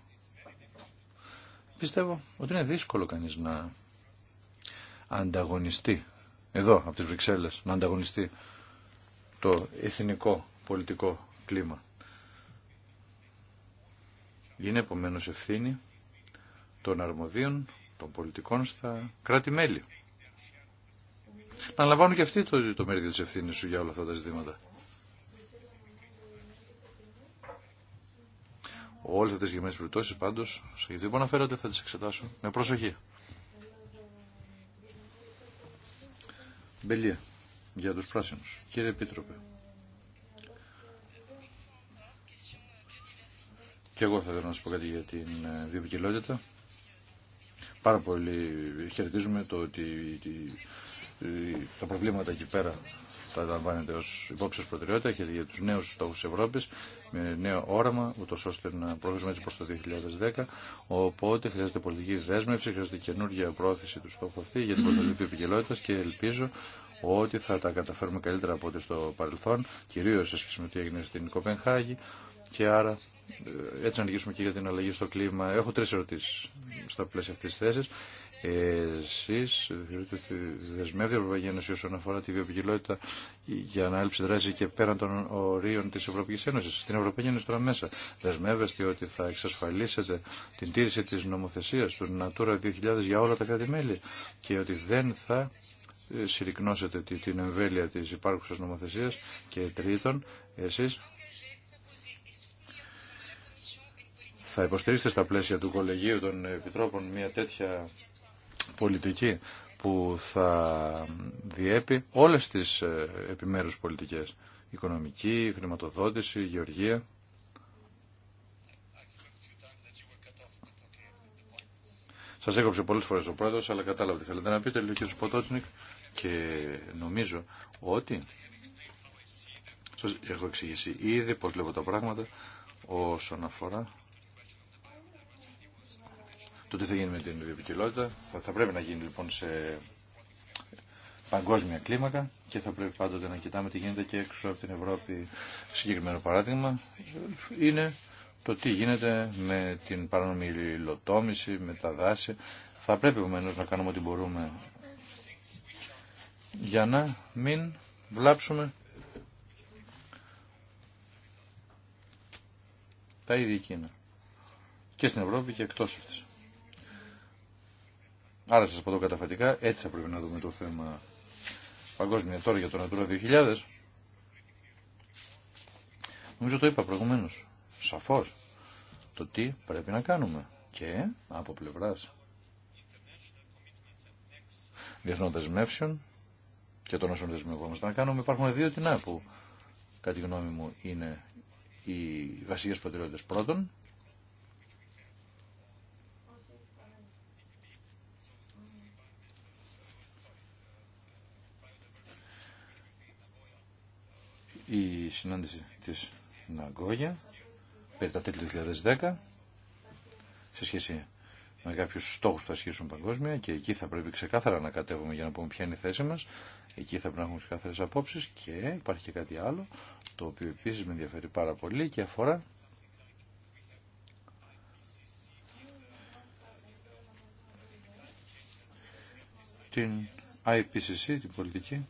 πιστεύω ότι είναι δύσκολο κανεί να ανταγωνιστεί, εδώ από τις Βρυξέλλες, να ανταγωνιστεί το εθνικό πολιτικό κλίμα. Είναι επομένω ευθύνη των αρμοδίων των πολιτικών στα κράτη-μέλη. Να λαμβάνουν και αυτοί το, το τη της ευθύνη σου για όλα αυτά τα ζητήματα. Όλε αυτέ τι γεμμένες περιπτώσεις πάντως, σε γιατί που αναφέρατε θα τις εξετάσω με προσοχή. Μπελία, για τους πράσινους. Κύριε Επίτροπε. Και εγώ θα ήθελα να σα πω κάτι για την ε, βιοποικιλότητα πάρα πολύ χαιρετίζουμε το ότι τα προβλήματα εκεί πέρα τα λαμβάνεται ως υπόψη ως προτεραιότητα και για τους νέους στόχους της Ευρώπης με νέο όραμα, ούτως ώστε να προχωρήσουμε έτσι προς το 2010. Οπότε χρειάζεται πολιτική δέσμευση, χρειάζεται καινούργια πρόθεση του στόχου αυτή για την προστασία επικοινωνία και ελπίζω ότι θα τα καταφέρουμε καλύτερα από ό,τι στο παρελθόν, κυρίως σε σχέση με τι έγινε στην Κοπενχάγη, και άρα ε, έτσι να αργήσουμε και για την αλλαγή στο κλίμα. Έχω τρεις ερωτήσεις στα πλαίσια αυτής της θέσης. Εσείς θεωρείτε ότι δεσμεύει η Ευρωπαϊκή Ένωση όσον αφορά τη βιοποικιλότητα για να ανάληψη δράση και πέραν των ορίων της Ευρωπαϊκής Ένωσης. Στην Ευρωπαϊκή Ένωση τώρα μέσα δεσμεύεστε ότι θα εξασφαλίσετε την τήρηση της νομοθεσίας του Natura 2000 για όλα τα κράτη-μέλη και ότι δεν θα ε, συρρυκνώσετε την εμβέλεια τη υπάρχουσα νομοθεσίας και τρίτον εσείς θα υποστηρίξετε στα πλαίσια του Κολεγίου των Επιτρόπων μια τέτοια πολιτική που θα διέπει όλες τις ε, επιμέρους πολιτικές. Οικονομική, χρηματοδότηση, γεωργία. Σας έκοψε πολλές φορές ο πρόεδρος, αλλά κατάλαβα τι θέλετε να πείτε, λέει ο κ. Ποτότσνικ, και νομίζω ότι σας έχω εξηγήσει ήδη πώς βλέπω τα πράγματα όσον αφορά το τι θα γίνει με την βιοποικιλότητα. Θα πρέπει να γίνει λοιπόν σε παγκόσμια κλίμακα και θα πρέπει πάντοτε να κοιτάμε τι γίνεται και έξω από την Ευρώπη. Συγκεκριμένο παράδειγμα είναι το τι γίνεται με την παράνομη λιλοτόμηση, με τα δάση. Θα πρέπει επομένω να κάνουμε ό,τι μπορούμε για να μην βλάψουμε τα ίδια εκείνα και στην Ευρώπη και εκτός αυτής. Άρα σας πω το καταφατικά, έτσι θα πρέπει να δούμε το θέμα παγκόσμια τώρα για το Natura 2000. Νομίζω το είπα προηγουμένως, σαφώς, το τι πρέπει να κάνουμε και από πλευράς διεθνών δεσμεύσεων και των όσων δεσμευόμαστε να κάνουμε. Υπάρχουν δύο τεινά που, κατά τη γνώμη μου, είναι οι βασικές προτεραιότητες. Πρώτον, η συνάντηση της Ναγκόγια περί τα τέλη του 2010 σε σχέση με κάποιου στόχου που θα ασχίσουν παγκόσμια και εκεί θα πρέπει ξεκάθαρα να κατέβουμε για να πούμε ποια είναι η θέση μας. Εκεί θα πρέπει να έχουμε ξεκάθαρες απόψεις και υπάρχει και κάτι άλλο το οποίο επίσης με ενδιαφέρει πάρα πολύ και αφορά την IPCC, την πολιτική,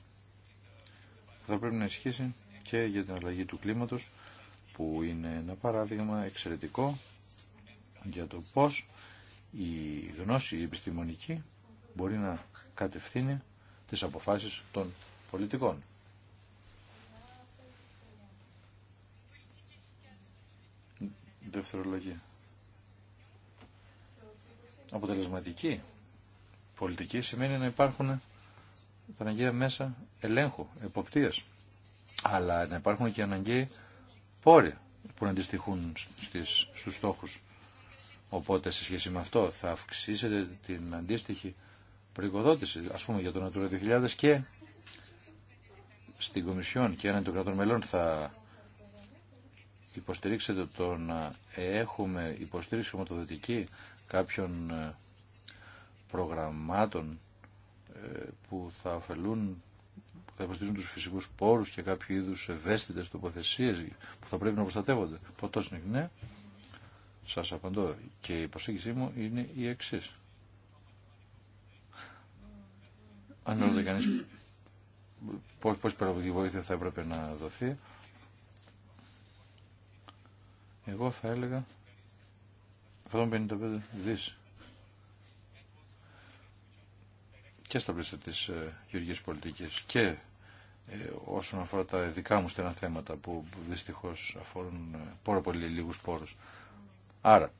που θα πρέπει να ισχύσει και για την αλλαγή του κλίματος που είναι ένα παράδειγμα εξαιρετικό για το πώς η γνώση η επιστημονική μπορεί να κατευθύνει τις αποφάσεις των πολιτικών. Δευτερολογία. Αποτελεσματική πολιτική σημαίνει να υπάρχουν παναγία μέσα ελέγχου, εποπτείας αλλά να υπάρχουν και αναγκαίοι πόροι που να αντιστοιχούν στις, στους στόχους. Οπότε σε σχέση με αυτό θα αυξήσετε την αντίστοιχη προοικοδότηση, ας πούμε για το Natura 2000 και στην Κομισιόν και έναν των κρατών μελών θα υποστηρίξετε το να έχουμε υποστήριξη χρηματοδοτική κάποιων ε, προγραμμάτων ε, που θα ωφελούν θα υποστηρίζουν τους φυσικούς πόρους και κάποιο είδου ευαίσθητε τοποθεσίε που θα πρέπει να προστατεύονται. Ποτό είναι ναι, σας απαντώ και η προσέγγιση μου είναι η εξή. Αν ρωτάει κανείς πώς, πώς παραγωγική βοήθεια θα έπρεπε να δοθεί, εγώ θα έλεγα 155 δις και στα πλαίσια της ε, γεωργικής πολιτικής και ε, όσον αφορά τα δικά μου στενά θέματα που δυστυχώς αφορούν ε, πόρα πολύ λίγους πόρους. Άρα,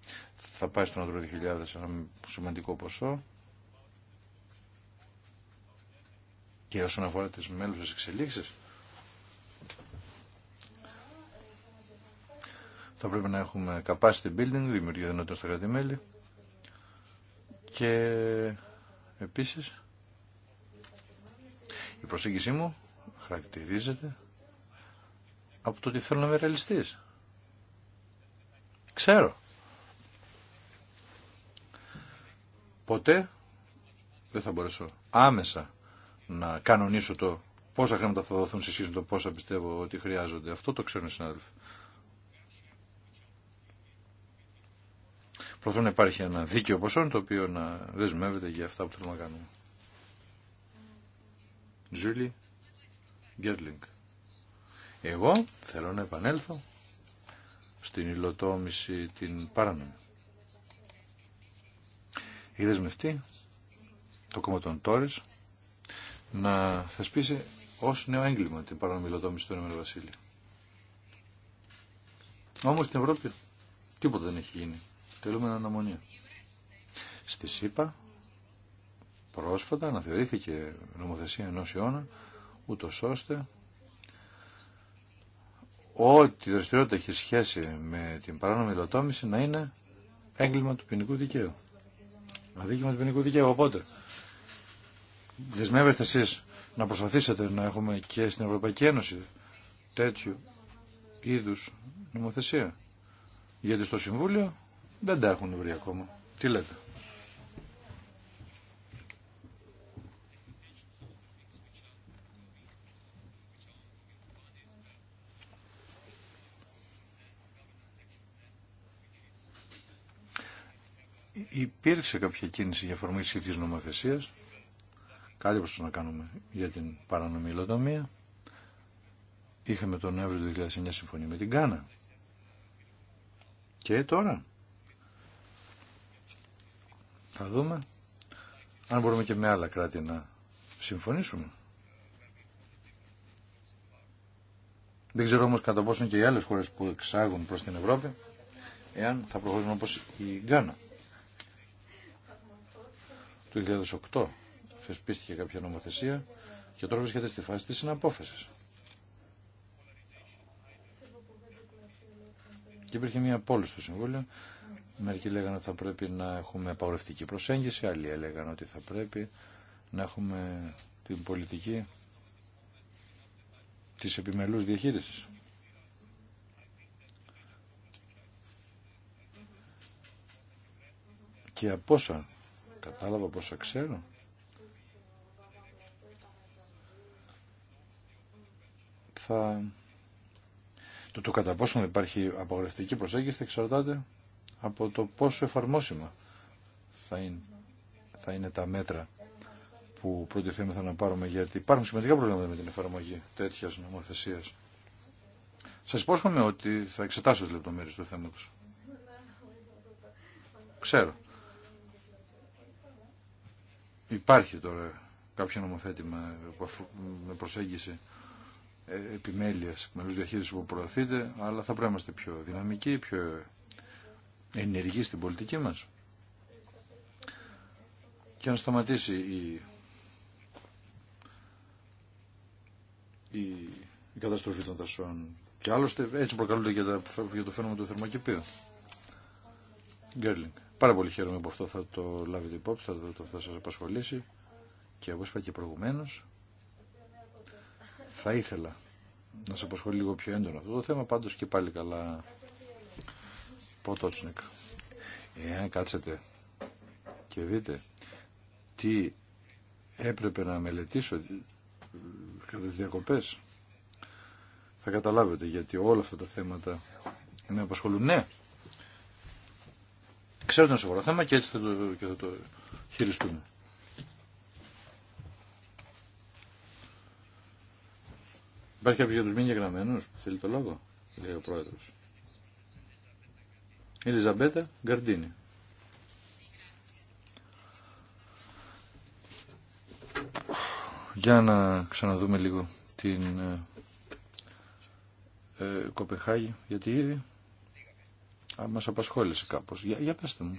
θα πάει στον Αντρό 2000 ένα σημαντικό ποσό και όσον αφορά τις μέλους εξελίξεις θα πρέπει να έχουμε capacity building, δημιουργία δυνατότητα στα κράτη-μέλη και επίσης η προσέγγιση μου χαρακτηρίζεται από το ότι θέλω να είμαι ρεαλιστής. Ξέρω. Ποτέ δεν θα μπορέσω άμεσα να κανονίσω το πόσα χρήματα θα δοθούν σε σχέση με το πόσα πιστεύω ότι χρειάζονται. Αυτό το ξέρουν οι συνάδελφοι. Προθέτω να υπάρχει ένα δίκαιο ποσό το οποίο να δεσμεύεται για αυτά που θέλουμε να κάνουμε. Τζούλι Γκέρλινγκ. Εγώ θέλω να επανέλθω στην υλοτόμηση την παράνομη. Η αυτή το κόμμα των Τόρις, να θεσπίσει ως νέο έγκλημα την παράνομη υλοτόμηση του Ηνωμένου Βασίλειου. Όμως στην Ευρώπη τίποτα δεν έχει γίνει. Θέλουμε αναμονία. Στη ΣΥΠΑ πρόσφατα αναθεωρήθηκε νομοθεσία ενός αιώνα, ούτω ώστε ό,τι δραστηριότητα έχει σχέση με την παράνομη υλοτόμηση να είναι έγκλημα του ποινικού δικαίου. Αδίκημα του ποινικού δικαίου. Οπότε, δεσμεύεστε εσείς να προσπαθήσετε να έχουμε και στην Ευρωπαϊκή Ένωση τέτοιου είδους νομοθεσία. Γιατί στο Συμβούλιο δεν τα έχουν βρει ακόμα. Τι λέτε. υπήρξε κάποια κίνηση για εφαρμογή σχετικής νομοθεσίας, κάτι όπως να κάνουμε για την παρανομή υλοτομία. Είχαμε τον Νοέμβριο του 2009 συμφωνία με την Κάνα. Και τώρα θα δούμε αν μπορούμε και με άλλα κράτη να συμφωνήσουμε. Δεν ξέρω όμως κατά πόσο και οι άλλες χώρες που εξάγουν προς την Ευρώπη εάν θα προχωρήσουν όπως η Γκάνα. Το 2008 θεσπίστηκε κάποια νομοθεσία και τώρα βρίσκεται στη φάση της συναπόφασης. Και υπήρχε μια πόλη στο Συμβούλιο. Μερικοί λέγανε ότι θα πρέπει να έχουμε απαγορευτική προσέγγιση, άλλοι έλεγαν ότι θα πρέπει να έχουμε την πολιτική της επιμελούς διαχείρισης. Και από όσα κατάλαβα πόσα ξέρω. Θα... Το, το κατά πόσο υπάρχει απαγορευτική προσέγγιση θα εξαρτάται από το πόσο εφαρμόσιμα θα είναι, θα είναι τα μέτρα που προτιθέμεθα να πάρουμε γιατί υπάρχουν σημαντικά προβλήματα με την εφαρμογή τέτοια νομοθεσία. Σα υπόσχομαι ότι θα εξετάσω τι λεπτομέρειε του θέματο. Ξέρω Υπάρχει τώρα κάποιο νομοθέτημα με προσέγγιση ε, επιμέλειας μελούς διαχείριση που προωθείται, αλλά θα πρέπει να είμαστε πιο δυναμικοί, πιο ενεργοί στην πολιτική μας και να σταματήσει η, η, καταστροφή των δασών. Και άλλωστε έτσι προκαλούνται για, για το φαινόμενο του θερμοκηπίου. Γκέρλινγκ. Πάρα πολύ χαίρομαι που αυτό θα το λάβετε υπόψη, θα, το, θα σας απασχολήσει και όπως είπα και προηγουμένως θα ήθελα να σας απασχολεί λίγο πιο έντονο αυτό το θέμα πάντως και πάλι καλά Ποτότσνικ. Εάν κάτσετε και δείτε τι έπρεπε να μελετήσω κατά τις διακοπές θα καταλάβετε γιατί όλα αυτά τα θέματα με απασχολούν. Ναι, Ξέρω ότι είναι σοβαρό θέμα και έτσι θα το, χειριστούμε. Υπάρχει κάποιο για τους μη γραμμένους. που θέλει το λόγο, λέει ο πρόεδρος. Η Ελιζαμπέτα Γκαρντίνη. Για να ξαναδούμε λίγο την ε, ε Κοπεχάγη, γιατί ήδη μας απασχόλησε κάπως. Για, για πέστε μου.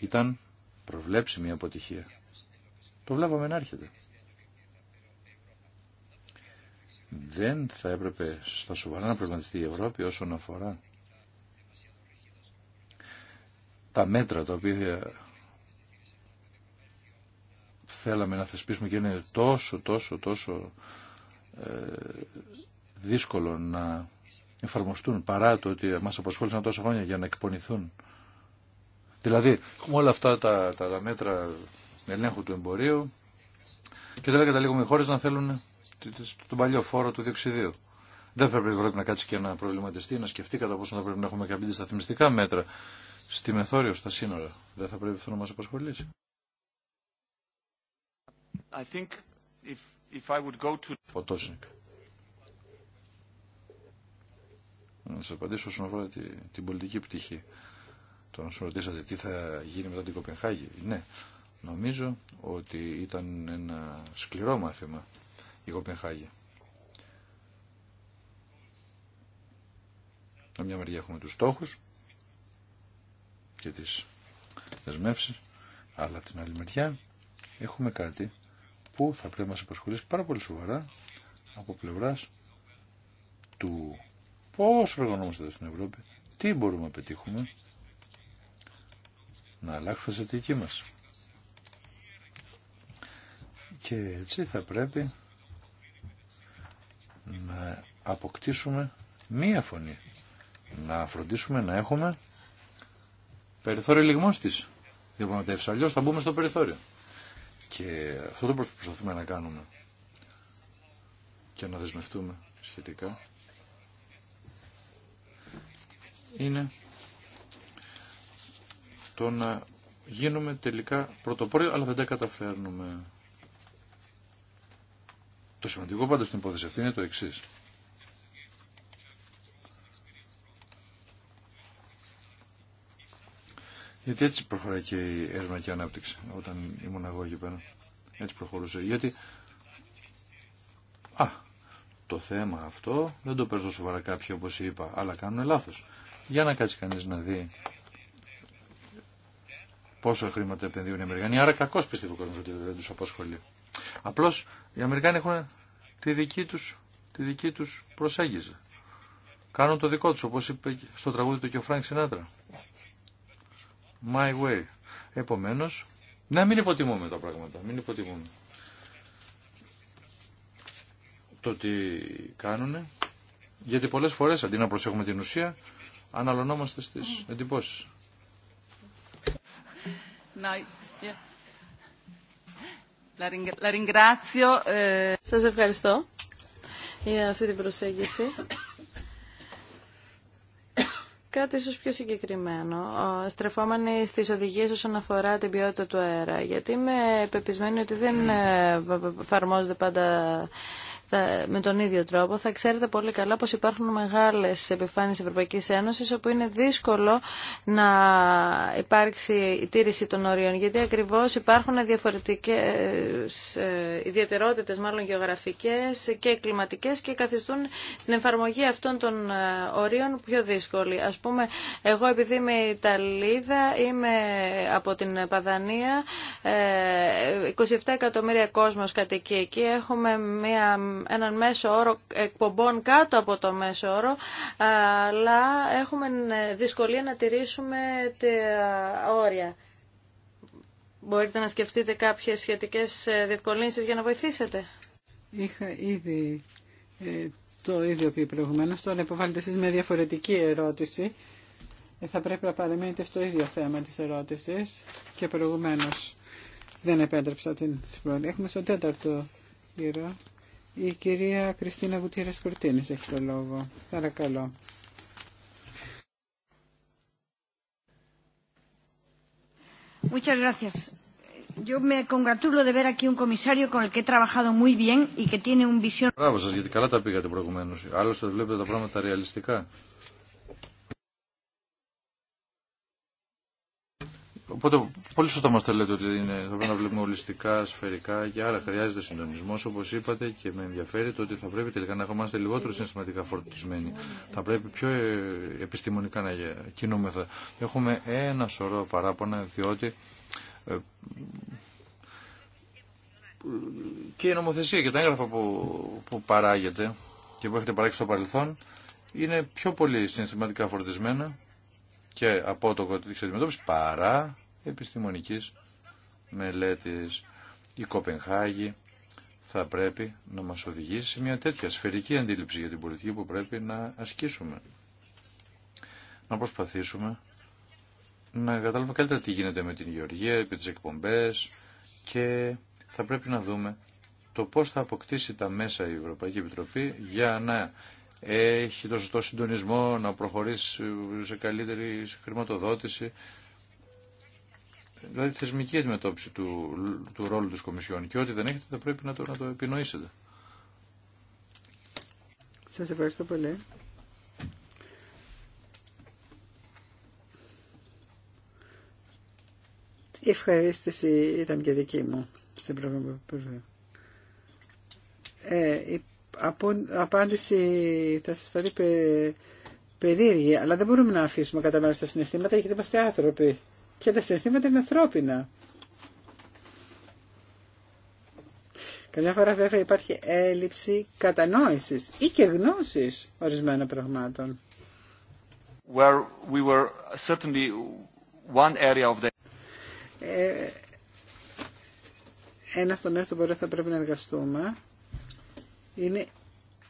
Ήταν μια αποτυχία. Το βλέπαμε να έρχεται. Δεν θα έπρεπε στα σοβαρά να προβληματιστεί η Ευρώπη όσον αφορά τα μέτρα τα οποία θέλαμε να θεσπίσουμε και είναι τόσο, τόσο, τόσο ε, δύσκολο να εφαρμοστούν παρά το ότι μας απασχόλησαν τόσα χρόνια για να εκπονηθούν. Δηλαδή, έχουμε όλα αυτά τα, τα, τα μέτρα ελέγχου του εμπορίου και δεν καταλήγουμε οι χώρες να θέλουν τον παλιό φόρο του διοξιδίου. Δεν πρέπει η να κάτσει και να προβληματιστεί, να σκεφτεί κατά πόσο θα πρέπει να έχουμε και σταθμιστικά μέτρα στη μεθόριο, στα σύνορα. Δεν θα πρέπει αυτό να μας απασχολήσει. I να σα απαντήσω όσον αφορά την πολιτική πτυχή. Τον σου ρωτήσατε τι θα γίνει μετά την Κοπενχάγη. Ναι, νομίζω ότι ήταν ένα σκληρό μάθημα η Κοπενχάγη. Από μια μεριά έχουμε τους στόχους και τις δεσμεύσεις, αλλά από την άλλη μεριά έχουμε κάτι που θα πρέπει να μας απασχολήσει πάρα πολύ σοβαρά από πλευράς του Πώς οργανώμαστε εδώ στην Ευρώπη, τι μπορούμε να πετύχουμε, να αλλάξουμε τη δική μας. Και έτσι θα πρέπει να αποκτήσουμε μία φωνή. Να φροντίσουμε να έχουμε περιθώριο λιγμός της διαπραγματεύσεις. Αλλιώς θα μπούμε στο περιθώριο. Και αυτό το προσπαθούμε να κάνουμε και να δεσμευτούμε σχετικά είναι το να γίνουμε τελικά πρωτοπόροι, αλλά δεν τα καταφέρνουμε. Το σημαντικό πάντως στην υπόθεση αυτή είναι το εξή. Γιατί έτσι προχωράει και η έρευνα και η ανάπτυξη όταν ήμουν εγώ εκεί πέρα. Έτσι προχωρούσε. Γιατί α, το θέμα αυτό δεν το παίζουν σοβαρά κάποιοι όπως είπα, αλλά κάνουν λάθος. Για να κάτσει κανείς να δει πόσο χρήματα επενδύουν οι Αμερικανοί. Άρα κακώς πιστεύω ο κόσμος ότι δεν τους απασχολεί. Απλώς οι Αμερικάνοι έχουν τη δική τους, τη δική τους προσέγγιση. Κάνουν το δικό τους, όπως είπε στο τραγούδι του και ο Φρανκ Σινάτρα. My way. Επομένως, να μην υποτιμούμε τα πράγματα, μην υποτιμούμε. Το τι κάνουν, γιατί πολλές φορές αντί να προσέχουμε την ουσία, αναλωνόμαστε στις εντυπώσεις. Eh. Σας ευχαριστώ για αυτή την προσέγγιση. Κάτι ίσω πιο συγκεκριμένο, στρεφόμενοι στι οδηγίε όσον αφορά την ποιότητα του αέρα, γιατί είμαι πεπισμένη ότι δεν ε, εφαρμόζονται πάντα με τον ίδιο τρόπο. Θα ξέρετε πολύ καλά πως υπάρχουν μεγάλες επιφάνειες Ευρωπαϊκής Ένωσης όπου είναι δύσκολο να υπάρξει η τήρηση των ορίων γιατί ακριβώς υπάρχουν διαφορετικές ε, ιδιαιτερότητες μάλλον γεωγραφικές και κλιματικές και καθιστούν την εφαρμογή αυτών των ε, ορίων πιο δύσκολη. Ας πούμε, εγώ επειδή είμαι Ιταλίδα, είμαι από την Παδανία, 27 ε, εκατομμύρια κόσμος κατοικεί εκεί, έχουμε μια έναν μέσο όρο εκπομπών κάτω από το μέσο όρο, αλλά έχουμε δυσκολία να τηρήσουμε τα όρια. Μπορείτε να σκεφτείτε κάποιες σχετικές ε, διευκολύνσεις για να βοηθήσετε. Είχα ήδη ε, το ίδιο πει προηγουμένως, τώρα υποβάλλετε εσείς με διαφορετική ερώτηση. Ε, θα πρέπει να παραμείνετε στο ίδιο θέμα της ερώτησης και προηγουμένως δεν επέτρεψα την συμπλήρωση. Έχουμε στο τέταρτο γύρο. Η κυρία Κριστίνα Βουτήρα Κουρτίνης έχει το λόγο. Παρακαλώ. Μπράβο σας, γιατί καλά τα πήγατε προηγουμένως. Άλλωστε βλέπετε τα πράγματα ρεαλιστικά. Οπότε πολύ σωστά μα τα λέτε ότι είναι, θα πρέπει να βλέπουμε ολιστικά, σφαιρικά και άρα χρειάζεται συντονισμό, όπω είπατε και με ενδιαφέρει το ότι θα πρέπει τελικά να είμαστε λιγότερο συναισθηματικά φορτισμένοι. Θα πρέπει πιο ε, επιστημονικά να κινούμεθα. Έχουμε ένα σωρό παράπονα διότι ε, και η νομοθεσία και τα έγγραφα που, που παράγεται και που έχετε παράξει στο παρελθόν είναι πιο πολύ συναισθηματικά φορτισμένα και από το αντιμετώπισης παρά επιστημονικής μελέτης. Η Κοπενχάγη θα πρέπει να μας οδηγήσει σε μια τέτοια σφαιρική αντίληψη για την πολιτική που πρέπει να ασκήσουμε. Να προσπαθήσουμε να καταλάβουμε καλύτερα τι γίνεται με την γεωργία, επί τις εκπομπές και θα πρέπει να δούμε το πώς θα αποκτήσει τα μέσα η Ευρωπαϊκή Επιτροπή για να έχει το σωστό συντονισμό, να προχωρήσει σε καλύτερη χρηματοδότηση. Δηλαδή θεσμική αντιμετώπιση του, του ρόλου της Κομισιόν και ό,τι δεν έχετε θα πρέπει να το, να το επινοήσετε. Σας ευχαριστώ πολύ. Η ευχαρίστηση ήταν και δική μου στην Η ε, απάντηση θα σας φέρει περίεργη, αλλά δεν μπορούμε να αφήσουμε κατά μέρος τα συναισθήματα γιατί είμαστε άνθρωποι. Και τα συναισθήματα είναι ανθρώπινα. Καμιά φορά βέβαια υπάρχει έλλειψη κατανόησης ή και γνώσης ορισμένων πραγμάτων. Where we were certainly one area of the... Ε, ένα τομέα στον οποίο θα πρέπει να εργαστούμε είναι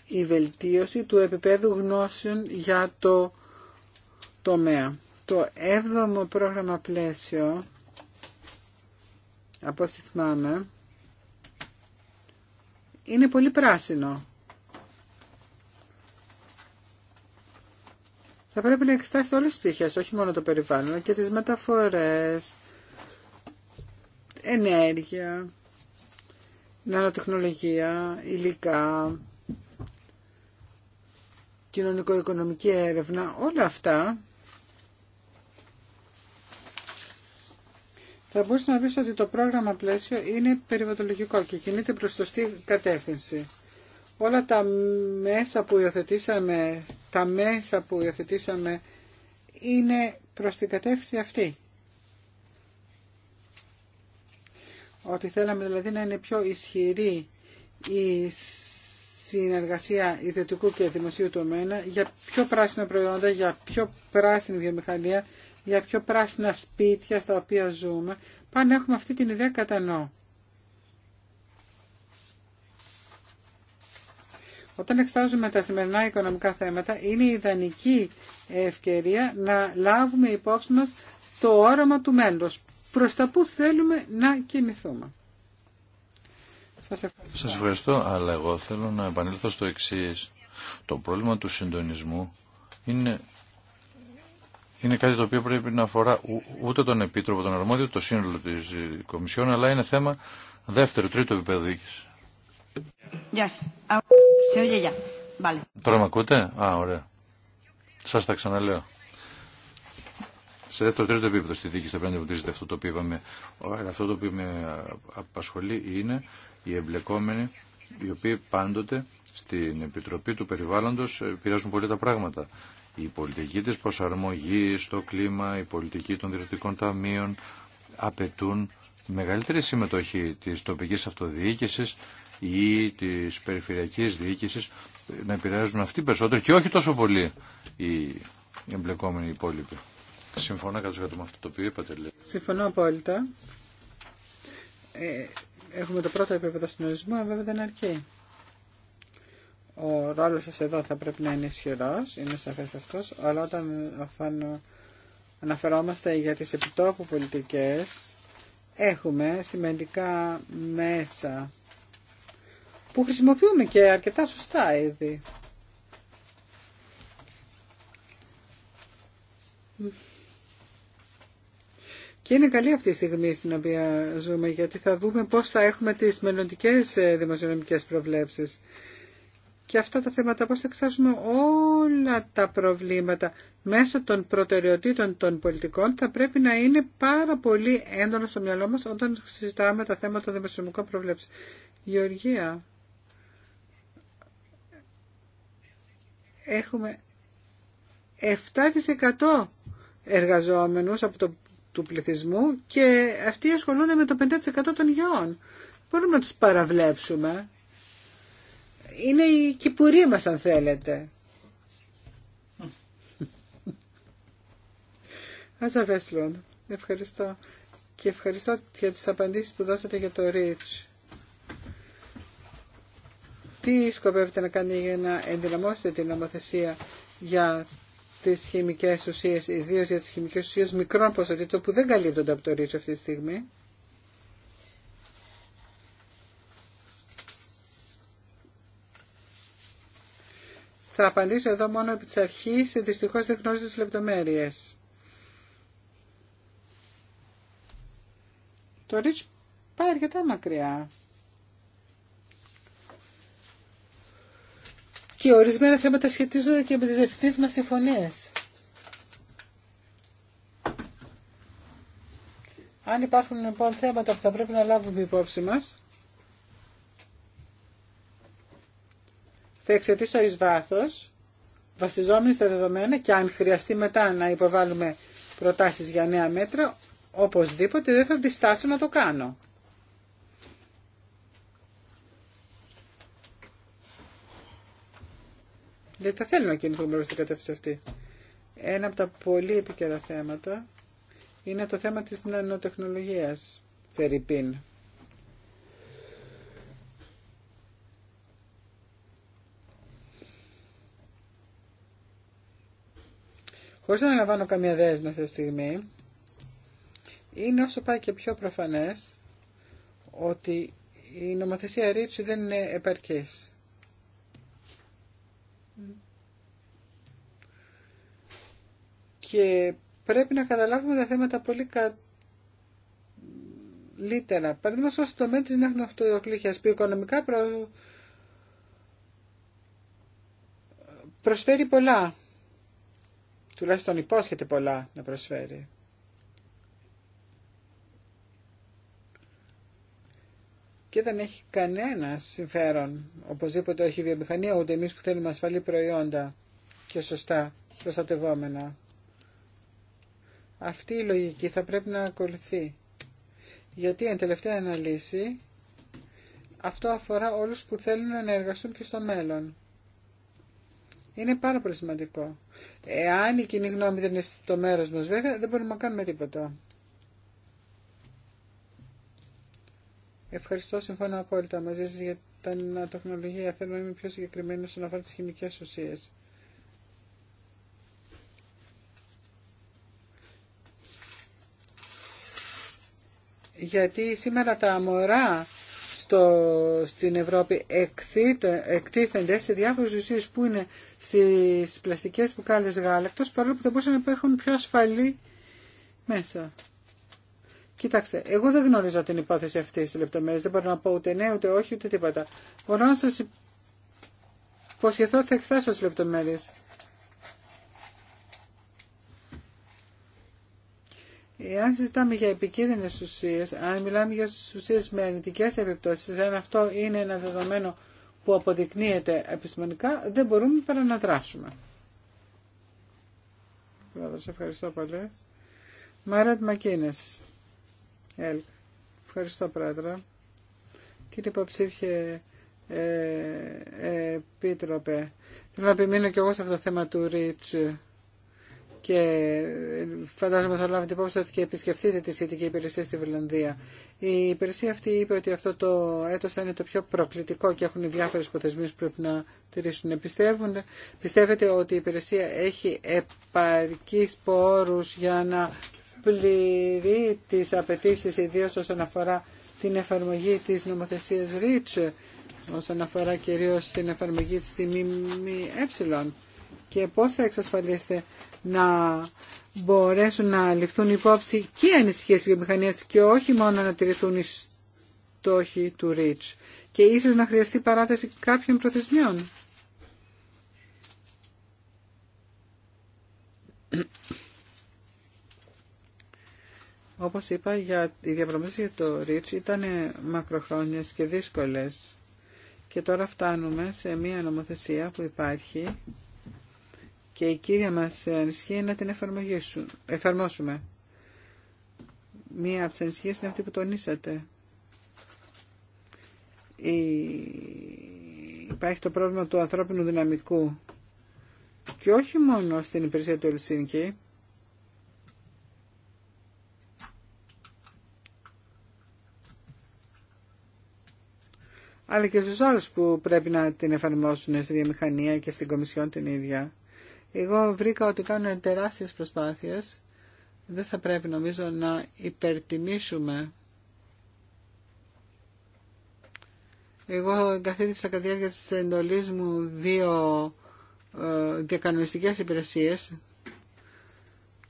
η βελτίωση του επίπεδου γνώσεων για το τομέα. Το έβδομο πρόγραμμα πλαίσιο, από όσοι θυμάμαι, είναι πολύ πράσινο. Θα πρέπει να εξετάσετε όλες τις πτυχές, όχι μόνο το περιβάλλον, και τις μεταφορές, ενέργεια, νανοτεχνολογία, υλικά, κοινωνικο-οικονομική έρευνα, όλα αυτά θα μπορούσε να πεις ότι το πρόγραμμα πλαίσιο είναι περιβατολογικό και κινείται προς το κατεύθυνση. Όλα τα μέσα που υιοθετήσαμε, τα μέσα που υιοθετήσαμε είναι προς την κατεύθυνση αυτή. ότι θέλαμε δηλαδή να είναι πιο ισχυρή η συνεργασία ιδιωτικού και δημοσίου τομέα για πιο πράσινα προϊόντα, για πιο πράσινη βιομηχανία, για πιο πράσινα σπίτια στα οποία ζούμε. Πάνε έχουμε αυτή την ιδέα κατά Όταν εξετάζουμε τα σημερινά οικονομικά θέματα, είναι ιδανική ευκαιρία να λάβουμε υπόψη μας το όραμα του μέλλοντος προς τα που θέλουμε να κινηθούμε. Σας ευχαριστώ. αλλά εγώ θέλω να επανέλθω στο εξή. Το πρόβλημα του συντονισμού είναι, είναι κάτι το οποίο πρέπει να αφορά ούτε τον Επίτροπο, τον Αρμόδιο, το σύνολο της Κομισιόν, αλλά είναι θέμα δεύτερου, τρίτου επίπεδου διοίκηση. Τώρα με ακούτε? Α, ωραία. Σας τα ξαναλέω σε δεύτερο τρίτο επίπεδο στη δίκη θα πρέπει να αυτό το οποίο είπαμε. Αυτό το οποίο με απασχολεί είναι οι εμπλεκόμενοι οι οποίοι πάντοτε στην Επιτροπή του Περιβάλλοντος επηρεάζουν πολύ τα πράγματα. Η πολιτική της προσαρμογή στο κλίμα, η πολιτική των διευθυντικών ταμείων απαιτούν μεγαλύτερη συμμετοχή της τοπικής αυτοδιοίκησης ή της περιφερειακής διοίκησης ε, να επηρεάζουν αυτοί περισσότερο και όχι τόσο πολύ οι εμπλεκόμενοι υπόλοιποι. Συμφωνώ το με αυτό το οποίο είπατε. Συμφωνώ απόλυτα. Ε, έχουμε το πρώτο επίπεδο συνορισμού, αλλά βέβαια δεν αρκεί. Ο ρόλος σας εδώ θα πρέπει να είναι ισχυρό. είναι σαφές αυτός, αλλά όταν αφάνω, αναφερόμαστε για τις επιτόπου πολιτικές, έχουμε σημαντικά μέσα που χρησιμοποιούμε και αρκετά σωστά ήδη. Και είναι καλή αυτή η στιγμή στην οποία ζούμε, γιατί θα δούμε πώς θα έχουμε τις μελλοντικές ε, δημοσιονομικές προβλέψεις. Και αυτά τα θέματα πώς θα εξετάσουμε όλα τα προβλήματα μέσω των προτεραιοτήτων των πολιτικών θα πρέπει να είναι πάρα πολύ έντονο στο μυαλό μας όταν συζητάμε τα θέματα των δημοσιονομικών προβλέψεων. Γεωργία, έχουμε 7% εργαζόμενους από το του πληθυσμού και αυτοί ασχολούνται με το 5% των γιών. Μπορούμε να τους παραβλέψουμε. Είναι η κυπουρή μας αν θέλετε. Ας Βέσλον, ευχαριστώ. Και ευχαριστώ για τις απαντήσεις που δώσατε για το Rich. Τι σκοπεύετε να κάνετε για να ενδυναμώσετε την νομοθεσία για τι χημικέ ουσίε, ιδίω για τι χημικέ ουσίε μικρών ποσοτήτων που δεν καλύπτονται από το ρίτσο αυτή τη στιγμή. Θα απαντήσω εδώ μόνο επί της αρχή δυστυχώς δεν γνώριζα τις λεπτομέρειες. Το ρίτσο πάει αρκετά μακριά. και ορισμένα θέματα σχετίζονται και με τις διεθνείς μας συμφωνίες. Αν υπάρχουν λοιπόν θέματα που θα πρέπει να λάβουμε υπόψη μας, θα εξαιτήσω εις βάθος, βασιζόμενοι στα δεδομένα και αν χρειαστεί μετά να υποβάλουμε προτάσεις για νέα μέτρα, οπωσδήποτε δεν θα διστάσω να το κάνω. Δεν θα θέλουν να κινηθούν προ την κατεύθυνση αυτή. Ένα από τα πολύ επικαιρά θέματα είναι το θέμα της νανοτεχνολογίας, Φερρυπίν. Χωρίς να αναλαμβάνω καμία δέσμη αυτή τη στιγμή, είναι όσο πάει και πιο προφανές ότι η νομοθεσία ρήψη δεν είναι επαρκής. και πρέπει να καταλάβουμε τα θέματα πολύ καλύτερα. Παραδείγματος στο τομέα της ναύνοαυτοκλήχειας που οικονομικά προ... προσφέρει πολλά. Τουλάχιστον υπόσχεται πολλά να προσφέρει. και δεν έχει κανένα συμφέρον. Οπωσδήποτε όχι η βιομηχανία, ούτε εμεί που θέλουμε ασφαλή προϊόντα και σωστά προστατευόμενα. Αυτή η λογική θα πρέπει να ακολουθεί. Γιατί εν τελευταία αναλύση αυτό αφορά όλους που θέλουν να εργαστούν και στο μέλλον. Είναι πάρα πολύ σημαντικό. Εάν η κοινή γνώμη δεν είναι στο μέρος μας βέβαια δεν μπορούμε να κάνουμε τίποτα. Ευχαριστώ, συμφωνώ απόλυτα μαζί σας για την τεχνολογία. Θέλω να είμαι πιο συγκεκριμένη όσον αφορά τις χημικές ουσίες. γιατί σήμερα τα μωρά στο, στην Ευρώπη εκτίθενται, σε διάφορες ουσίες που είναι στις πλαστικές μπουκάλες γάλακτος παρόλο που δεν μπορούσαν να έχουν πιο ασφαλή μέσα. Κοιτάξτε, εγώ δεν γνωρίζω την υπόθεση αυτή τη λεπτομέρειες. Δεν μπορώ να πω ούτε ναι, ούτε όχι, ούτε τίποτα. Μπορώ να σα υποσχεθώ ότι θα εξετάσω τι λεπτομέρειε. Εάν συζητάμε για επικίνδυνε ουσίε, αν μιλάμε για ουσίε με αρνητικές επιπτώσει, αν αυτό είναι ένα δεδομένο που αποδεικνύεται επιστημονικά, δεν μπορούμε παρά να δράσουμε. ευχαριστώ πολύ. Μάρατ Μακίνες. Ελ. Ευχαριστώ, Πρόεδρε. Κύριε Υποψήφιε ε, ε Επίτροπε, θέλω να επιμείνω και εγώ σε αυτό το θέμα του ρίτσου και ε, φαντάζομαι θα λάβετε υπόψη ότι και επισκεφτείτε τη σχετική υπηρεσία στη Βιλανδία. Η υπηρεσία αυτή είπε ότι αυτό το έτος θα είναι το πιο προκλητικό και έχουν διάφορε διάφορες υποθεσμίες που πρέπει να τηρήσουν. Πιστεύουν, πιστεύετε ότι η υπηρεσία έχει επαρκείς πόρους για να πληρεί τι απαιτήσει ιδίω όσον αφορά την εφαρμογή τη νομοθεσία REACH, όσον αφορά κυρίω την εφαρμογή τη τιμή έψιλον και πώς θα εξασφαλίσετε να μπορέσουν να ληφθούν υπόψη και οι ανησυχίες βιομηχανίας και όχι μόνο να τηρηθούν οι στόχοι του ΡΙΤΣ και ίσως να χρειαστεί παράταση κάποιων προθεσμιών. Όπως είπα, για, οι διαπρομές για το ΡΙΤΣ ήταν μακροχρόνιες και δύσκολες. Και τώρα φτάνουμε σε μία νομοθεσία που υπάρχει και η κύρια μας ανησυχία είναι να την εφαρμόσουμε. Μία από τις ανησυχίες είναι αυτή που τονίσατε. Υπάρχει το πρόβλημα του ανθρώπινου δυναμικού και όχι μόνο στην υπηρεσία του Ελσίνκη. αλλά και στους άλλους που πρέπει να την εφαρμόσουν στη βιομηχανία και στην Κομισιόν την ίδια. Εγώ βρήκα ότι κάνω τεράστιες προσπάθειες. Δεν θα πρέπει νομίζω να υπερτιμήσουμε. Εγώ καθίδησα κατά τη διάρκεια της εντολής μου δύο ε, διακανονιστικές υπηρεσίες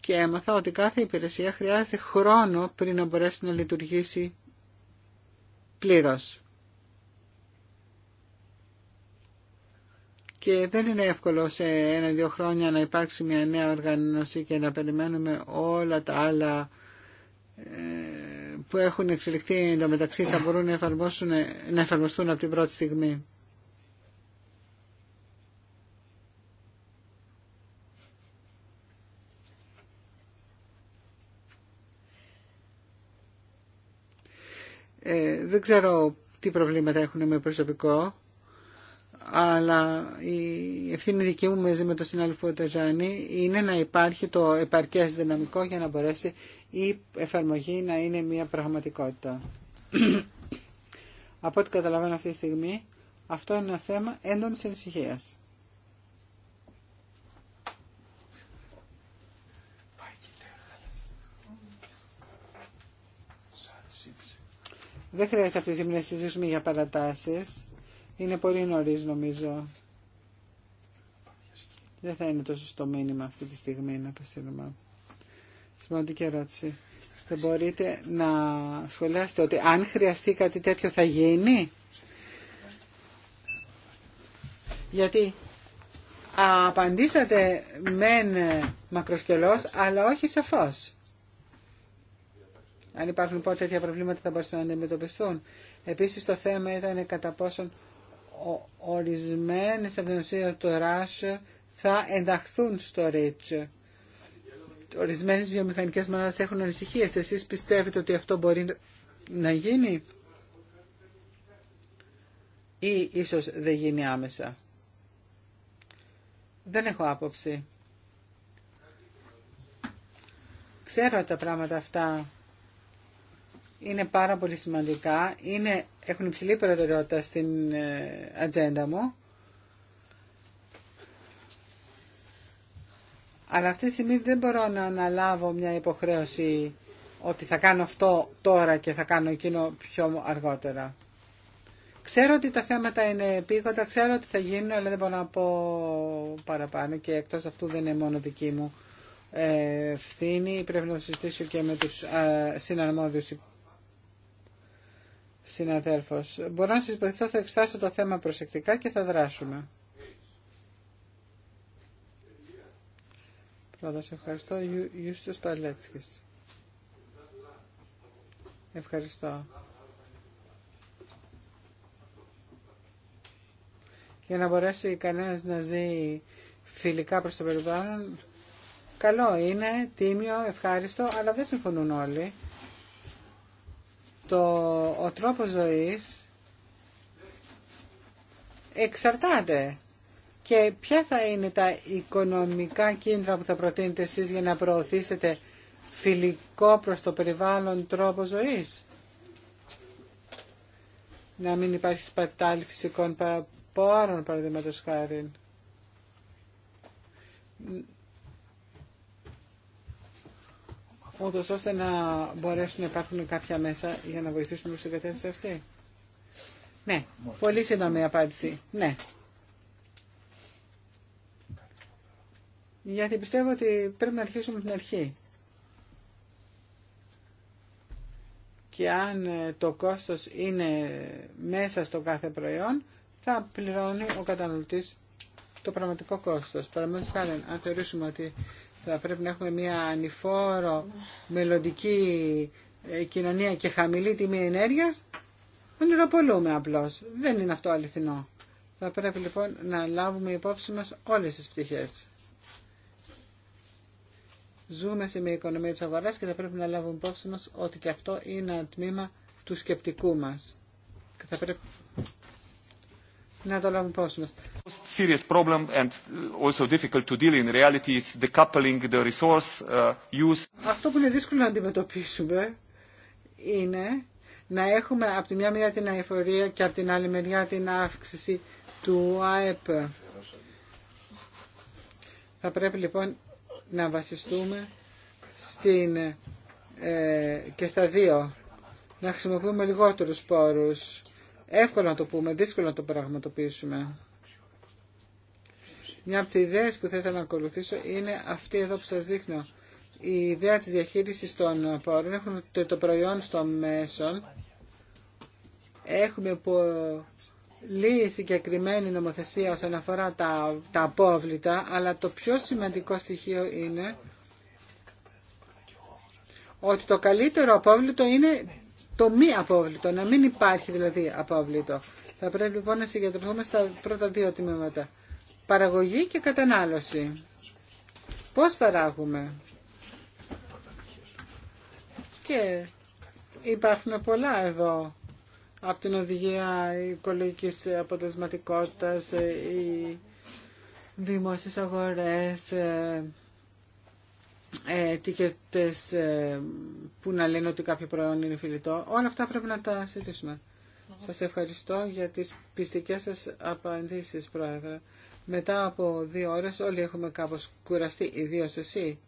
και έμαθα ότι κάθε υπηρεσία χρειάζεται χρόνο πριν να μπορέσει να λειτουργήσει πλήρως. και δεν είναι εύκολο σε ένα-δύο χρόνια να υπάρξει μια νέα οργάνωση και να περιμένουμε όλα τα άλλα ε, που έχουν εξελιχθεί εντωμεταξύ θα μπορούν να εφαρμοστούν, να από την πρώτη στιγμή. Ε, δεν ξέρω τι προβλήματα έχουν με προσωπικό αλλά η ευθύνη δική μου μαζί με τον συνάδελφο Τεζάνη είναι να υπάρχει το επαρκές δυναμικό για να μπορέσει η εφαρμογή να είναι μια πραγματικότητα. Από ό,τι καταλαβαίνω αυτή τη στιγμή, αυτό είναι ένα θέμα έντονης ενσυχίας. Δεν χρειάζεται αυτή τη στιγμή να για παρατάσεις. Είναι πολύ νωρί νομίζω. Δεν θα είναι τόσο στο μήνυμα αυτή τη στιγμή να απευθύνουμε. Σημαντική ερώτηση. Δεν μπορείτε να σχολιάσετε ότι αν χρειαστεί κάτι τέτοιο θα γίνει. Γιατί απαντήσατε μεν μακροσκελώς, αλλά όχι σαφώς. Αν υπάρχουν πότε τέτοια προβλήματα θα μπορούσαν να αντιμετωπιστούν. Επίσης το θέμα ήταν κατά πόσον ορισμένες από του ΡΑΣ θα ενταχθούν στο ΡΙΤΣ. Ορισμένε βιομηχανικέ μονάδες έχουν ανησυχίε. Εσείς πιστεύετε ότι αυτό μπορεί να γίνει ή ίσως δεν γίνει άμεσα. Δεν έχω άποψη. Ξέρω τα πράγματα αυτά είναι πάρα πολύ σημαντικά, είναι, έχουν υψηλή προτεραιότητα στην ε, ατζέντα μου. Αλλά αυτή τη στιγμή δεν μπορώ να αναλάβω μια υποχρέωση ότι θα κάνω αυτό τώρα και θα κάνω εκείνο πιο αργότερα. Ξέρω ότι τα θέματα είναι επίγοντα, ξέρω ότι θα γίνουν, αλλά δεν μπορώ να πω παραπάνω και εκτός αυτού δεν είναι μόνο δική μου ε, ευθύνη. Πρέπει να συζητήσω και με τους ε, συναρμόδιους συναδέλφος. Μπορώ να σας υποθέσω, θα εξετάσω το θέμα προσεκτικά και θα δράσουμε. Πρώτα σε ευχαριστώ. Ιούστος Παλέτσκης. Ευχαριστώ. Για να μπορέσει κανένας να ζει φιλικά προς το περιβάλλον, καλό είναι, τίμιο, ευχάριστο, αλλά δεν συμφωνούν όλοι το, ο τρόπος ζωής εξαρτάται και ποια θα είναι τα οικονομικά κίνητρα που θα προτείνετε εσείς για να προωθήσετε φιλικό προς το περιβάλλον τρόπο ζωής. Να μην υπάρχει σπατάλη φυσικών πόρων, παραδείγματος χάρη. ούτω ώστε να μπορέσουν να υπάρχουν κάποια μέσα για να βοηθήσουμε στην κατεύθυνση αυτή. Ναι, πολύ σύντομη απάντηση. Ναι. Γιατί πιστεύω ότι πρέπει να αρχίσουμε την αρχή. Και αν ε, το κόστος είναι μέσα στο κάθε προϊόν, θα πληρώνει ο καταναλωτής το πραγματικό κόστος. παραμένει πάλι, αν θεωρήσουμε ότι θα πρέπει να έχουμε μια ανηφόρο μελλοντική ε, κοινωνία και χαμηλή τιμή ενέργειας, ονειροπολούμε απλώς. Δεν είναι αυτό αληθινό. Θα πρέπει λοιπόν να λάβουμε υπόψη μας όλες τις πτυχές. Ζούμε σε μια οικονομία της αγοράς και θα πρέπει να λάβουμε υπόψη μας ότι και αυτό είναι ένα τμήμα του σκεπτικού μας. Και θα πρέπει να το Αυτό που είναι δύσκολο να αντιμετωπίσουμε είναι να έχουμε από τη μια μεριά την αεφορία και από την άλλη μεριά την αύξηση του ΑΕΠ. Θα πρέπει λοιπόν να βασιστούμε στην, ε, και στα δύο. Να χρησιμοποιούμε λιγότερους πόρους Εύκολο να το πούμε, δύσκολο να το πραγματοποιήσουμε. Μια από τι ιδέε που θα ήθελα να ακολουθήσω είναι αυτή εδώ που σα δείχνω. Η ιδέα τη διαχείριση των πόρων. Έχουμε το προϊόν στο μέσον. Έχουμε πολύ συγκεκριμένη νομοθεσία όσον αφορά τα, τα απόβλητα, αλλά το πιο σημαντικό στοιχείο είναι ότι το καλύτερο απόβλητο είναι το μη απόβλητο, να μην υπάρχει δηλαδή απόβλητο. Θα πρέπει λοιπόν να συγκεντρωθούμε στα πρώτα δύο τμήματα. Παραγωγή και κατανάλωση. Πώς παράγουμε. Και υπάρχουν πολλά εδώ. Από την οδηγία οικολογικής αποτελεσματικότητας, ε, οι δημόσιες αγορές, ε, ε, ε, που να λένε ότι κάποιο προϊόν είναι φιλιτό. Όλα αυτά πρέπει να τα συζητήσουμε. Σας ευχαριστώ για τις πιστικές σας απαντήσεις, Πρόεδρε. Μετά από δύο ώρες όλοι έχουμε κάπως κουραστεί, ιδίως εσύ.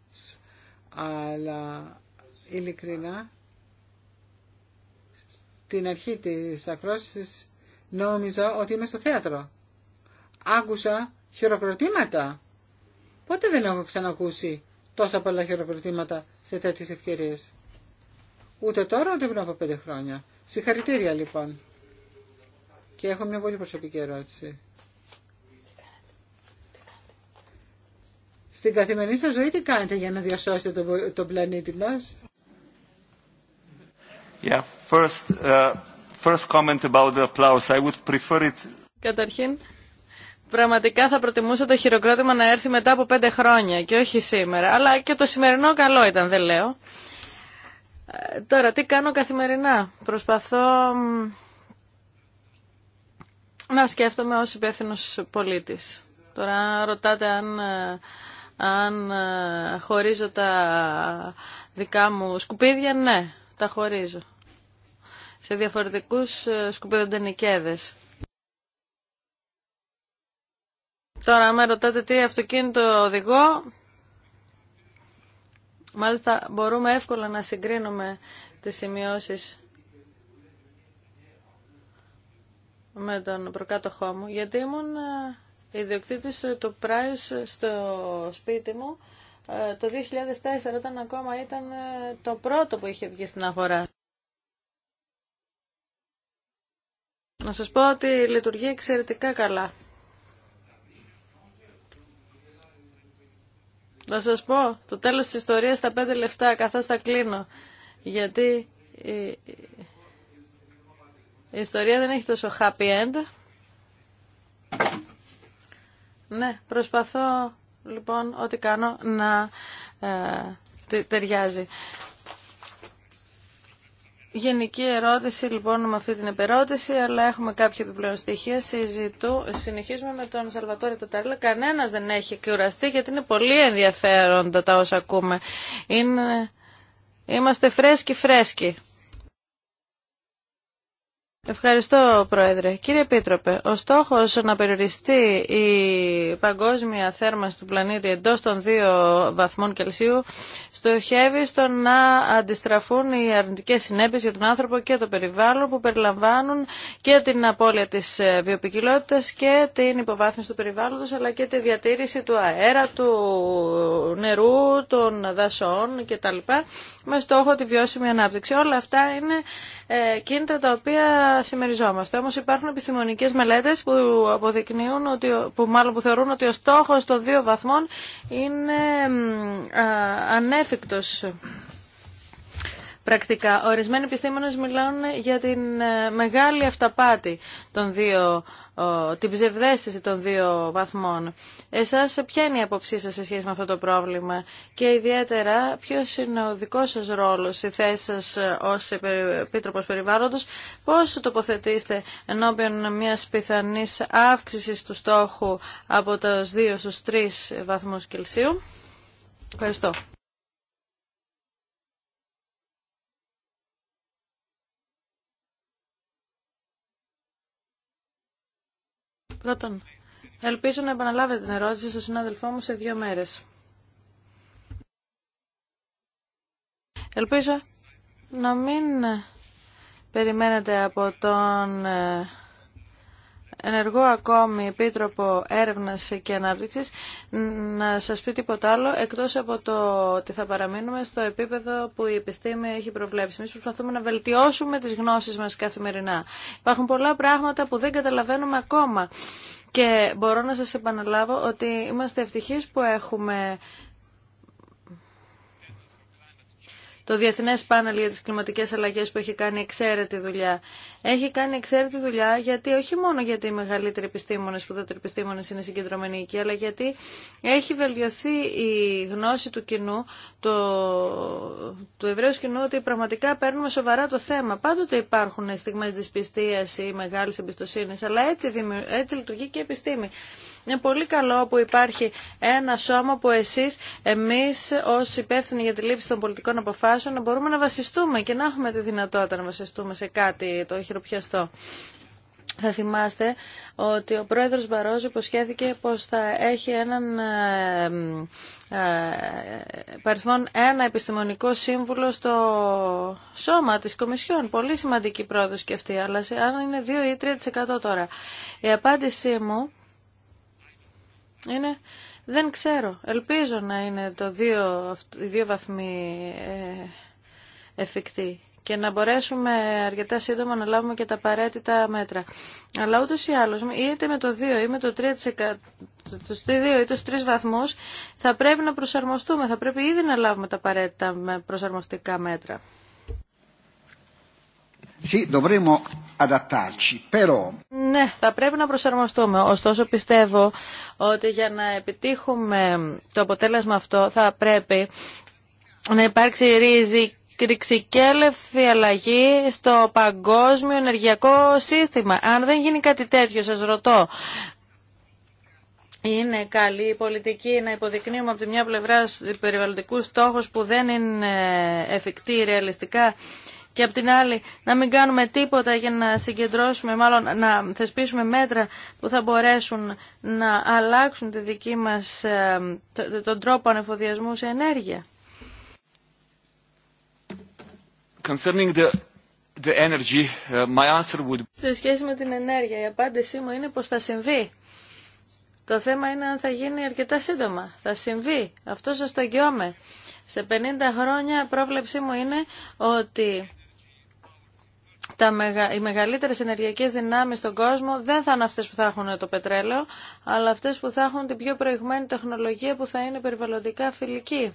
Αλλά ειλικρινά, στην αρχή της ακρόσης νόμιζα ότι είμαι στο θέατρο. Άκουσα χειροκροτήματα. Πότε δεν έχω ξανακούσει τόσα πολλά χειροκροτήματα σε τέτοιε ευκαιρίες. Ούτε τώρα, ούτε πριν από πέντε χρόνια. Συγχαρητήρια λοιπόν. Και έχω μια πολύ προσωπική ερώτηση. Στην καθημερινή σας ζωή τι κάνετε για να διασώσετε τον πλανήτη μας. Yeah, first, uh, first comment about the I would prefer it... Καταρχήν, Πραγματικά θα προτιμούσα το χειροκρότημα να έρθει μετά από πέντε χρόνια και όχι σήμερα. Αλλά και το σημερινό καλό ήταν, δεν λέω. Ε, τώρα, τι κάνω καθημερινά. Προσπαθώ να σκέφτομαι ως υπεύθυνο πολίτης. Τώρα ρωτάτε αν, ε, αν ε, χωρίζω τα δικά μου σκουπίδια, ναι, τα χωρίζω. Σε διαφορετικούς σκουπιδοντενικέδες. Τώρα, άμα ρωτάτε τι αυτοκίνητο οδηγώ, μάλιστα μπορούμε εύκολα να συγκρίνουμε τις σημειώσεις με τον προκάτοχό μου, γιατί ήμουν ε, ιδιοκτήτης ε, του Price στο σπίτι μου ε, το 2004, όταν ακόμα ήταν το πρώτο που είχε βγει στην αγορά. Να σας πω ότι λειτουργεί εξαιρετικά καλά. Να σα πω, το τέλο τη ιστορία στα πέντε λεφτά, καθώ τα κλείνω. Γιατί η... ιστορία δεν έχει τόσο happy end. Ναι, προσπαθώ λοιπόν ό,τι κάνω να ε, ται, ταιριάζει. Γενική ερώτηση λοιπόν με αυτή την επερώτηση, αλλά έχουμε κάποια επιπλέον στοιχεία. Συζητού, συνεχίζουμε με τον Σαλβατόρη Ταταρίλα. Κανένα δεν έχει κουραστεί γιατί είναι πολύ ενδιαφέροντα τα όσα ακούμε. Είναι... Είμαστε φρέσκοι φρέσκοι. Ευχαριστώ, Πρόεδρε. Κύριε Πίτροπε, ο στόχος να περιοριστεί η παγκόσμια θέρμανση του πλανήτη εντός των δύο βαθμών Κελσίου στοχεύει στο να αντιστραφούν οι αρνητικές συνέπειες για τον άνθρωπο και το περιβάλλον που περιλαμβάνουν και την απώλεια της βιοποικιλότητας και την υποβάθμιση του περιβάλλοντος αλλά και τη διατήρηση του αέρα, του νερού, των δασών κτλ. με στόχο τη βιώσιμη ανάπτυξη. Όλα αυτά είναι ε, κίνητρα τα οποία συμμεριζόμαστε. Όμως υπάρχουν επιστημονικές μελέτες που αποδεικνύουν, ότι, που μάλλον που θεωρούν ότι ο στόχος των δύο βαθμών είναι ανέφικτο Πρακτικά, ορισμένοι επιστήμονες μιλάνε για την ε, μεγάλη αυταπάτη των δύο την ψευδέστηση των δύο βαθμών. Εσάς ποια είναι η αποψή σας σε σχέση με αυτό το πρόβλημα και ιδιαίτερα ποιος είναι ο δικός σας ρόλος, η θέση σας ως Επίτροπος Περιβάλλοντος, πώς τοποθετήσετε ενώπιον μιας πιθανής αύξησης του στόχου από τους δύο στους τρεις βαθμούς Κελσίου. Ευχαριστώ. Πρώτον, ελπίζω να επαναλάβετε την ερώτηση στον συνάδελφό μου σε δύο μέρες. Ελπίζω να μην περιμένετε από τον ε, ενεργό ακόμη Επίτροπο Έρευνας και Ανάπτυξης να σας πει τίποτα άλλο εκτός από το ότι θα παραμείνουμε στο επίπεδο που η επιστήμη έχει προβλέψει. Εμείς προσπαθούμε να βελτιώσουμε τις γνώσεις μας καθημερινά. Υπάρχουν πολλά πράγματα που δεν καταλαβαίνουμε ακόμα και μπορώ να σας επαναλάβω ότι είμαστε ευτυχείς που έχουμε το Διεθνές Πάνελ για τι κλιματικέ αλλαγέ που έχει κάνει εξαίρετη δουλειά. Έχει κάνει εξαίρετη δουλειά γιατί όχι μόνο γιατί οι μεγαλύτεροι επιστήμονες, σπουδαίτεροι επιστήμονε είναι συγκεντρωμένοι εκεί, αλλά γιατί έχει βελτιωθεί η γνώση του κοινού, το, του ευρέω κοινού, ότι πραγματικά παίρνουμε σοβαρά το θέμα. Πάντοτε υπάρχουν στιγμές δυσπιστία ή μεγάλη εμπιστοσύνη, αλλά έτσι, έτσι λειτουργεί και η επιστήμη. Είναι πολύ καλό που υπάρχει ένα σώμα που εσείς, εμείς ως υπεύθυνοι για τη λήψη των πολιτικών αποφάσεων να μπορούμε να βασιστούμε και να έχουμε τη δυνατότητα να βασιστούμε σε κάτι το χειροπιαστό. Θα θυμάστε ότι ο πρόεδρος Μπαρός υποσχέθηκε πως θα έχει έναν ε, ε, παριθμόν ένα επιστημονικό σύμβουλο στο σώμα της Κομισιόν. Πολύ σημαντική πρόοδος και αυτή, αλλά αν είναι 2 ή 3% τώρα. Η απάντησή μου είναι, δεν ξέρω. Ελπίζω να είναι το δύο, οι δύο βαθμοί ε, εφικτοί και να μπορέσουμε αρκετά σύντομα να λάβουμε και τα απαραίτητα μέτρα. Αλλά ούτω ή άλλω, είτε με το 2 ή με το 3%, του 2 ή του 3 βαθμού, θα πρέπει να προσαρμοστούμε. Θα πρέπει ήδη να λάβουμε τα απαραίτητα προσαρμοστικά μέτρα. Ναι, θα πρέπει να προσαρμοστούμε. Ωστόσο πιστεύω ότι για να επιτύχουμε το αποτέλεσμα αυτό θα πρέπει να υπάρξει ρίζη κρυξικέλευθη αλλαγή στο παγκόσμιο ενεργειακό σύστημα. Αν δεν γίνει κάτι τέτοιο, σας ρωτώ, είναι καλή η πολιτική να υποδεικνύουμε από τη μια πλευρά περιβαλλοντικούς στόχους που δεν είναι εφικτοί ρεαλιστικά και απ' την άλλη να μην κάνουμε τίποτα για να συγκεντρώσουμε, μάλλον να θεσπίσουμε μέτρα που θα μπορέσουν να αλλάξουν τη δική μας, ε, τον τρόπο ανεφοδιασμού σε ενέργεια. Concerning the... The energy, uh, my answer would... Σε σχέση με την ενέργεια, η απάντησή μου είναι πως θα συμβεί. Το θέμα είναι αν θα γίνει αρκετά σύντομα. Θα συμβεί. Αυτό σας το εγγυώμαι. Σε 50 χρόνια πρόβλεψή μου είναι ότι τα οι μεγαλύτερες ενεργειακές δυνάμεις στον κόσμο δεν θα είναι αυτές που θα έχουν το πετρέλαιο, αλλά αυτές που θα έχουν την πιο προηγμένη τεχνολογία που θα είναι περιβαλλοντικά φιλική.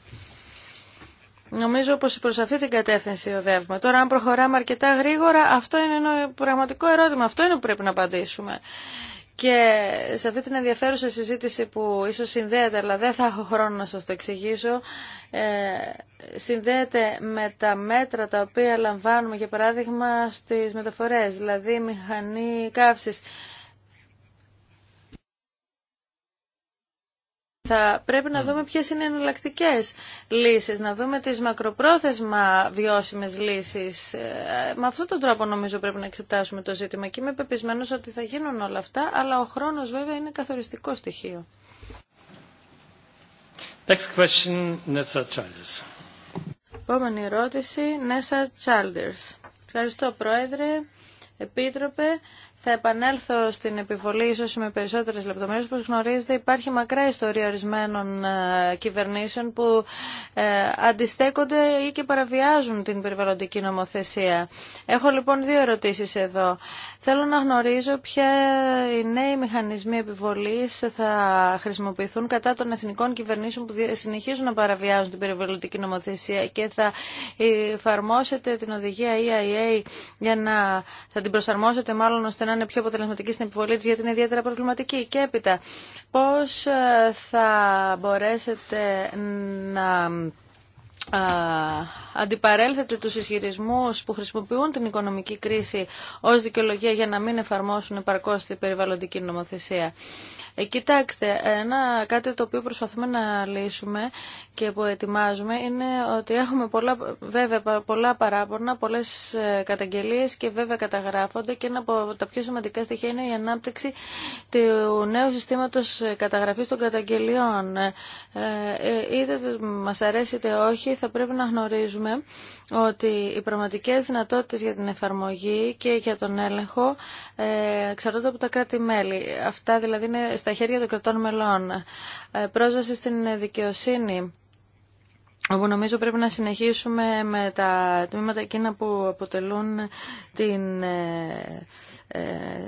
Νομίζω πως προς αυτή την κατεύθυνση οδεύουμε. Τώρα αν προχωράμε αρκετά γρήγορα, αυτό είναι ένα πραγματικό ερώτημα. Αυτό είναι που πρέπει να απαντήσουμε. Και σε αυτή την ενδιαφέρουσα συζήτηση που ίσως συνδέεται, αλλά δεν θα έχω χρόνο να σας το εξηγήσω, ε, συνδέεται με τα μέτρα τα οποία λαμβάνουμε, για παράδειγμα, στις μεταφορές, δηλαδή μηχανή καύσης. Θα πρέπει να δούμε ποιες είναι οι εναλλακτικέ λύσεις, να δούμε τις μακροπρόθεσμα βιώσιμες λύσεις. Ε, με αυτόν τον τρόπο νομίζω πρέπει να εξετάσουμε το ζήτημα και είμαι πεπισμένος ότι θα γίνουν όλα αυτά, αλλά ο χρόνος βέβαια είναι καθοριστικό στοιχείο. Next question, Nessa Childers. Επόμενη ερώτηση, Nessa Childers. Ευχαριστώ Πρόεδρε, Επίτροπε. Θα επανέλθω στην επιβολή ίσως με περισσότερες λεπτομέρειες. Όπως γνωρίζετε υπάρχει μακρά ιστορία ορισμένων ε, κυβερνήσεων που ε, αντιστέκονται ή και παραβιάζουν την περιβαλλοντική νομοθεσία. Έχω λοιπόν δύο ερωτήσεις εδώ. Θέλω να γνωρίζω ποια οι νέοι μηχανισμοί επιβολής θα χρησιμοποιηθούν κατά των εθνικών κυβερνήσεων που συνεχίζουν να παραβιάζουν την περιβαλλοντική νομοθεσία και θα εφαρμόσετε την οδηγία EIA για να θα την προσαρμόσετε μάλλον ώστε να είναι πιο αποτελεσματική στην επιβολή της γιατί είναι ιδιαίτερα προβληματική. Και έπειτα, πώς ε, θα μπορέσετε να αντιπαρέλθετε τους ισχυρισμούς που χρησιμοποιούν την οικονομική κρίση ως δικαιολογία για να μην εφαρμόσουν επαρκώς την περιβαλλοντική νομοθεσία. Ε, κοιτάξτε, ένα, κάτι το οποίο προσπαθούμε να λύσουμε και που ετοιμάζουμε είναι ότι έχουμε πολλά, βέβαια πολλά παράπονα, πολλές ε, καταγγελίες και βέβαια καταγράφονται και ένα από τα πιο σημαντικά στοιχεία είναι η ανάπτυξη του νέου συστήματος ε, καταγραφής των καταγγελιών. Ε, ε είτε μας αρέσει είτε όχι, θα πρέπει να γνωρίζουμε ότι οι πραγματικές δυνατότητες για την εφαρμογή και για τον έλεγχο ε, εξαρτώνται από τα κράτη-μέλη. Αυτά δηλαδή είναι στα χέρια των κρατών μελών. Ε, πρόσβαση στην δικαιοσύνη όπου νομίζω πρέπει να συνεχίσουμε με τα τμήματα εκείνα που αποτελούν την ε, ε,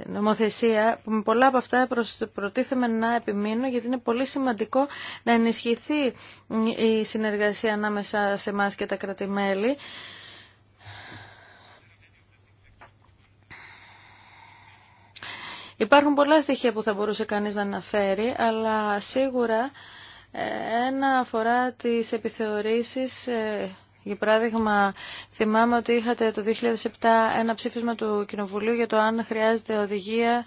νομοθεσία. Με πολλά από αυτά προτίθεμαι να επιμείνω γιατί είναι πολύ σημαντικό να ενισχυθεί η συνεργασία ανάμεσα σε εμά και τα κρατημέλη. Υπάρχουν πολλά στοιχεία που θα μπορούσε κανείς να αναφέρει, αλλά σίγουρα ένα αφορά τις επιθεωρήσεις ε, για παράδειγμα, θυμάμαι ότι είχατε το 2007 ένα ψήφισμα του Κοινοβουλίου για το αν χρειάζεται οδηγία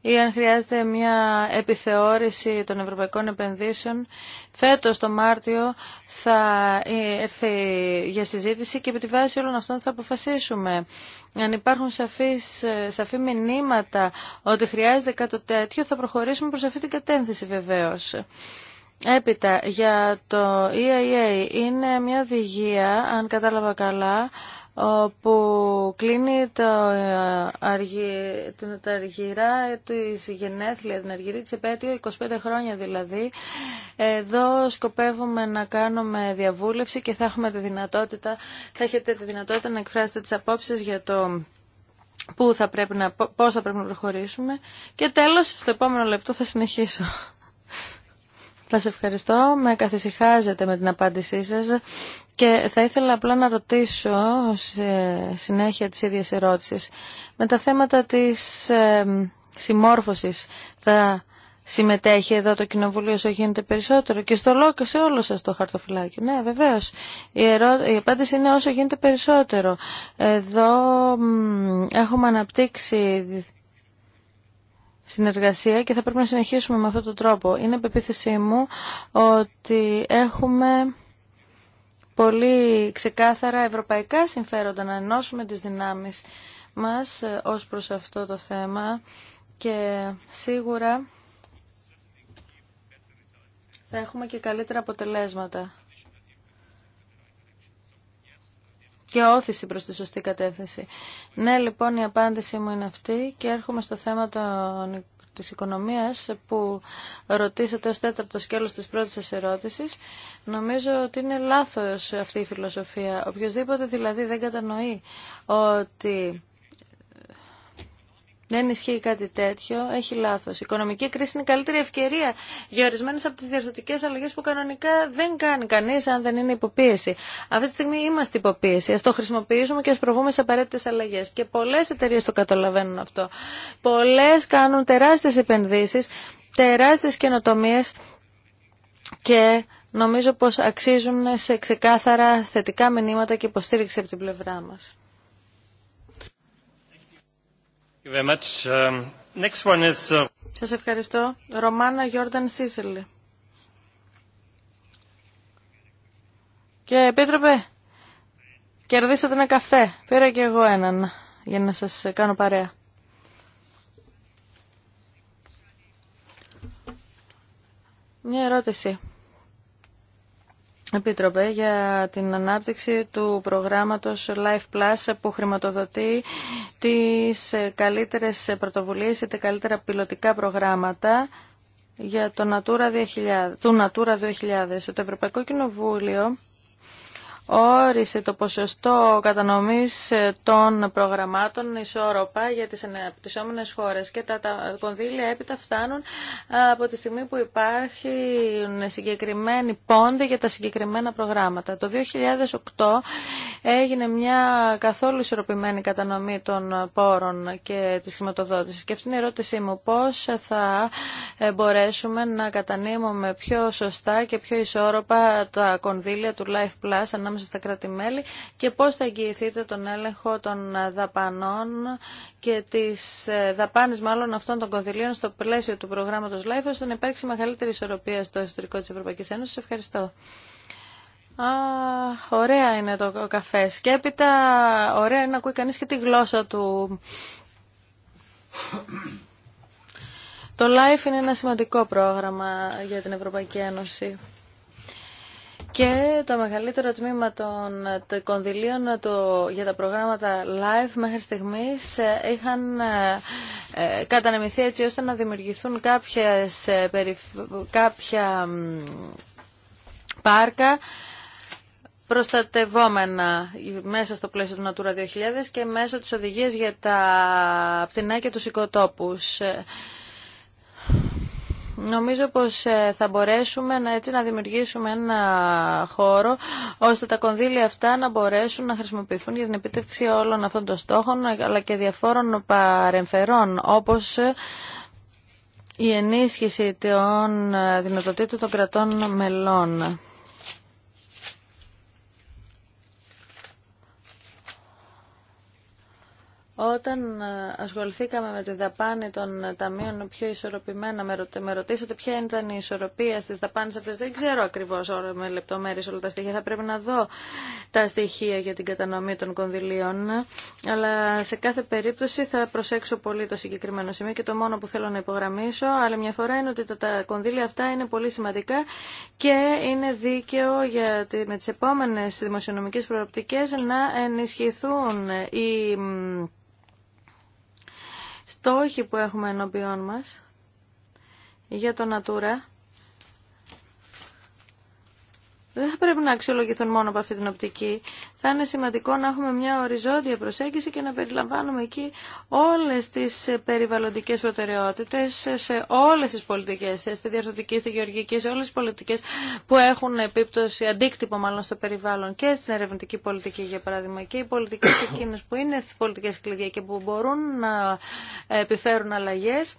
ή αν χρειάζεται μια επιθεώρηση των ευρωπαϊκών επενδύσεων. Φέτος το Μάρτιο θα ε, έρθει για συζήτηση και επί τη βάση όλων αυτών θα αποφασίσουμε. Αν υπάρχουν σαφείς, ε, σαφή μηνύματα ότι χρειάζεται κάτι τέτοιο θα προχωρήσουμε προς αυτή την κατένθεση βεβαίως. Έπειτα, για το EIA είναι μια οδηγία, αν κατάλαβα καλά, που κλείνει το, ε, αργυ... τα αργυρά της γενέθλια, δηλαδή την αργυρή της επέτειο, 25 χρόνια δηλαδή. Εδώ σκοπεύουμε να κάνουμε διαβούλευση και θα έχουμε τη δυνατότητα, θα έχετε τη δυνατότητα να εκφράσετε τις απόψεις για το πού θα πρέπει να, πώς θα πρέπει να προχωρήσουμε. Και τέλος, στο επόμενο λεπτό θα συνεχίσω. Σας ευχαριστώ. Με καθησυχάζετε με την απάντησή σας και θα ήθελα απλά να ρωτήσω σε συνέχεια της ίδιες ερωτήσεις Με τα θέματα της ε, συμμόρφωσης θα συμμετέχει εδώ το Κοινοβούλιο όσο γίνεται περισσότερο και στο λόγο σε όλο σας το χαρτοφυλάκι. Ναι, βεβαίως. Η, ερώ... απάντηση είναι όσο γίνεται περισσότερο. Εδώ μ, έχουμε αναπτύξει συνεργασία και θα πρέπει να συνεχίσουμε με αυτόν τον τρόπο. Είναι πεποίθησή μου ότι έχουμε πολύ ξεκάθαρα ευρωπαϊκά συμφέροντα να ενώσουμε τις δυνάμεις μας ε, ως προς αυτό το θέμα και σίγουρα θα έχουμε και καλύτερα αποτελέσματα. και όθηση προς τη σωστή κατεύθυνση. Ναι, λοιπόν, η απάντησή μου είναι αυτή και έρχομαι στο θέμα των της οικονομίας που ρωτήσατε ως τέταρτο σκέλος της πρώτης σας ερώτησης νομίζω ότι είναι λάθος αυτή η φιλοσοφία Οποιοςδήποτε δηλαδή δεν κατανοεί ότι δεν ισχύει κάτι τέτοιο, έχει λάθο. Η οικονομική κρίση είναι η καλύτερη ευκαιρία για ορισμένε από τι διαρθωτικές αλλαγέ που κανονικά δεν κάνει κανεί αν δεν είναι υποπίεση. Αυτή τη στιγμή είμαστε υποπίεση. Α το χρησιμοποιήσουμε και α προβούμε σε απαραίτητε αλλαγέ. Και πολλέ εταιρείε το καταλαβαίνουν αυτό. Πολλέ κάνουν τεράστιε επενδύσει, τεράστιε καινοτομίε και νομίζω πως αξίζουν σε ξεκάθαρα θετικά μηνύματα και υποστήριξη από την πλευρά μας. Um, uh, Σα ευχαριστώ. Ρωμάνα Γιόρνταν Σίσελ. Και επίτροπε, κερδίσατε ένα καφέ. Πήρα και εγώ έναν για να σας κάνω παρέα. Μια ερώτηση. Επίτροπε, για την ανάπτυξη του προγράμματος Life Plus που χρηματοδοτεί τις καλύτερες πρωτοβουλίες ή τα καλύτερα πιλωτικά προγράμματα για το Natura 2000, του Natura 2000. Το Ευρωπαϊκό Κοινοβούλιο όρισε το ποσοστό κατανομής ε, των προγραμμάτων ισόρροπα για τις αναπτυσσόμενες χώρες και τα, κονδύλια έπειτα φτάνουν ε, από τη στιγμή που υπάρχουν συγκεκριμένοι πόντοι για τα συγκεκριμένα προγράμματα. Το 2008 έγινε μια καθόλου ισορροπημένη κατανομή των πόρων και της χρηματοδότησης και αυτή είναι η ερώτησή μου πώς θα ε, μπορέσουμε να κατανείμουμε πιο σωστά και πιο ισόρροπα τα κονδύλια του Life Plus ανάμεσα στα κράτη-μέλη και πώς θα εγγυηθείτε τον έλεγχο των δαπανών και τις ε, δαπάνες μάλλον αυτών των κονδυλίων στο πλαίσιο του προγράμματος LIFE ώστε να υπάρξει μεγαλύτερη ισορροπία στο ιστορικό της Ευρωπαϊκής Ένωσης. Ευχαριστώ. Α, ωραία είναι το καφέ. Και έπειτα ωραία είναι να ακούει κανείς και τη γλώσσα του. Το LIFE είναι ένα σημαντικό πρόγραμμα για την Ευρωπαϊκή Ένωση και το μεγαλύτερο τμήμα των, κονδυλίων για τα προγράμματα live μέχρι στιγμής ε, είχαν ε, ε, κατανεμηθεί έτσι ώστε να δημιουργηθούν κάποια πάρκα προστατευόμενα μέσα στο πλαίσιο του Natura 2000 και μέσω της οδηγίας για τα πτηνά και τους οικοτόπους. Νομίζω πως ε, θα μπορέσουμε να, έτσι να δημιουργήσουμε ένα χώρο ώστε τα κονδύλια αυτά να μπορέσουν να χρησιμοποιηθούν για την επίτευξη όλων αυτών των στόχων αλλά και διαφόρων παρεμφερών όπως ε, η ενίσχυση των ε, δυνατοτήτων των κρατών μελών. Όταν ε, ασχοληθήκαμε με τη δαπάνη των ταμείων πιο ισορροπημένα, με ρωτήσατε ποια ήταν η ισορροπία στις δαπάνες αυτές. Δεν ξέρω ακριβώς όλα με λεπτομέρειες όλα τα στοιχεία. Θα πρέπει να δω τα στοιχεία για την κατανομή των κονδυλίων. Αλλά σε κάθε περίπτωση θα προσέξω πολύ το συγκεκριμένο σημείο και το μόνο που θέλω να υπογραμμίσω άλλη μια φορά είναι ότι τα κονδύλια αυτά είναι πολύ σημαντικά και είναι δίκαιο για με τις επόμενες δημοσιονομικές προοπτικές να ενισχυθούν οι στόχοι που έχουμε ενώπιόν μας για το Natura δεν θα πρέπει να αξιολογηθούν μόνο από αυτή την οπτική. Θα είναι σημαντικό να έχουμε μια οριζόντια προσέγγιση και να περιλαμβάνουμε εκεί όλες τις περιβαλλοντικές προτεραιότητες σε όλες τις πολιτικές, στη διαρθωτική, στη γεωργική, σε όλες τις πολιτικές που έχουν επίπτωση, αντίκτυπο μάλλον στο περιβάλλον και στην ερευνητική πολιτική για παράδειγμα και οι πολιτικές εκείνες που είναι πολιτικές κλειδιά και που μπορούν να επιφέρουν αλλαγές.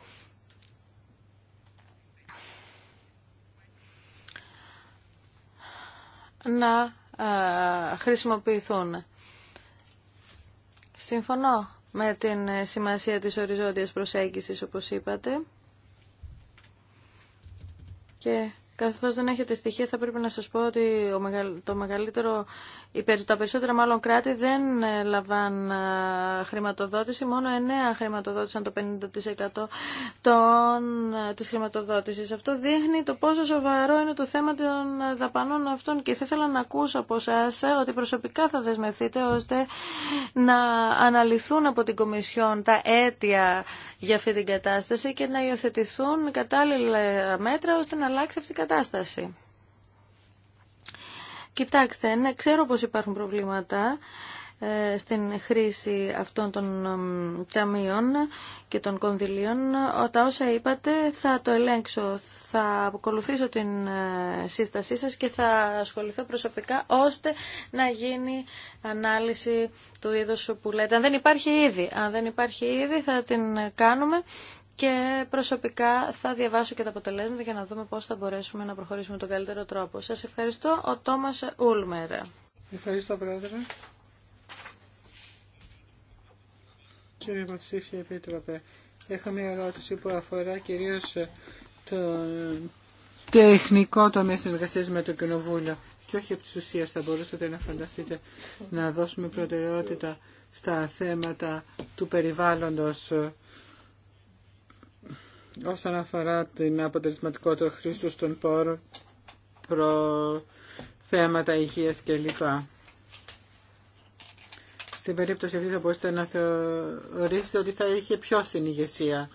να ε, χρησιμοποιηθούν. Συμφωνώ με την σημασία της οριζόντιας προσέγγισης, όπως είπατε. Και καθώς δεν έχετε στοιχεία, θα πρέπει να σας πω ότι το μεγαλύτερο τα περισσότερα μάλλον κράτη δεν ε, λαμβάνουν ε, χρηματοδότηση, μόνο 9 χρηματοδότησαν το 50% των, ε, της χρηματοδότησης. Αυτό δείχνει το πόσο σοβαρό είναι το θέμα των δαπανών αυτών και θα ήθελα να ακούσω από εσά ότι προσωπικά θα δεσμευτείτε ώστε να αναλυθούν από την Κομισιόν τα αίτια για αυτή την κατάσταση και να υιοθετηθούν κατάλληλα μέτρα ώστε να αλλάξει αυτή η κατάσταση. Κοιτάξτε, ναι, ξέρω πως υπάρχουν προβλήματα ε, στην χρήση αυτών των ταμείων και των κονδυλίων. Τα όσα είπατε θα το ελέγξω, θα ακολουθήσω την ε, σύστασή σας και θα ασχοληθώ προσωπικά ώστε να γίνει ανάλυση του είδους που λέτε. δεν υπάρχει ήδη, αν δεν υπάρχει ήδη θα την κάνουμε και προσωπικά θα διαβάσω και τα αποτελέσματα για να δούμε πώς θα μπορέσουμε να προχωρήσουμε τον καλύτερο τρόπο. Σας ευχαριστώ, ο Τόμας Ούλμερ. Ευχαριστώ, Πρόεδρε. Κύριε Μαξίφια Επίτροπε, έχω μια ερώτηση που αφορά κυρίως το τεχνικό τομέα συνεργασίας με το Κοινοβούλιο και όχι από τη ουσία θα μπορούσατε να φανταστείτε να δώσουμε προτεραιότητα στα θέματα του περιβάλλοντος όσον αφορά την αποτελεσματικότητα χρήση των πόρων προ θέματα υγείας κλπ. Στην περίπτωση αυτή θα μπορούσατε να θεωρήσετε ότι θα είχε πιο στην ηγεσία.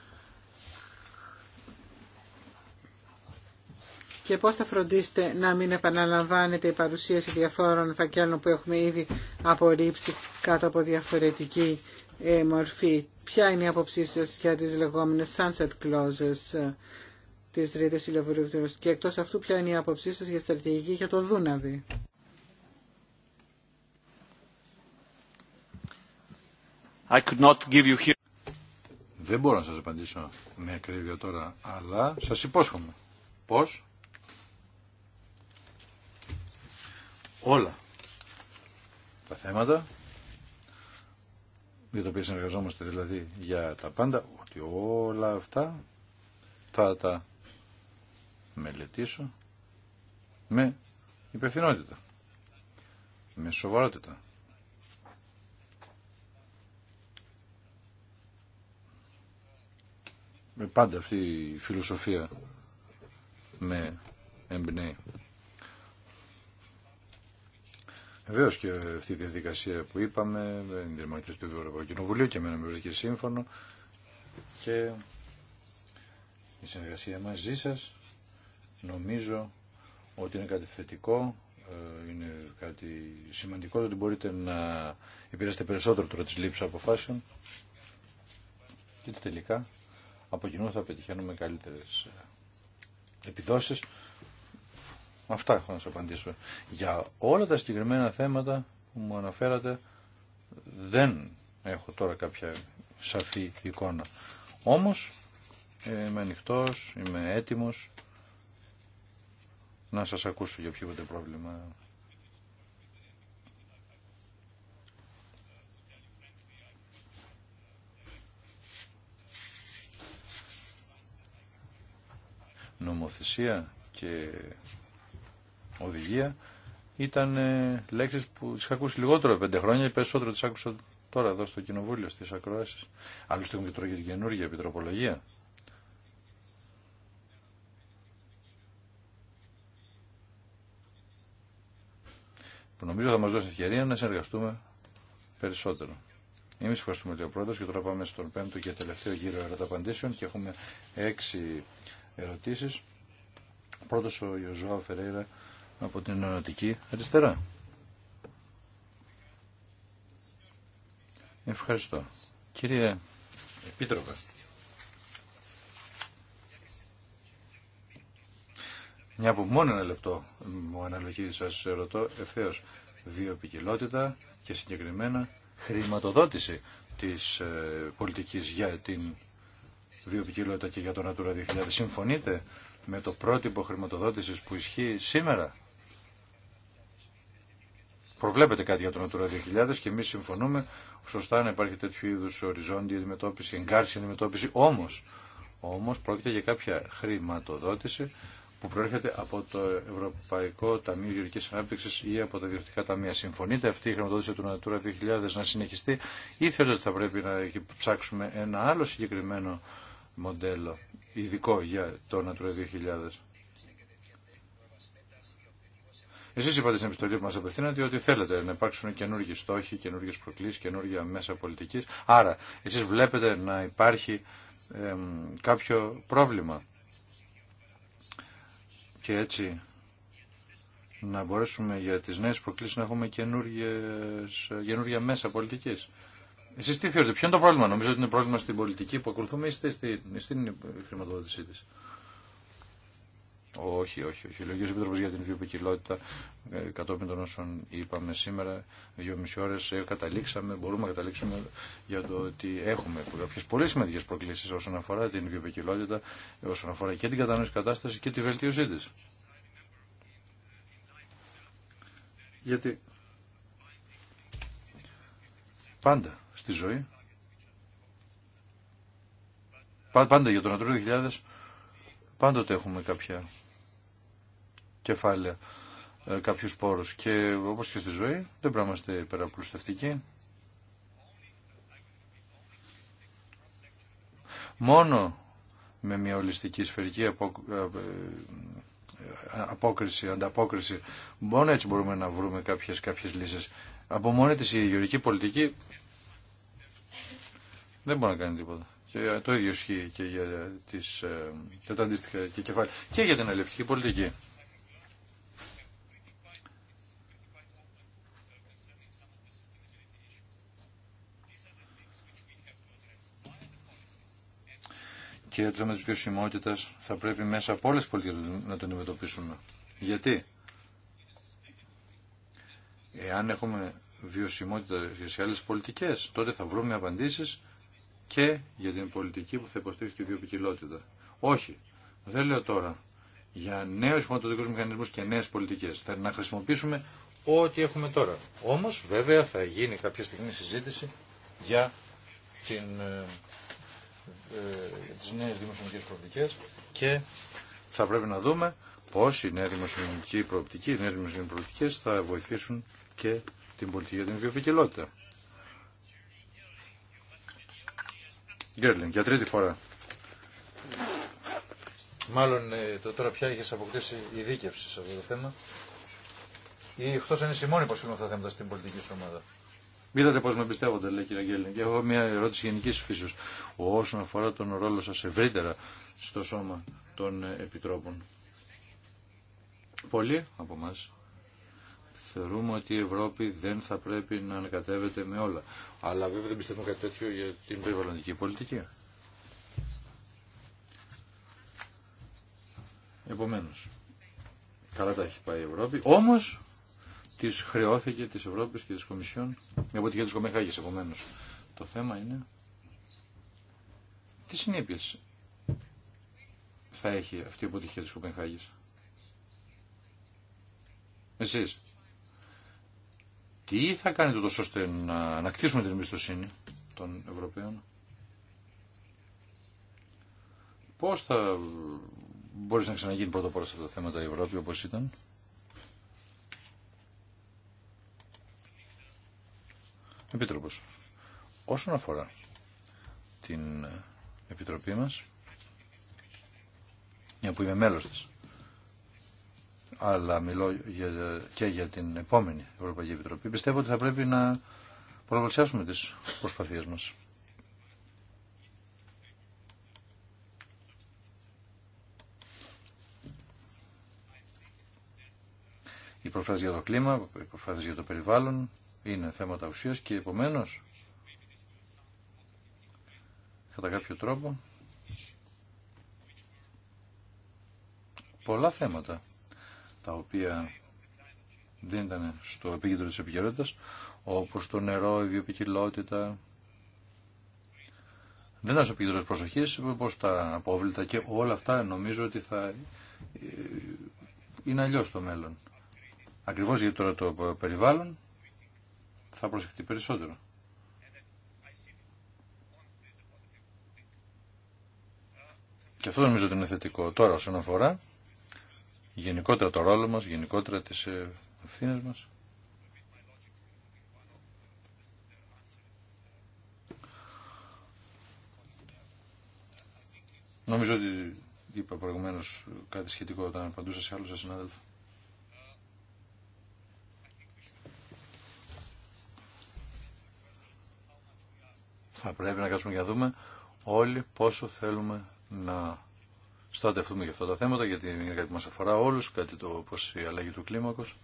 Και πώς θα φροντίσετε να μην επαναλαμβάνετε η παρουσίαση διαφόρων φακέλων που έχουμε ήδη απορρίψει κάτω από διαφορετική ε, μορφή. Ποια είναι η άποψή σα για τι λεγόμενε sunset clauses ε, της Τρίτη ηλεκτροδοτήρωσης και εκτο αυτού ποια είναι η άποψή σα για στρατηγική για το Δούναβι. I Δεν μπορώ να σας απαντήσω με ακρίβεια τώρα, αλλά σας υπόσχομαι. Πώς? Όλα τα θέματα για το οποίο συνεργαζόμαστε δηλαδή για τα πάντα, ότι όλα αυτά θα τα μελετήσω με υπευθυνότητα, με σοβαρότητα. Με πάντα αυτή η φιλοσοφία με εμπνέει. Βεβαίω και αυτή η διαδικασία που είπαμε, είναι διαμαρτυρία του Ευρωπαϊκού Κοινοβουλίου και εμένα με βρίσκει σύμφωνο και η συνεργασία μαζί σα. νομίζω ότι είναι κάτι θετικό, ε, είναι κάτι σημαντικό ότι μπορείτε να επηρεάσετε περισσότερο τώρα τι λήψει αποφάσεων και τελικά από κοινού θα πετυχαίνουμε καλύτερε ε, επιδόσεις Αυτά έχω να σας απαντήσω. Για όλα τα συγκεκριμένα θέματα που μου αναφέρατε δεν έχω τώρα κάποια σαφή εικόνα. Όμως είμαι ανοιχτό, είμαι έτοιμος να σας ακούσω για οποιοδήποτε πρόβλημα. Νομοθεσία και οδηγία ήταν ε, λέξεις που τις είχα ακούσει λιγότερο πέντε χρόνια ή περισσότερο τις άκουσα τώρα εδώ στο κοινοβούλιο στις ακροάσεις. Άλλωστε έχουμε και τώρα και την καινούργια επιτροπολογία. Που νομίζω θα μας δώσει ευκαιρία να συνεργαστούμε περισσότερο. Εμεί ευχαριστούμε ο πρώτος και τώρα πάμε στον πέμπτο και τελευταίο γύρο ερωταπαντήσεων και έχουμε έξι ερωτήσεις. Πρώτος ο Ιωζουά Φεραίρα από την ενωτική αριστερά. Ευχαριστώ. Κύριε Επίτροπε. Μια από μόνο ένα λεπτό μου αναλογεί σας ρωτώ ευθέως βιοπικιλότητα και συγκεκριμένα χρηματοδότηση της ε, πολιτικής για την βιοπικιλότητα και για το Natura 2000. Συμφωνείτε με το πρότυπο χρηματοδότησης που ισχύει σήμερα προβλέπεται κάτι για το Natura 2000 και εμεί συμφωνούμε σωστά να υπάρχει τέτοιου είδου οριζόντια αντιμετώπιση, εγκάρση αντιμετώπιση. Όμω όμως, πρόκειται για κάποια χρηματοδότηση που προέρχεται από το Ευρωπαϊκό Ταμείο Γεωργικής Ανάπτυξης ή από τα Διευθυντικά Ταμεία. Συμφωνείτε αυτή η χρηματοδότηση του Natura 2000 να συνεχιστεί ή θέλετε ότι θα πρέπει να ψάξουμε ένα άλλο συγκεκριμένο μοντέλο ειδικό για το Natura 2000. Εσεί είπατε στην επιστολή που μα απευθύνατε ότι θέλετε να υπάρξουν καινούργιοι στόχοι, καινούργιε προκλήσει, καινούργια μέσα πολιτική. Άρα, εσεί βλέπετε να υπάρχει ε, κάποιο πρόβλημα. Και έτσι να μπορέσουμε για τι νέε προκλήσεις να έχουμε καινούργια μέσα πολιτική. Εσεί τι θεωρείτε, ποιο είναι το πρόβλημα, νομίζω ότι είναι πρόβλημα στην πολιτική που ακολουθούμε ή στην, στην χρηματοδότησή της. Όχι, όχι, όχι. Ο Λογικός Επίτροπος για την βιοποικιλότητα ε, κατόπιν των όσων είπαμε σήμερα, δύο μισή ώρες ε, καταλήξαμε, μπορούμε να καταλήξουμε για το ότι έχουμε κάποιες πολύ σημαντικές προκλήσεις όσον αφορά την βιοποικιλότητα, όσον αφορά και την κατανόηση κατάσταση και τη βελτίωσή της. Γιατί πάντα στη ζωή, πάντα για το Natura 2000 Πάντοτε έχουμε κάποια κεφάλαια, ε, κάποιους πόρους και όπως και στη ζωή δεν πρέπει να είμαστε υπεραπλουστευτικοί. Μόνο με μια ολιστική σφαιρική ε, ε, απόκριση, ανταπόκριση, μόνο έτσι μπορούμε να βρούμε κάποιες, κάποιες λύσεις. Από μόνη της η γεωρική πολιτική δεν μπορεί να κάνει τίποτα. Και ε, το ίδιο ισχύει και για, τις, ε, τα αντίστοιχα και κεφάλαια και για την αλληλευτική πολιτική. Και το θέμα τη βιωσιμότητα θα πρέπει μέσα από όλε τι πολιτικέ να το αντιμετωπίσουμε. Γιατί, εάν έχουμε βιωσιμότητα σε άλλε πολιτικέ, τότε θα βρούμε απαντήσει και για την πολιτική που θα υποστήριξει τη βιοποικιλότητα. Όχι. Δεν λέω τώρα για νέου χρηματοδοτικού μηχανισμού και νέε πολιτικέ, Θα να χρησιμοποιήσουμε ό,τι έχουμε τώρα. Όμω βέβαια θα γίνει κάποια στιγμή συζήτηση για ε, ε, τις νέες δημοσιονομικές προοπτικές και θα πρέπει να δούμε πώς οι νέες δημοσιονομικές προοπτικές, οι νέες δημοσιονομικές θα βοηθήσουν και την πολιτική για την βιοποικιλότητα. Γκέρλινγκ, για τρίτη φορά. Μάλλον ε, το τώρα πια είχε αποκτήσει ειδίκευση σε αυτό το θέμα. Ή εκτό αν είσαι μόνη που αυτά τα θέματα στην πολιτική σου ομάδα. Είδατε πώ με πιστεύονται, λέει κύριε Γκέρλινγκ. Και έχω μια ερώτηση γενική φύση. Όσον αφορά τον ρόλο σα ευρύτερα στο σώμα των ε, επιτρόπων. Πολλοί από εμά Θεωρούμε ότι η Ευρώπη δεν θα πρέπει να ανακατεύεται με όλα. Αλλά βέβαια δεν πιστεύουμε κάτι τέτοιο για την περιβαλλοντική πολιτική. Επομένως, καλά τα έχει πάει η Ευρώπη, όμως τις χρεώθηκε της Ευρώπης και της Κομισιόν με αποτυχία της Κομεχάγης επομένως. Το θέμα είναι τι συνέπειες θα έχει αυτή η αποτυχία της Κοπενχάγης. Εσείς τι θα κάνει τόσο ώστε να ανακτήσουμε την εμπιστοσύνη των Ευρωπαίων. Πώς θα μπορείς να ξαναγίνει πρώτα απ' σε αυτά τα θέματα η Ευρώπη όπως ήταν. Επίτροπος, όσον αφορά την Επιτροπή μας, μια που είμαι μέλος της, αλλά μιλώ και για την επόμενη Ευρωπαϊκή Επιτροπή, πιστεύω ότι θα πρέπει να προπλησιάσουμε τις προσπαθίες μας. Οι προφάσεις για το κλίμα, οι προφάσεις για το περιβάλλον είναι θέματα ουσίας και επομένως κατά κάποιο τρόπο πολλά θέματα τα οποία δεν ήταν στο επίκεντρο της επικαιρότητα, όπως το νερό, η βιοπικιλότητα. Δεν ήταν στο επίκεντρο της προσοχής, όπως τα απόβλητα και όλα αυτά νομίζω ότι θα ε, είναι αλλιώ το μέλλον. Ακριβώς γιατί τώρα το περιβάλλον θα προσεχτεί περισσότερο. Και αυτό νομίζω ότι είναι θετικό. Τώρα όσον αφορά γενικότερα το ρόλο μας, γενικότερα τις ε, ευθύνε μας. Νομίζω ότι είπα προηγουμένω κάτι σχετικό όταν απαντούσα σε άλλους συνάδελφους. Θα πρέπει να κάτσουμε για να δούμε όλοι πόσο θέλουμε να στρατευτούμε για αυτά τα θέματα, γιατί είναι κάτι που μας αφορά όλους, κάτι το, όπως η αλλαγή του κλίμακος.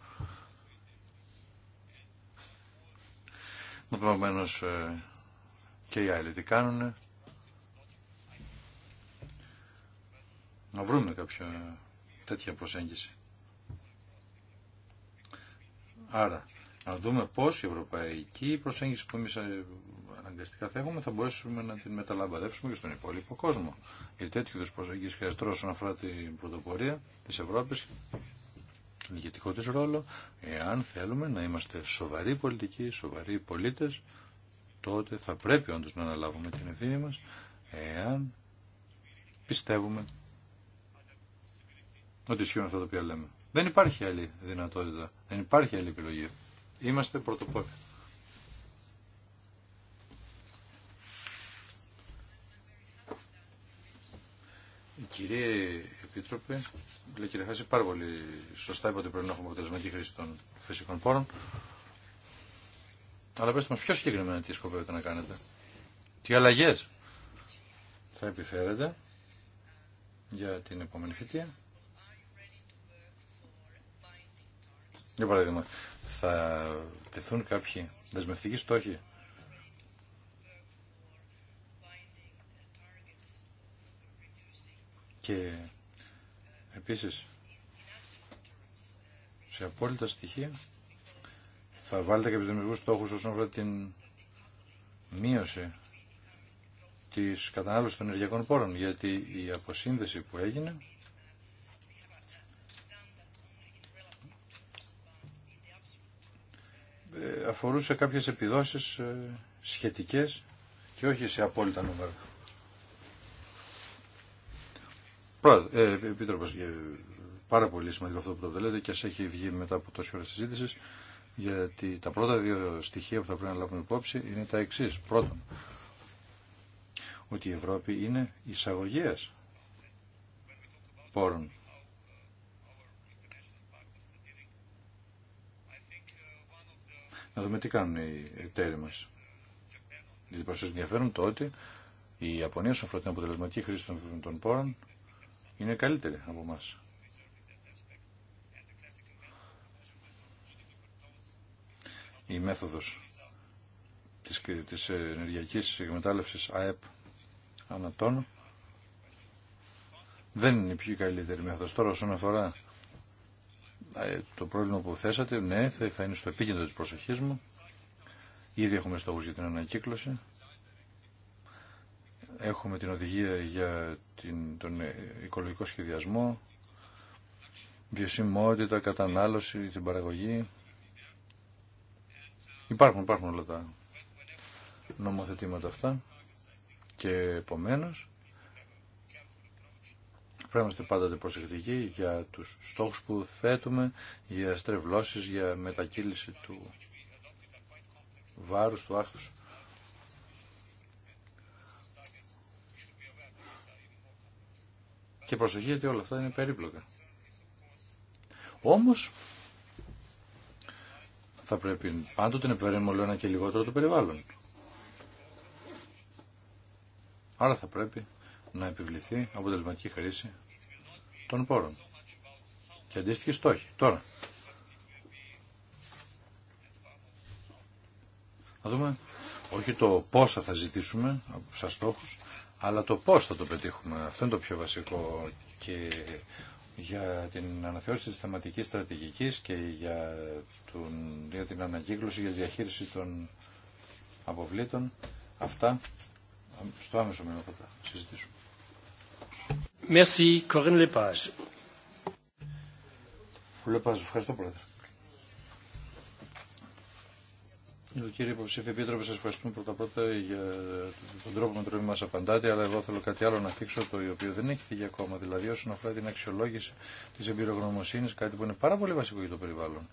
Επομένως ε, και οι άλλοι τι κάνουν. Να βρούμε κάποια τέτοια προσέγγιση. Άρα, να δούμε πώ η ευρωπαϊκή προσέγγιση που εμεί αναγκαστικά θα έχουμε θα μπορέσουμε να την μεταλαμπαδεύσουμε και στον υπόλοιπο κόσμο. Γιατί τέτοιου είδου προσέγγιση χρειάζεται όσον αφορά την πρωτοπορία της Ευρώπης, τον ηγετικό τη ρόλο, εάν θέλουμε να είμαστε σοβαροί πολιτικοί, σοβαροί πολίτε, τότε θα πρέπει όντω να αναλάβουμε την ευθύνη μα, εάν πιστεύουμε ότι ισχύουν αυτά τα οποία λέμε. Δεν υπάρχει άλλη δυνατότητα, δεν υπάρχει άλλη επιλογή. Είμαστε πρωτοπόροι. Κύριε Επίτροπε, λέει κύριε Χάση, πάρα πολύ σωστά είπατε πρέπει να έχουμε αποτελεσματική χρήση των φυσικών πόρων. Αλλά πέστε μας πιο συγκεκριμένα τι σκοπεύετε να κάνετε. Τι αλλαγές θα επιφέρετε για την επόμενη φοιτεία. Για παράδειγμα, θα τεθούν κάποιοι δεσμευτικοί στόχοι. Και επίσης σε απόλυτα στοιχεία θα βάλετε και επιδημιουργούς στόχους όσον αφορά την μείωση της κατανάλωσης των ενεργειακών πόρων γιατί η αποσύνδεση που έγινε Ε, αφορούσε κάποιες επιδόσεις ε, σχετικές και όχι σε απόλυτα νούμερα. Πρόεδρε, ε, Επίτροπος, πάρα πολύ σημαντικό αυτό που το λέτε και ας έχει βγει μετά από τόση ώρα συζήτηση, γιατί τα πρώτα δύο στοιχεία που θα πρέπει να λάβουμε υπόψη είναι τα εξή. Πρώτον, ότι η Ευρώπη είναι εισαγωγέας πόρων να δούμε τι κάνουν οι εταίροι μας. Διότι προς ενδιαφέρον το ότι η Ιαπωνία όσον αφορά την αποτελεσματική χρήση των πόρων είναι καλύτερη από εμά. Η μέθοδος της, της ενεργειακής εκμετάλλευσης ΑΕΠ ανατών δεν είναι η πιο καλύτερη μέθοδο Τώρα όσον αφορά ε, το πρόβλημα που θέσατε, ναι, θα είναι στο επίκεντρο της προσοχής μου. Ήδη έχουμε στόχους για την ανακύκλωση. Έχουμε την οδηγία για την, τον ε, οικολογικό σχεδιασμό, βιωσιμότητα, κατανάλωση, την παραγωγή. Υπάρχουν, υπάρχουν όλα τα νομοθετήματα αυτά και επομένως Πρέπει να είμαστε πάντοτε προσεκτικοί για τους στόχους που θέτουμε, για στρεβλώσεις, για μετακύληση του βάρους, του άχθους. Και προσοχή γιατί όλα αυτά είναι περίπλοκα. Όμως θα πρέπει πάντοτε να περιμένουμε όλο ένα και λιγότερο το περιβάλλον. Άρα θα πρέπει να επιβληθεί αποτελεσματική χρήση των πόρων και αντίστοιχη στόχη. Τώρα, να δούμε όχι το πόσα θα ζητήσουμε σαν στόχους, αλλά το πώς θα το πετύχουμε. Αυτό είναι το πιο βασικό και για την αναθεώρηση της θεματικής στρατηγικής και για, τον, για την ανακύκλωση, για διαχείριση των αποβλήτων. Αυτά στο άμεσο μέλλον θα τα συζητήσουμε. Merci, Corinne Lepage. ευχαριστώ πρόεδρε. Ε, κύριε Υποψήφη Επίτροπε, σα ευχαριστούμε πρώτα πρώτα για τον τρόπο με τον οποίο μα απαντάτε, αλλά εγώ θέλω κάτι άλλο να θίξω το οποίο δεν έχει φύγει ακόμα, δηλαδή όσον αφορά την αξιολόγηση τη εμπειρογνωμοσύνη, κάτι που είναι πάρα πολύ βασικό για το περιβάλλον.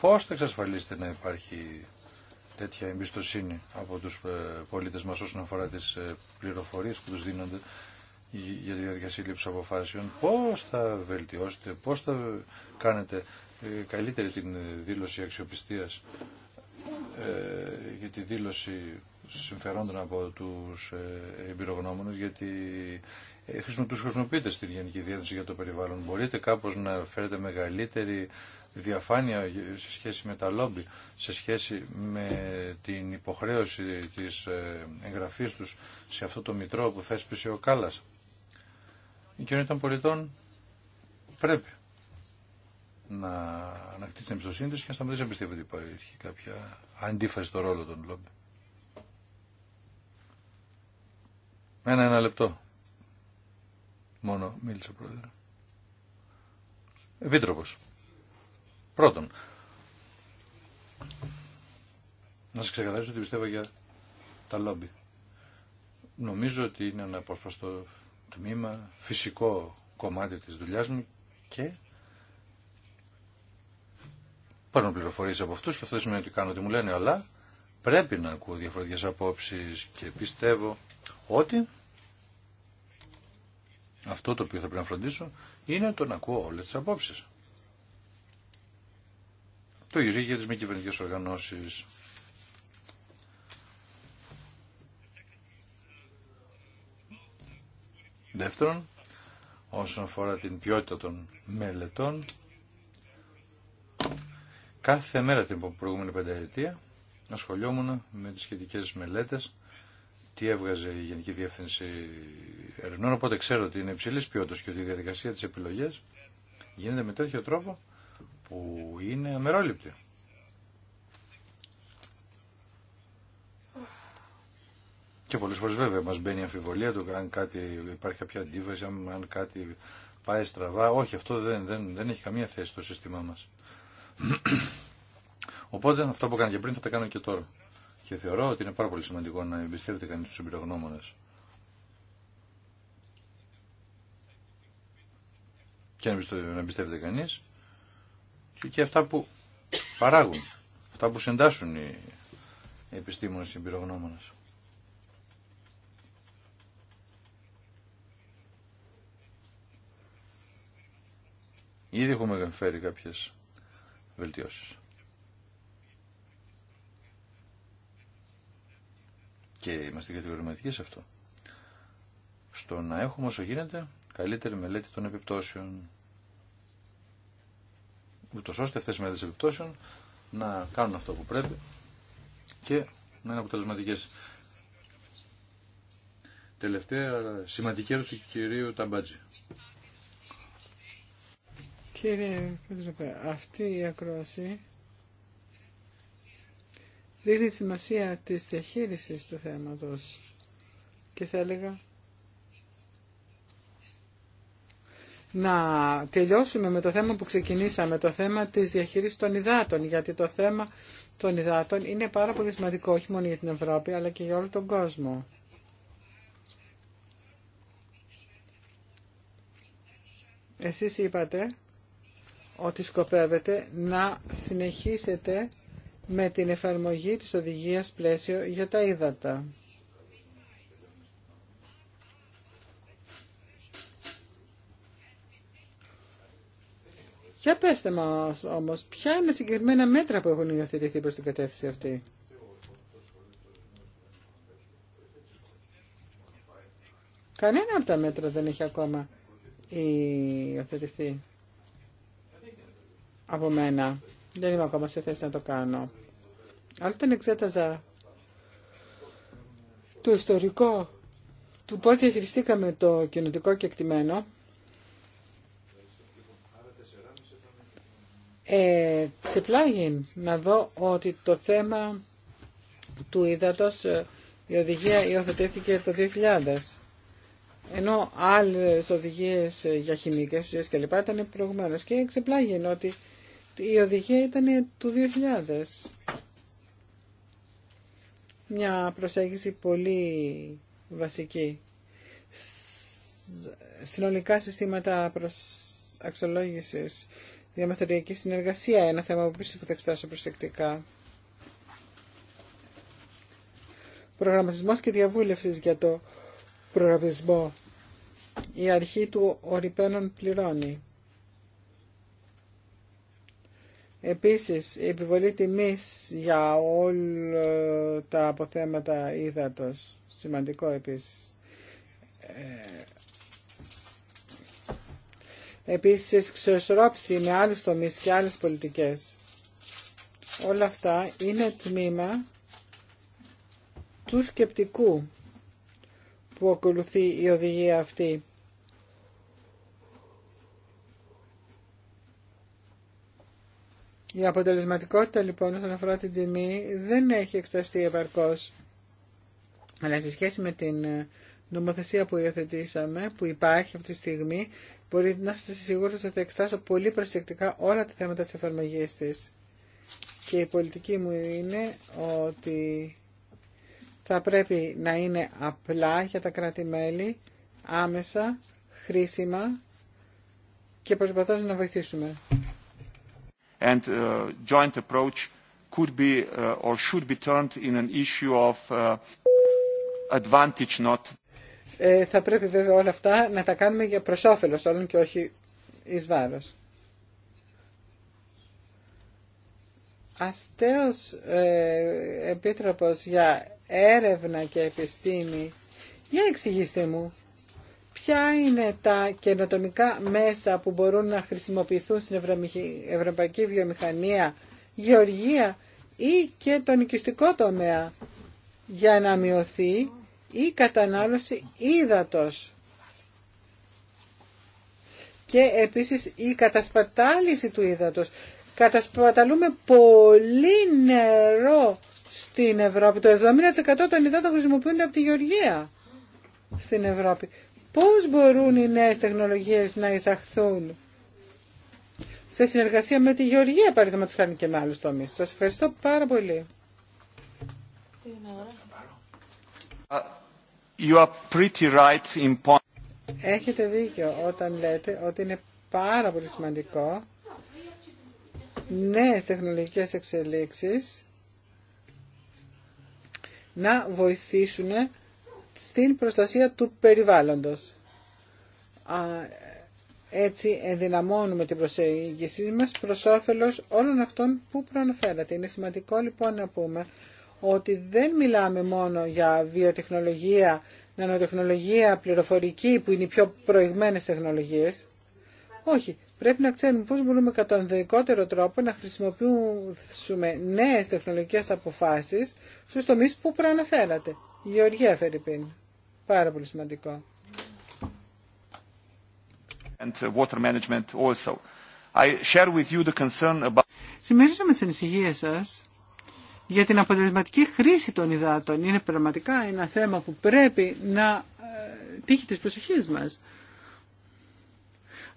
Πώ θα εξασφαλίσετε να υπάρχει τέτοια εμπιστοσύνη από τους ε, πολίτες μας όσον αφορά τις ε, πληροφορίες που τους δίνονται για τη διαδικασία λήψης αποφάσεων. Πώς θα βελτιώσετε, πώς θα κάνετε ε, καλύτερη την δήλωση αξιοπιστίας για τη δήλωση συμφερόντων από τους εμπειρογνώμονες γιατί τους χρησιμοποιείτε στην Γενική Διεύθυνση για το περιβάλλον. Μπορείτε κάπως να φέρετε μεγαλύτερη διαφάνεια σε σχέση με τα λόμπι, σε σχέση με την υποχρέωση της ε, εγγραφής τους σε αυτό το μητρό που θέσπισε ο Κάλλας. Η κοινωνία των πολιτών πρέπει να ανακτήσει την εμπιστοσύνη της και να σταματήσει να πιστεύει ότι υπάρχει κάποια αντίφαση στο ρόλο των λόμπι. Ένα, ένα λεπτό. Μόνο μίλησε ο πρόεδρε. Επίτροπος. Πρώτον, να σα ξεκαθαρίσω ότι πιστεύω για τα λόμπι. Νομίζω ότι είναι ένα απόσπαστο τμήμα, φυσικό κομμάτι της δουλειάς μου και παίρνω πληροφορίες από αυτούς και αυτό σημαίνει ότι κάνω ό,τι μου λένε, αλλά πρέπει να ακούω διαφορετικές απόψεις και πιστεύω ότι αυτό το οποίο θα πρέπει να φροντίσω είναι το να ακούω όλες τις απόψεις. Το ίδιο για τις μη κυβερνητικές οργανώσεις. Δεύτερον, όσον αφορά την ποιότητα των μελετών, κάθε μέρα την προηγούμενη πενταετία ασχολιόμουν με τις σχετικές μελέτες τι έβγαζε η Γενική Διεύθυνση Ερευνών, οπότε ξέρω ότι είναι υψηλής ποιότητας και ότι η διαδικασία της επιλογής γίνεται με τέτοιο τρόπο που είναι αμερόληπτη. Και πολλές φορέ βέβαια μας μπαίνει η αμφιβολία του αν κάτι, υπάρχει κάποια αντίβαση, αν κάτι πάει στραβά. Όχι, αυτό δεν, δεν, δεν έχει καμία θέση στο σύστημά μας. Οπότε αυτά που έκανα και πριν θα τα κάνω και τώρα. Και θεωρώ ότι είναι πάρα πολύ σημαντικό να εμπιστεύεται κανείς τους εμπειρογνώμονε. Και να εμπιστεύεται κανείς και, αυτά που παράγουν, αυτά που συντάσσουν οι επιστήμονες οι Ήδη έχουμε φέρει κάποιες βελτιώσεις. Και είμαστε κατηγορηματικοί σε αυτό. Στο να έχουμε όσο γίνεται καλύτερη μελέτη των επιπτώσεων ούτως ώστε αυτές οι επιπτώσεων να κάνουν αυτό που πρέπει και να είναι αποτελεσματικές. Τελευταία σημαντική έρωση του κυρίου Ταμπάτζη. Κύριε αυτή η ακρόαση δείχνει σημασία της διαχείρισης του θέματος και θα έλεγα να τελειώσουμε με το θέμα που ξεκινήσαμε, το θέμα της διαχείρισης των υδάτων, γιατί το θέμα των υδάτων είναι πάρα πολύ σημαντικό όχι μόνο για την Ευρώπη αλλά και για όλο τον κόσμο. Εσείς είπατε ότι σκοπεύετε να συνεχίσετε με την εφαρμογή της οδηγίας πλαίσιο για τα ύδατα. Για πέστε μας όμως, ποια είναι τα συγκεκριμένα μέτρα που έχουν υιοθετηθεί προς την κατεύθυνση αυτή. Κανένα από τα μέτρα δεν έχει ακόμα υιοθετηθεί από μένα. Δεν είμαι ακόμα σε θέση να το κάνω. Αλλά όταν εξέταζα το ιστορικό του πώς διαχειριστήκαμε το κοινωτικό κεκτημένο, Ε, ξεπλάγει να δω ότι το θέμα του ύδατος ε, η οδηγία υιοθετήθηκε το 2000 ενώ άλλες οδηγίες ε, για χημικές ουσίες και λοιπά ήταν προηγουμένως και ξεπλάγει ότι η οδηγία ήταν του 2000 μια προσέγγιση πολύ βασική συνολικά συστήματα αξιολόγησης διαμεθοριακή συνεργασία, ένα θέμα που πιστεύω θα εξετάσω προσεκτικά. Προγραμματισμός και διαβούλευσης για το προγραμματισμό. Η αρχή του οριπένων πληρώνει. Επίσης, η επιβολή τιμής για όλα τα αποθέματα ύδατος, σημαντικό επίσης. Ε, επίσης ξεσορρόψει με άλλους τομείς και άλλες πολιτικές. Όλα αυτά είναι τμήμα του σκεπτικού που ακολουθεί η οδηγία αυτή. Η αποτελεσματικότητα λοιπόν όσον αφορά την τιμή δεν έχει εξασθεί επαρκώς. Αλλά σε σχέση με την νομοθεσία που υιοθετήσαμε, που υπάρχει αυτή τη στιγμή, μπορεί να είστε σίγουροι ότι θα εξετάσω πολύ προσεκτικά όλα τα θέματα της εφαρμογής της. Και η πολιτική μου είναι ότι θα πρέπει να είναι απλά για τα κράτη-μέλη, άμεσα, χρήσιμα και προσπαθώ να βοηθήσουμε. Ε, θα πρέπει βέβαια όλα αυτά να τα κάνουμε για προς όφελος όλων και όχι εις βάρος. Αστέως ε, επίτροπος για έρευνα και επιστήμη, για εξηγήστε μου, ποια είναι τα καινοτομικά μέσα που μπορούν να χρησιμοποιηθούν στην ευρωπαϊκή βιομηχανία, γεωργία ή και τον οικιστικό τομέα για να μειωθεί ή κατανάλωση ύδατος. Και επίσης η κατασπατάληση του ύδατος. Κατασπαταλούμε πολύ νερό στην Ευρώπη. Το 70% των υδάτων χρησιμοποιούνται από τη Γεωργία στην Ευρώπη. Πώς μπορούν οι νέες τεχνολογίες να εισαχθούν σε συνεργασία με τη Γεωργία, παραδείγματος χάνει και με άλλους τομείς. Σας ευχαριστώ πάρα πολύ. You are pretty Έχετε δίκιο όταν λέτε ότι είναι πάρα πολύ σημαντικό νέες τεχνολογικές εξελίξεις να βοηθήσουν στην προστασία του περιβάλλοντος. Έτσι ενδυναμώνουμε την προσέγγιση μας προς όφελος όλων αυτών που προαναφέρατε. Είναι σημαντικό λοιπόν να πούμε ότι δεν μιλάμε μόνο για βιοτεχνολογία, νανοτεχνολογία, πληροφορική που είναι οι πιο προηγμένες τεχνολογίες. Όχι, πρέπει να ξέρουμε πώς μπορούμε κατά τον δικότερο τρόπο να χρησιμοποιήσουμε νέες τεχνολογικές αποφάσεις στους τομείς που προαναφέρατε. Γεωργία Φερρυπίν. Πάρα πολύ σημαντικό. And τις σας για την αποτελεσματική χρήση των υδάτων. Είναι πραγματικά ένα θέμα που πρέπει να ε, τύχει της προσοχής μας.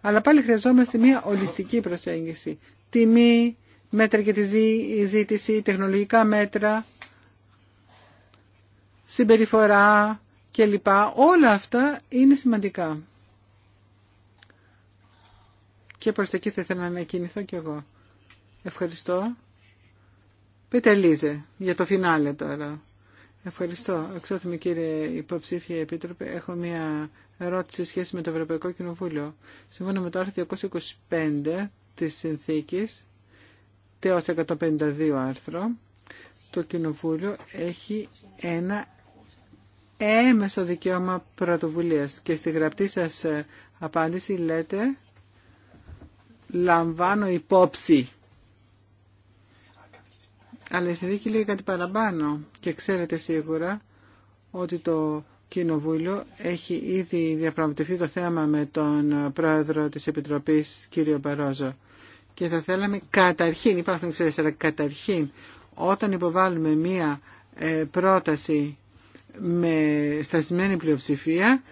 Αλλά πάλι χρειαζόμαστε μια ολιστική προσέγγιση. Τιμή, μέτρα για τη ζήτηση, τεχνολογικά μέτρα, συμπεριφορά κλπ. Όλα αυτά είναι σημαντικά. Και προς τα εκεί θα ήθελα να κι εγώ. Ευχαριστώ. Πείτε, Λίζε, για το φινάλε τώρα. Ευχαριστώ. Εξότιμη κύριε υποψήφια επίτροπε, έχω μια ερώτηση σχέση με το Ευρωπαϊκό Κοινοβούλιο. Σύμφωνα με το άρθρο 225 της συνθήκης, τέος 152 άρθρο, το Κοινοβούλιο έχει ένα έμεσο δικαίωμα πρωτοβουλίας και στη γραπτή σας απάντηση λέτε «Λαμβάνω υπόψη» Αλλά η συνθήκη λέει κάτι παραπάνω και ξέρετε σίγουρα ότι το Κοινοβούλιο έχει ήδη διαπραγματευτεί το θέμα με τον πρόεδρο της Επιτροπής, κύριο Παρόζο. Και θα θέλαμε καταρχήν, υπάρχουν ξέρετε αλλά καταρχήν όταν υποβάλλουμε μία ε, πρόταση με στασμένη πλειοψηφία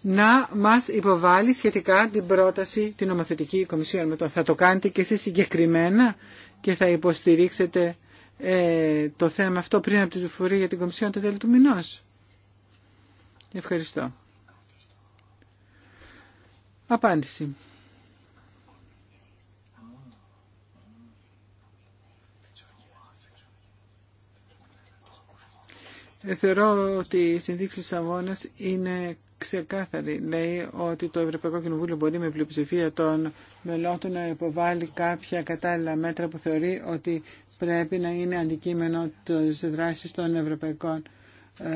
να μας υποβάλει σχετικά την πρόταση την νομοθετική κομισιόν. Θα το κάνετε και εσείς συγκεκριμένα και θα υποστηρίξετε ε, το θέμα αυτό πριν από τη πληροφορία για την Κομισιόν το τέλος του μηνός. Ευχαριστώ. Απάντηση. Ε, θεωρώ ότι η συνδείξη της αγώνας είναι ξεκάθαρη. Λέει ότι το Ευρωπαϊκό Κοινοβούλιο μπορεί με πλειοψηφία των μελών του να υποβάλει κάποια κατάλληλα μέτρα που θεωρεί ότι πρέπει να είναι αντικείμενο της δράσης των ευρωπαϊκών ε,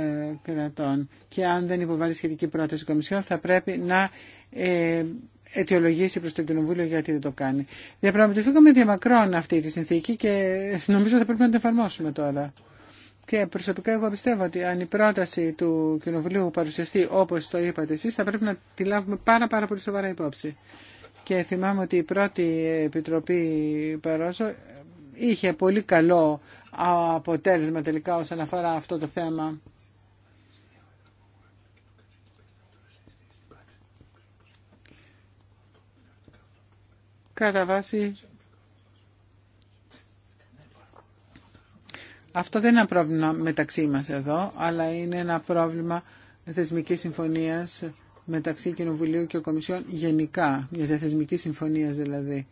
κρατών. Και αν δεν υποβάλει σχετική πρόταση Κομισιόν θα πρέπει να ε, αιτιολογήσει προς το Κοινοβούλιο γιατί δεν το κάνει. Διαπραγματευτήκαμε διαμακρών αυτή τη συνθήκη και νομίζω θα πρέπει να την εφαρμόσουμε τώρα. Και προσωπικά εγώ πιστεύω ότι αν η πρόταση του Κοινοβουλίου παρουσιαστεί όπως το είπατε εσείς θα πρέπει να τη λάβουμε πάρα πάρα πολύ σοβαρά υπόψη. Και θυμάμαι ότι η πρώτη Επιτροπή Παρόσο είχε πολύ καλό αποτέλεσμα τελικά όσον αφορά αυτό το θέμα. Κατά βάση Αυτό δεν είναι ένα πρόβλημα μεταξύ μας εδώ, αλλά είναι ένα πρόβλημα θεσμικής συμφωνίας μεταξύ Κοινοβουλίου και Κομισιόν γενικά, μια θεσμική συμφωνία δηλαδή.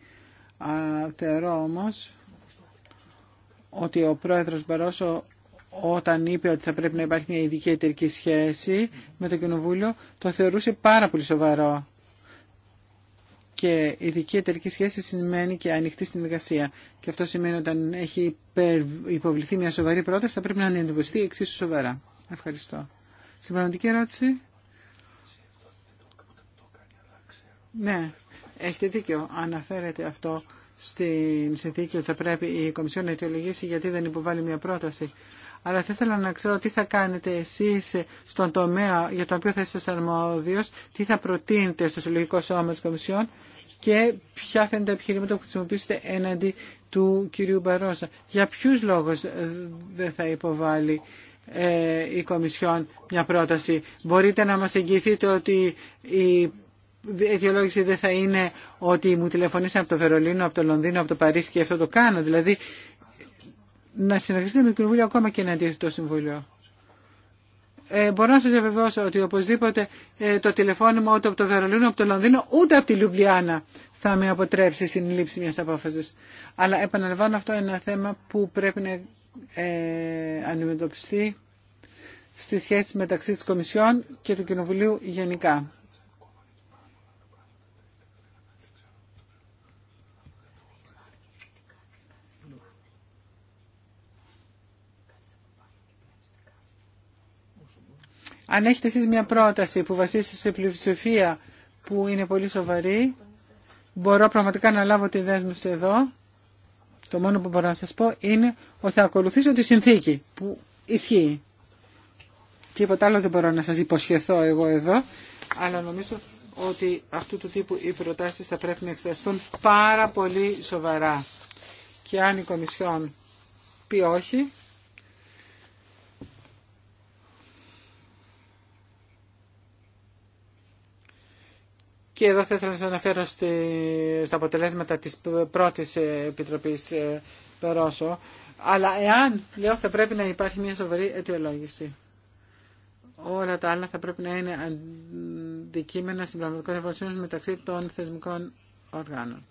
Α, θεωρώ όμως ότι ο πρόεδρος Μπαρόσο όταν είπε ότι θα πρέπει να υπάρχει μια ειδική εταιρική σχέση με το Κοινοβούλιο, το θεωρούσε πάρα πολύ σοβαρό. Και ειδική εταιρική σχέση σημαίνει και ανοιχτή συνεργασία. Και αυτό σημαίνει ότι όταν έχει υποβληθεί μια σοβαρή πρόταση θα πρέπει να αντιμετωπιστεί εξίσου σοβαρά. Ευχαριστώ. Συμπραγματική ερώτηση. Ναι, έχετε δίκιο. Αναφέρεται αυτό στην συνθήκη ότι θα πρέπει η Κομισιόν να αιτιολογήσει γιατί δεν υποβάλλει μια πρόταση. Αλλά θα ήθελα να ξέρω τι θα κάνετε εσείς στον τομέα για τον οποίο θα είστε αρμόδιος, τι θα προτείνετε στο συλλογικό σώμα της Κομισιόν και ποια θα είναι τα επιχειρήματα που χρησιμοποιήσετε έναντι του κυρίου Μπαρόσα. Για ποιους λόγους δεν θα υποβάλει ε, η Κομισιόν μια πρόταση. Μπορείτε να μας εγγυηθείτε ότι η αιτιολόγηση δεν θα είναι ότι μου τηλεφωνήσαν από το Βερολίνο, από το Λονδίνο, από το Παρίσι και αυτό το κάνω. Δηλαδή να συνεργαστείτε με το Κοινοβούλιο ακόμα και να αντίθετο Συμβούλιο. Ε, μπορώ να σα διαβεβαιώσω ότι οπωσδήποτε ε, το τηλεφώνημα ούτε από το Βερολίνο, από το Λονδίνο, ούτε από τη Λουμπλιάνα θα με αποτρέψει στην λήψη μια απόφαση. Αλλά επαναλαμβάνω αυτό είναι ένα θέμα που πρέπει να ε, αντιμετωπιστεί στις σχέσεις μεταξύ της Κομισιόν και του Κοινοβουλίου γενικά. Αν έχετε εσείς μια πρόταση που βασίζεται σε πλειοψηφία που είναι πολύ σοβαρή, μπορώ πραγματικά να λάβω τη δέσμευση εδώ. Το μόνο που μπορώ να σας πω είναι ότι θα ακολουθήσω τη συνθήκη που ισχύει. Τίποτα άλλο δεν μπορώ να σας υποσχεθώ εγώ εδώ, αλλά νομίζω ότι αυτού του τύπου οι προτάσεις θα πρέπει να εξεταστούν πάρα πολύ σοβαρά. Και αν η Κομισιόν πει όχι, Και εδώ θα ήθελα να σας αναφέρω στα αποτελέσματα της πρώτης ε, Επιτροπής Περόσο. Αλλά εάν, λέω, θα πρέπει να υπάρχει μια σοβαρή αιτιολόγηση. Όλα τα άλλα θα πρέπει να είναι αντικείμενα συμπληρωματικών εμφανισμών μεταξύ των θεσμικών οργάνων.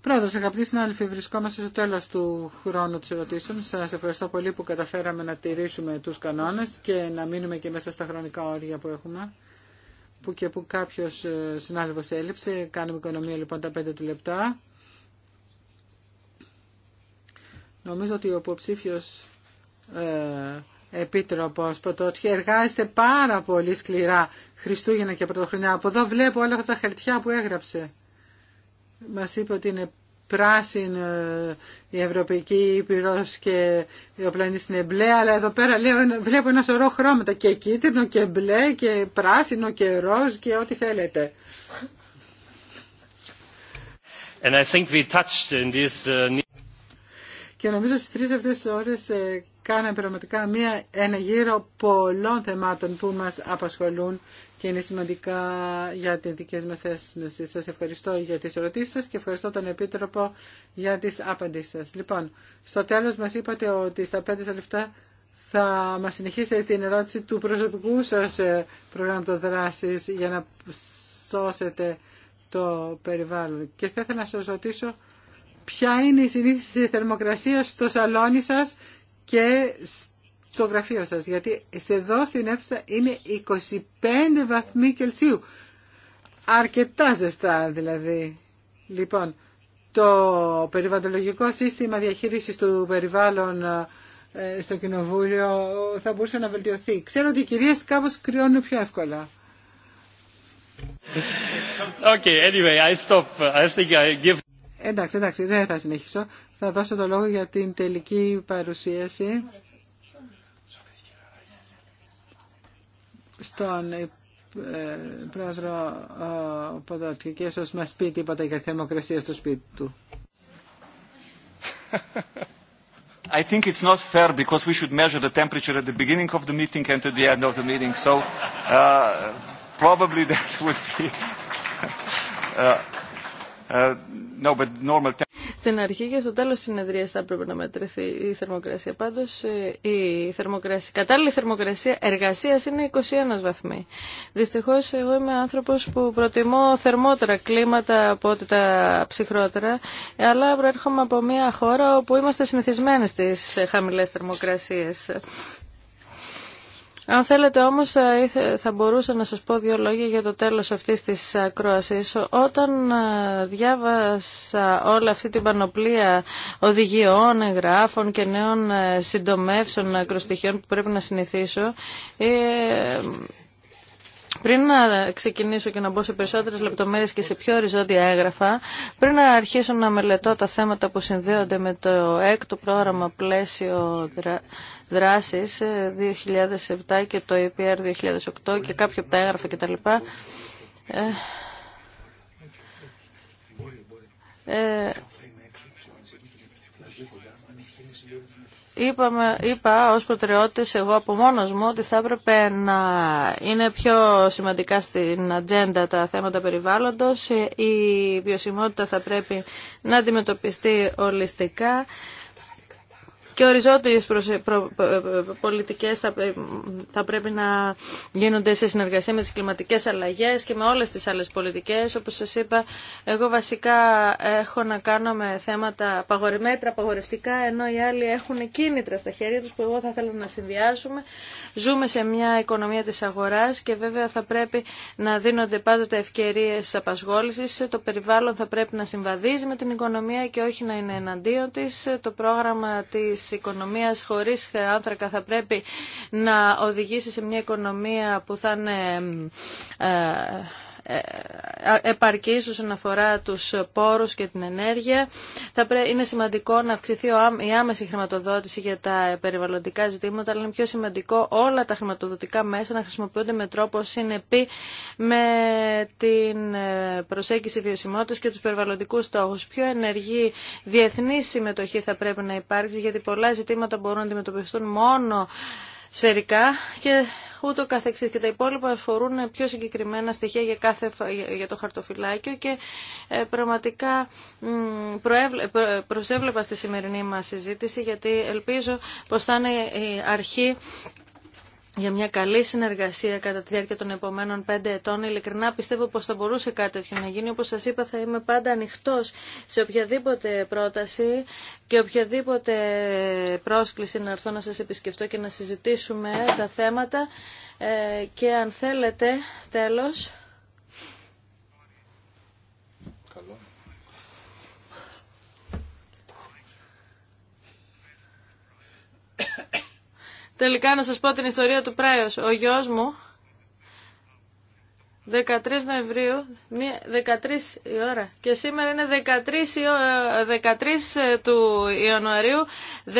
Πρόεδρο, αγαπητοί συνάδελφοι, βρισκόμαστε στο τέλο του χρόνου τη ερωτήσεων. Σα ευχαριστώ πολύ που καταφέραμε να τηρήσουμε του κανόνε και να μείνουμε και μέσα στα χρονικά όρια που έχουμε που και που κάποιος ε, συνάδελφος έλειψε. Κάνουμε οικονομία λοιπόν τα πέντε του λεπτά. Νομίζω ότι ο υποψήφιο ε, επίτροπος Ποτότσια εργάζεται πάρα πολύ σκληρά Χριστούγεννα και Πρωτοχρονιά. Από εδώ βλέπω όλα αυτά τα χαρτιά που έγραψε. Μας είπε ότι είναι πράσινο ε, η Ευρωπαϊκή πυρο και ο πλανήτη είναι μπλε, αλλά εδώ πέρα λέω, βλέπω ένα σωρό χρώματα και κίτρινο και μπλε και πράσινο και ροζ και ό,τι θέλετε. And I think we touched in this... Uh, και νομίζω στις τρεις αυτές τις ώρες ε, κάναμε πραγματικά μία, ένα γύρο πολλών θεμάτων που μας απασχολούν και είναι σημαντικά για τις δικές μας θέσεις. Σας ευχαριστώ για τις ερωτήσεις σας και ευχαριστώ τον Επίτροπο για τις απαντήσεις σας. Λοιπόν, στο τέλος μας είπατε ότι στα 5 λεπτά θα μας συνεχίσετε την ερώτηση του προσωπικού σας ε, προγράμματος δράση για να σώσετε το περιβάλλον. Και θα ήθελα να σας ρωτήσω ποια είναι η συνήθιση θερμοκρασία στο σαλόνι σας και στο γραφείο σας, γιατί εδώ στην αίθουσα είναι 25 βαθμοί Κελσίου. Αρκετά ζεστά δηλαδή. Λοιπόν, το περιβαλλοντολογικό σύστημα διαχείρισης του περιβάλλον ε, στο κοινοβούλιο θα μπορούσε να βελτιωθεί. Ξέρω ότι οι κυρίες κάπως κρυώνουν πιο εύκολα. Okay, anyway, I stop. I think I give... Εντάξει, εντάξει, δεν θα συνεχίσω. Θα δώσω το λόγο για την τελική παρουσίαση. στον πρόεδρο Ποδότη και ίσως μας πει τίποτα για θερμοκρασία στο σπίτι του. I think it's not fair because we should measure the temperature at the beginning of the meeting and at the end of the meeting. So uh, probably that would be uh, uh, no, but normal στην αρχή και στο τέλος της συνεδρίας θα έπρεπε να μετρηθεί η θερμοκρασία. Πάντως ε, η θερμοκρασία, κατάλληλη θερμοκρασία εργασίας είναι 21 βαθμοί. Δυστυχώς εγώ είμαι άνθρωπος που προτιμώ θερμότερα κλίματα από ότι τα ψυχρότερα, αλλά προέρχομαι από μια χώρα όπου είμαστε συνηθισμένοι στις χαμηλές θερμοκρασίες. Αν θέλετε όμως θα μπορούσα να σας πω δύο λόγια για το τέλος αυτής της ακρόασης. Όταν ε, διάβασα όλη αυτή την πανοπλία οδηγιών, εγγράφων και νέων ε, συντομεύσεων ακροστοιχείων που πρέπει να συνηθίσω, ε, πριν να ξεκινήσω και να μπω σε περισσότερε λεπτομέρειες και σε πιο οριζόντια έγγραφα, πριν να αρχίσω να μελετώ τα θέματα που συνδέονται με το έκτο πρόγραμμα πλαίσιο δράση 2007 ε, και το EPR 2008 και κάποια από τα έγγραφα κτλ. Ε, ε Είπαμε, είπα ως προτεραιότητες εγώ από μόνος μου ότι θα έπρεπε να είναι πιο σημαντικά στην ατζέντα τα θέματα περιβάλλοντος. Η βιωσιμότητα θα πρέπει να αντιμετωπιστεί ολιστικά και οριζόντιες πολιτικές θα πρέπει να γίνονται σε συνεργασία με τις κλιματικές αλλαγές και με όλες τις άλλες πολιτικές. Όπως σας είπα, εγώ βασικά έχω να κάνω με θέματα παγορημέτρα, παγορευτικά, ενώ οι άλλοι έχουν κίνητρα στα χέρια τους που εγώ θα θέλω να συνδυάσουμε. Ζούμε σε μια οικονομία της αγοράς και βέβαια θα πρέπει να δίνονται πάντοτε ευκαιρίες απασχόλησης. Το περιβάλλον θα πρέπει να συμβαδίζει με την οικονομία και όχι να είναι εναντίον τη. Το πρόγραμμα της Οικονομία χωρίς άνθρακα θα πρέπει να οδηγήσει σε μια οικονομία που θα είναι ε, ε, ε, επαρκής όσον αφορά τους πόρους και την ενέργεια. Θα πρέ... Είναι σημαντικό να αυξηθεί η άμεση χρηματοδότηση για τα περιβαλλοντικά ζητήματα, αλλά είναι πιο σημαντικό όλα τα χρηματοδοτικά μέσα να χρησιμοποιούνται με τρόπο συνεπή με την ε, προσέγγιση βιωσιμότητας και τους περιβαλλοντικούς στόχους. Πιο ενεργή διεθνή συμμετοχή θα πρέπει να υπάρξει, γιατί πολλά ζητήματα μπορούν να αντιμετωπιστούν μόνο σφαιρικά και ούτω καθεξής. Και τα υπόλοιπα αφορούν πιο συγκεκριμένα στοιχεία για, κάθε, για το χαρτοφυλάκιο και ε, πραγματικά προσέβλεπα στη σημερινή μας συζήτηση γιατί ελπίζω πως θα είναι η αρχή για μια καλή συνεργασία κατά τη διάρκεια των επομένων πέντε ετών. Ειλικρινά πιστεύω πως θα μπορούσε κάτι τέτοιο να γίνει. Όπως σας είπα θα είμαι πάντα ανοιχτός σε οποιαδήποτε πρόταση και οποιαδήποτε πρόσκληση να έρθω να σας επισκεφτώ και να συζητήσουμε τα θέματα. Ε, και αν θέλετε τέλος Τελικά να σας πω την ιστορία του Πράιος. Ο γιος μου, 13 Νοεμβρίου, 13 η ώρα. Και σήμερα είναι 13, 13 ε, του Ιανουαρίου, 13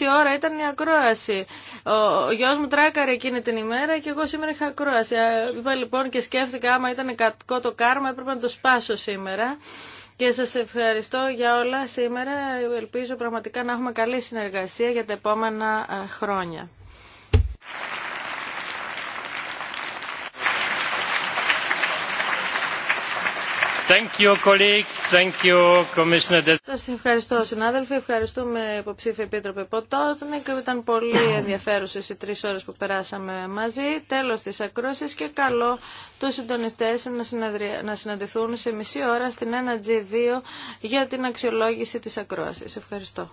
η ώρα ήταν η ακρόαση. Ο γιος μου τράκαρε εκείνη την ημέρα και εγώ σήμερα είχα ακρόαση. Ε, είπα λοιπόν και σκέφτηκα άμα ήταν κακό το κάρμα έπρεπε να το σπάσω σήμερα. Και σας ευχαριστώ για όλα σήμερα. Ελπίζω πραγματικά να έχουμε καλή συνεργασία για τα επόμενα ε, χρόνια. Thank Σας ευχαριστώ συνάδελφοι, ευχαριστούμε υποψήφια Επίτροπε Ποτότνικ. Ήταν πολύ ενδιαφέρουσες οι τρεις ώρες που περάσαμε μαζί. Τέλος της ακρόσης και καλό τους συντονιστές να, να συναντηθούν σε μισή ώρα στην 1G2 για την αξιολόγηση της ακρόσης. Ευχαριστώ.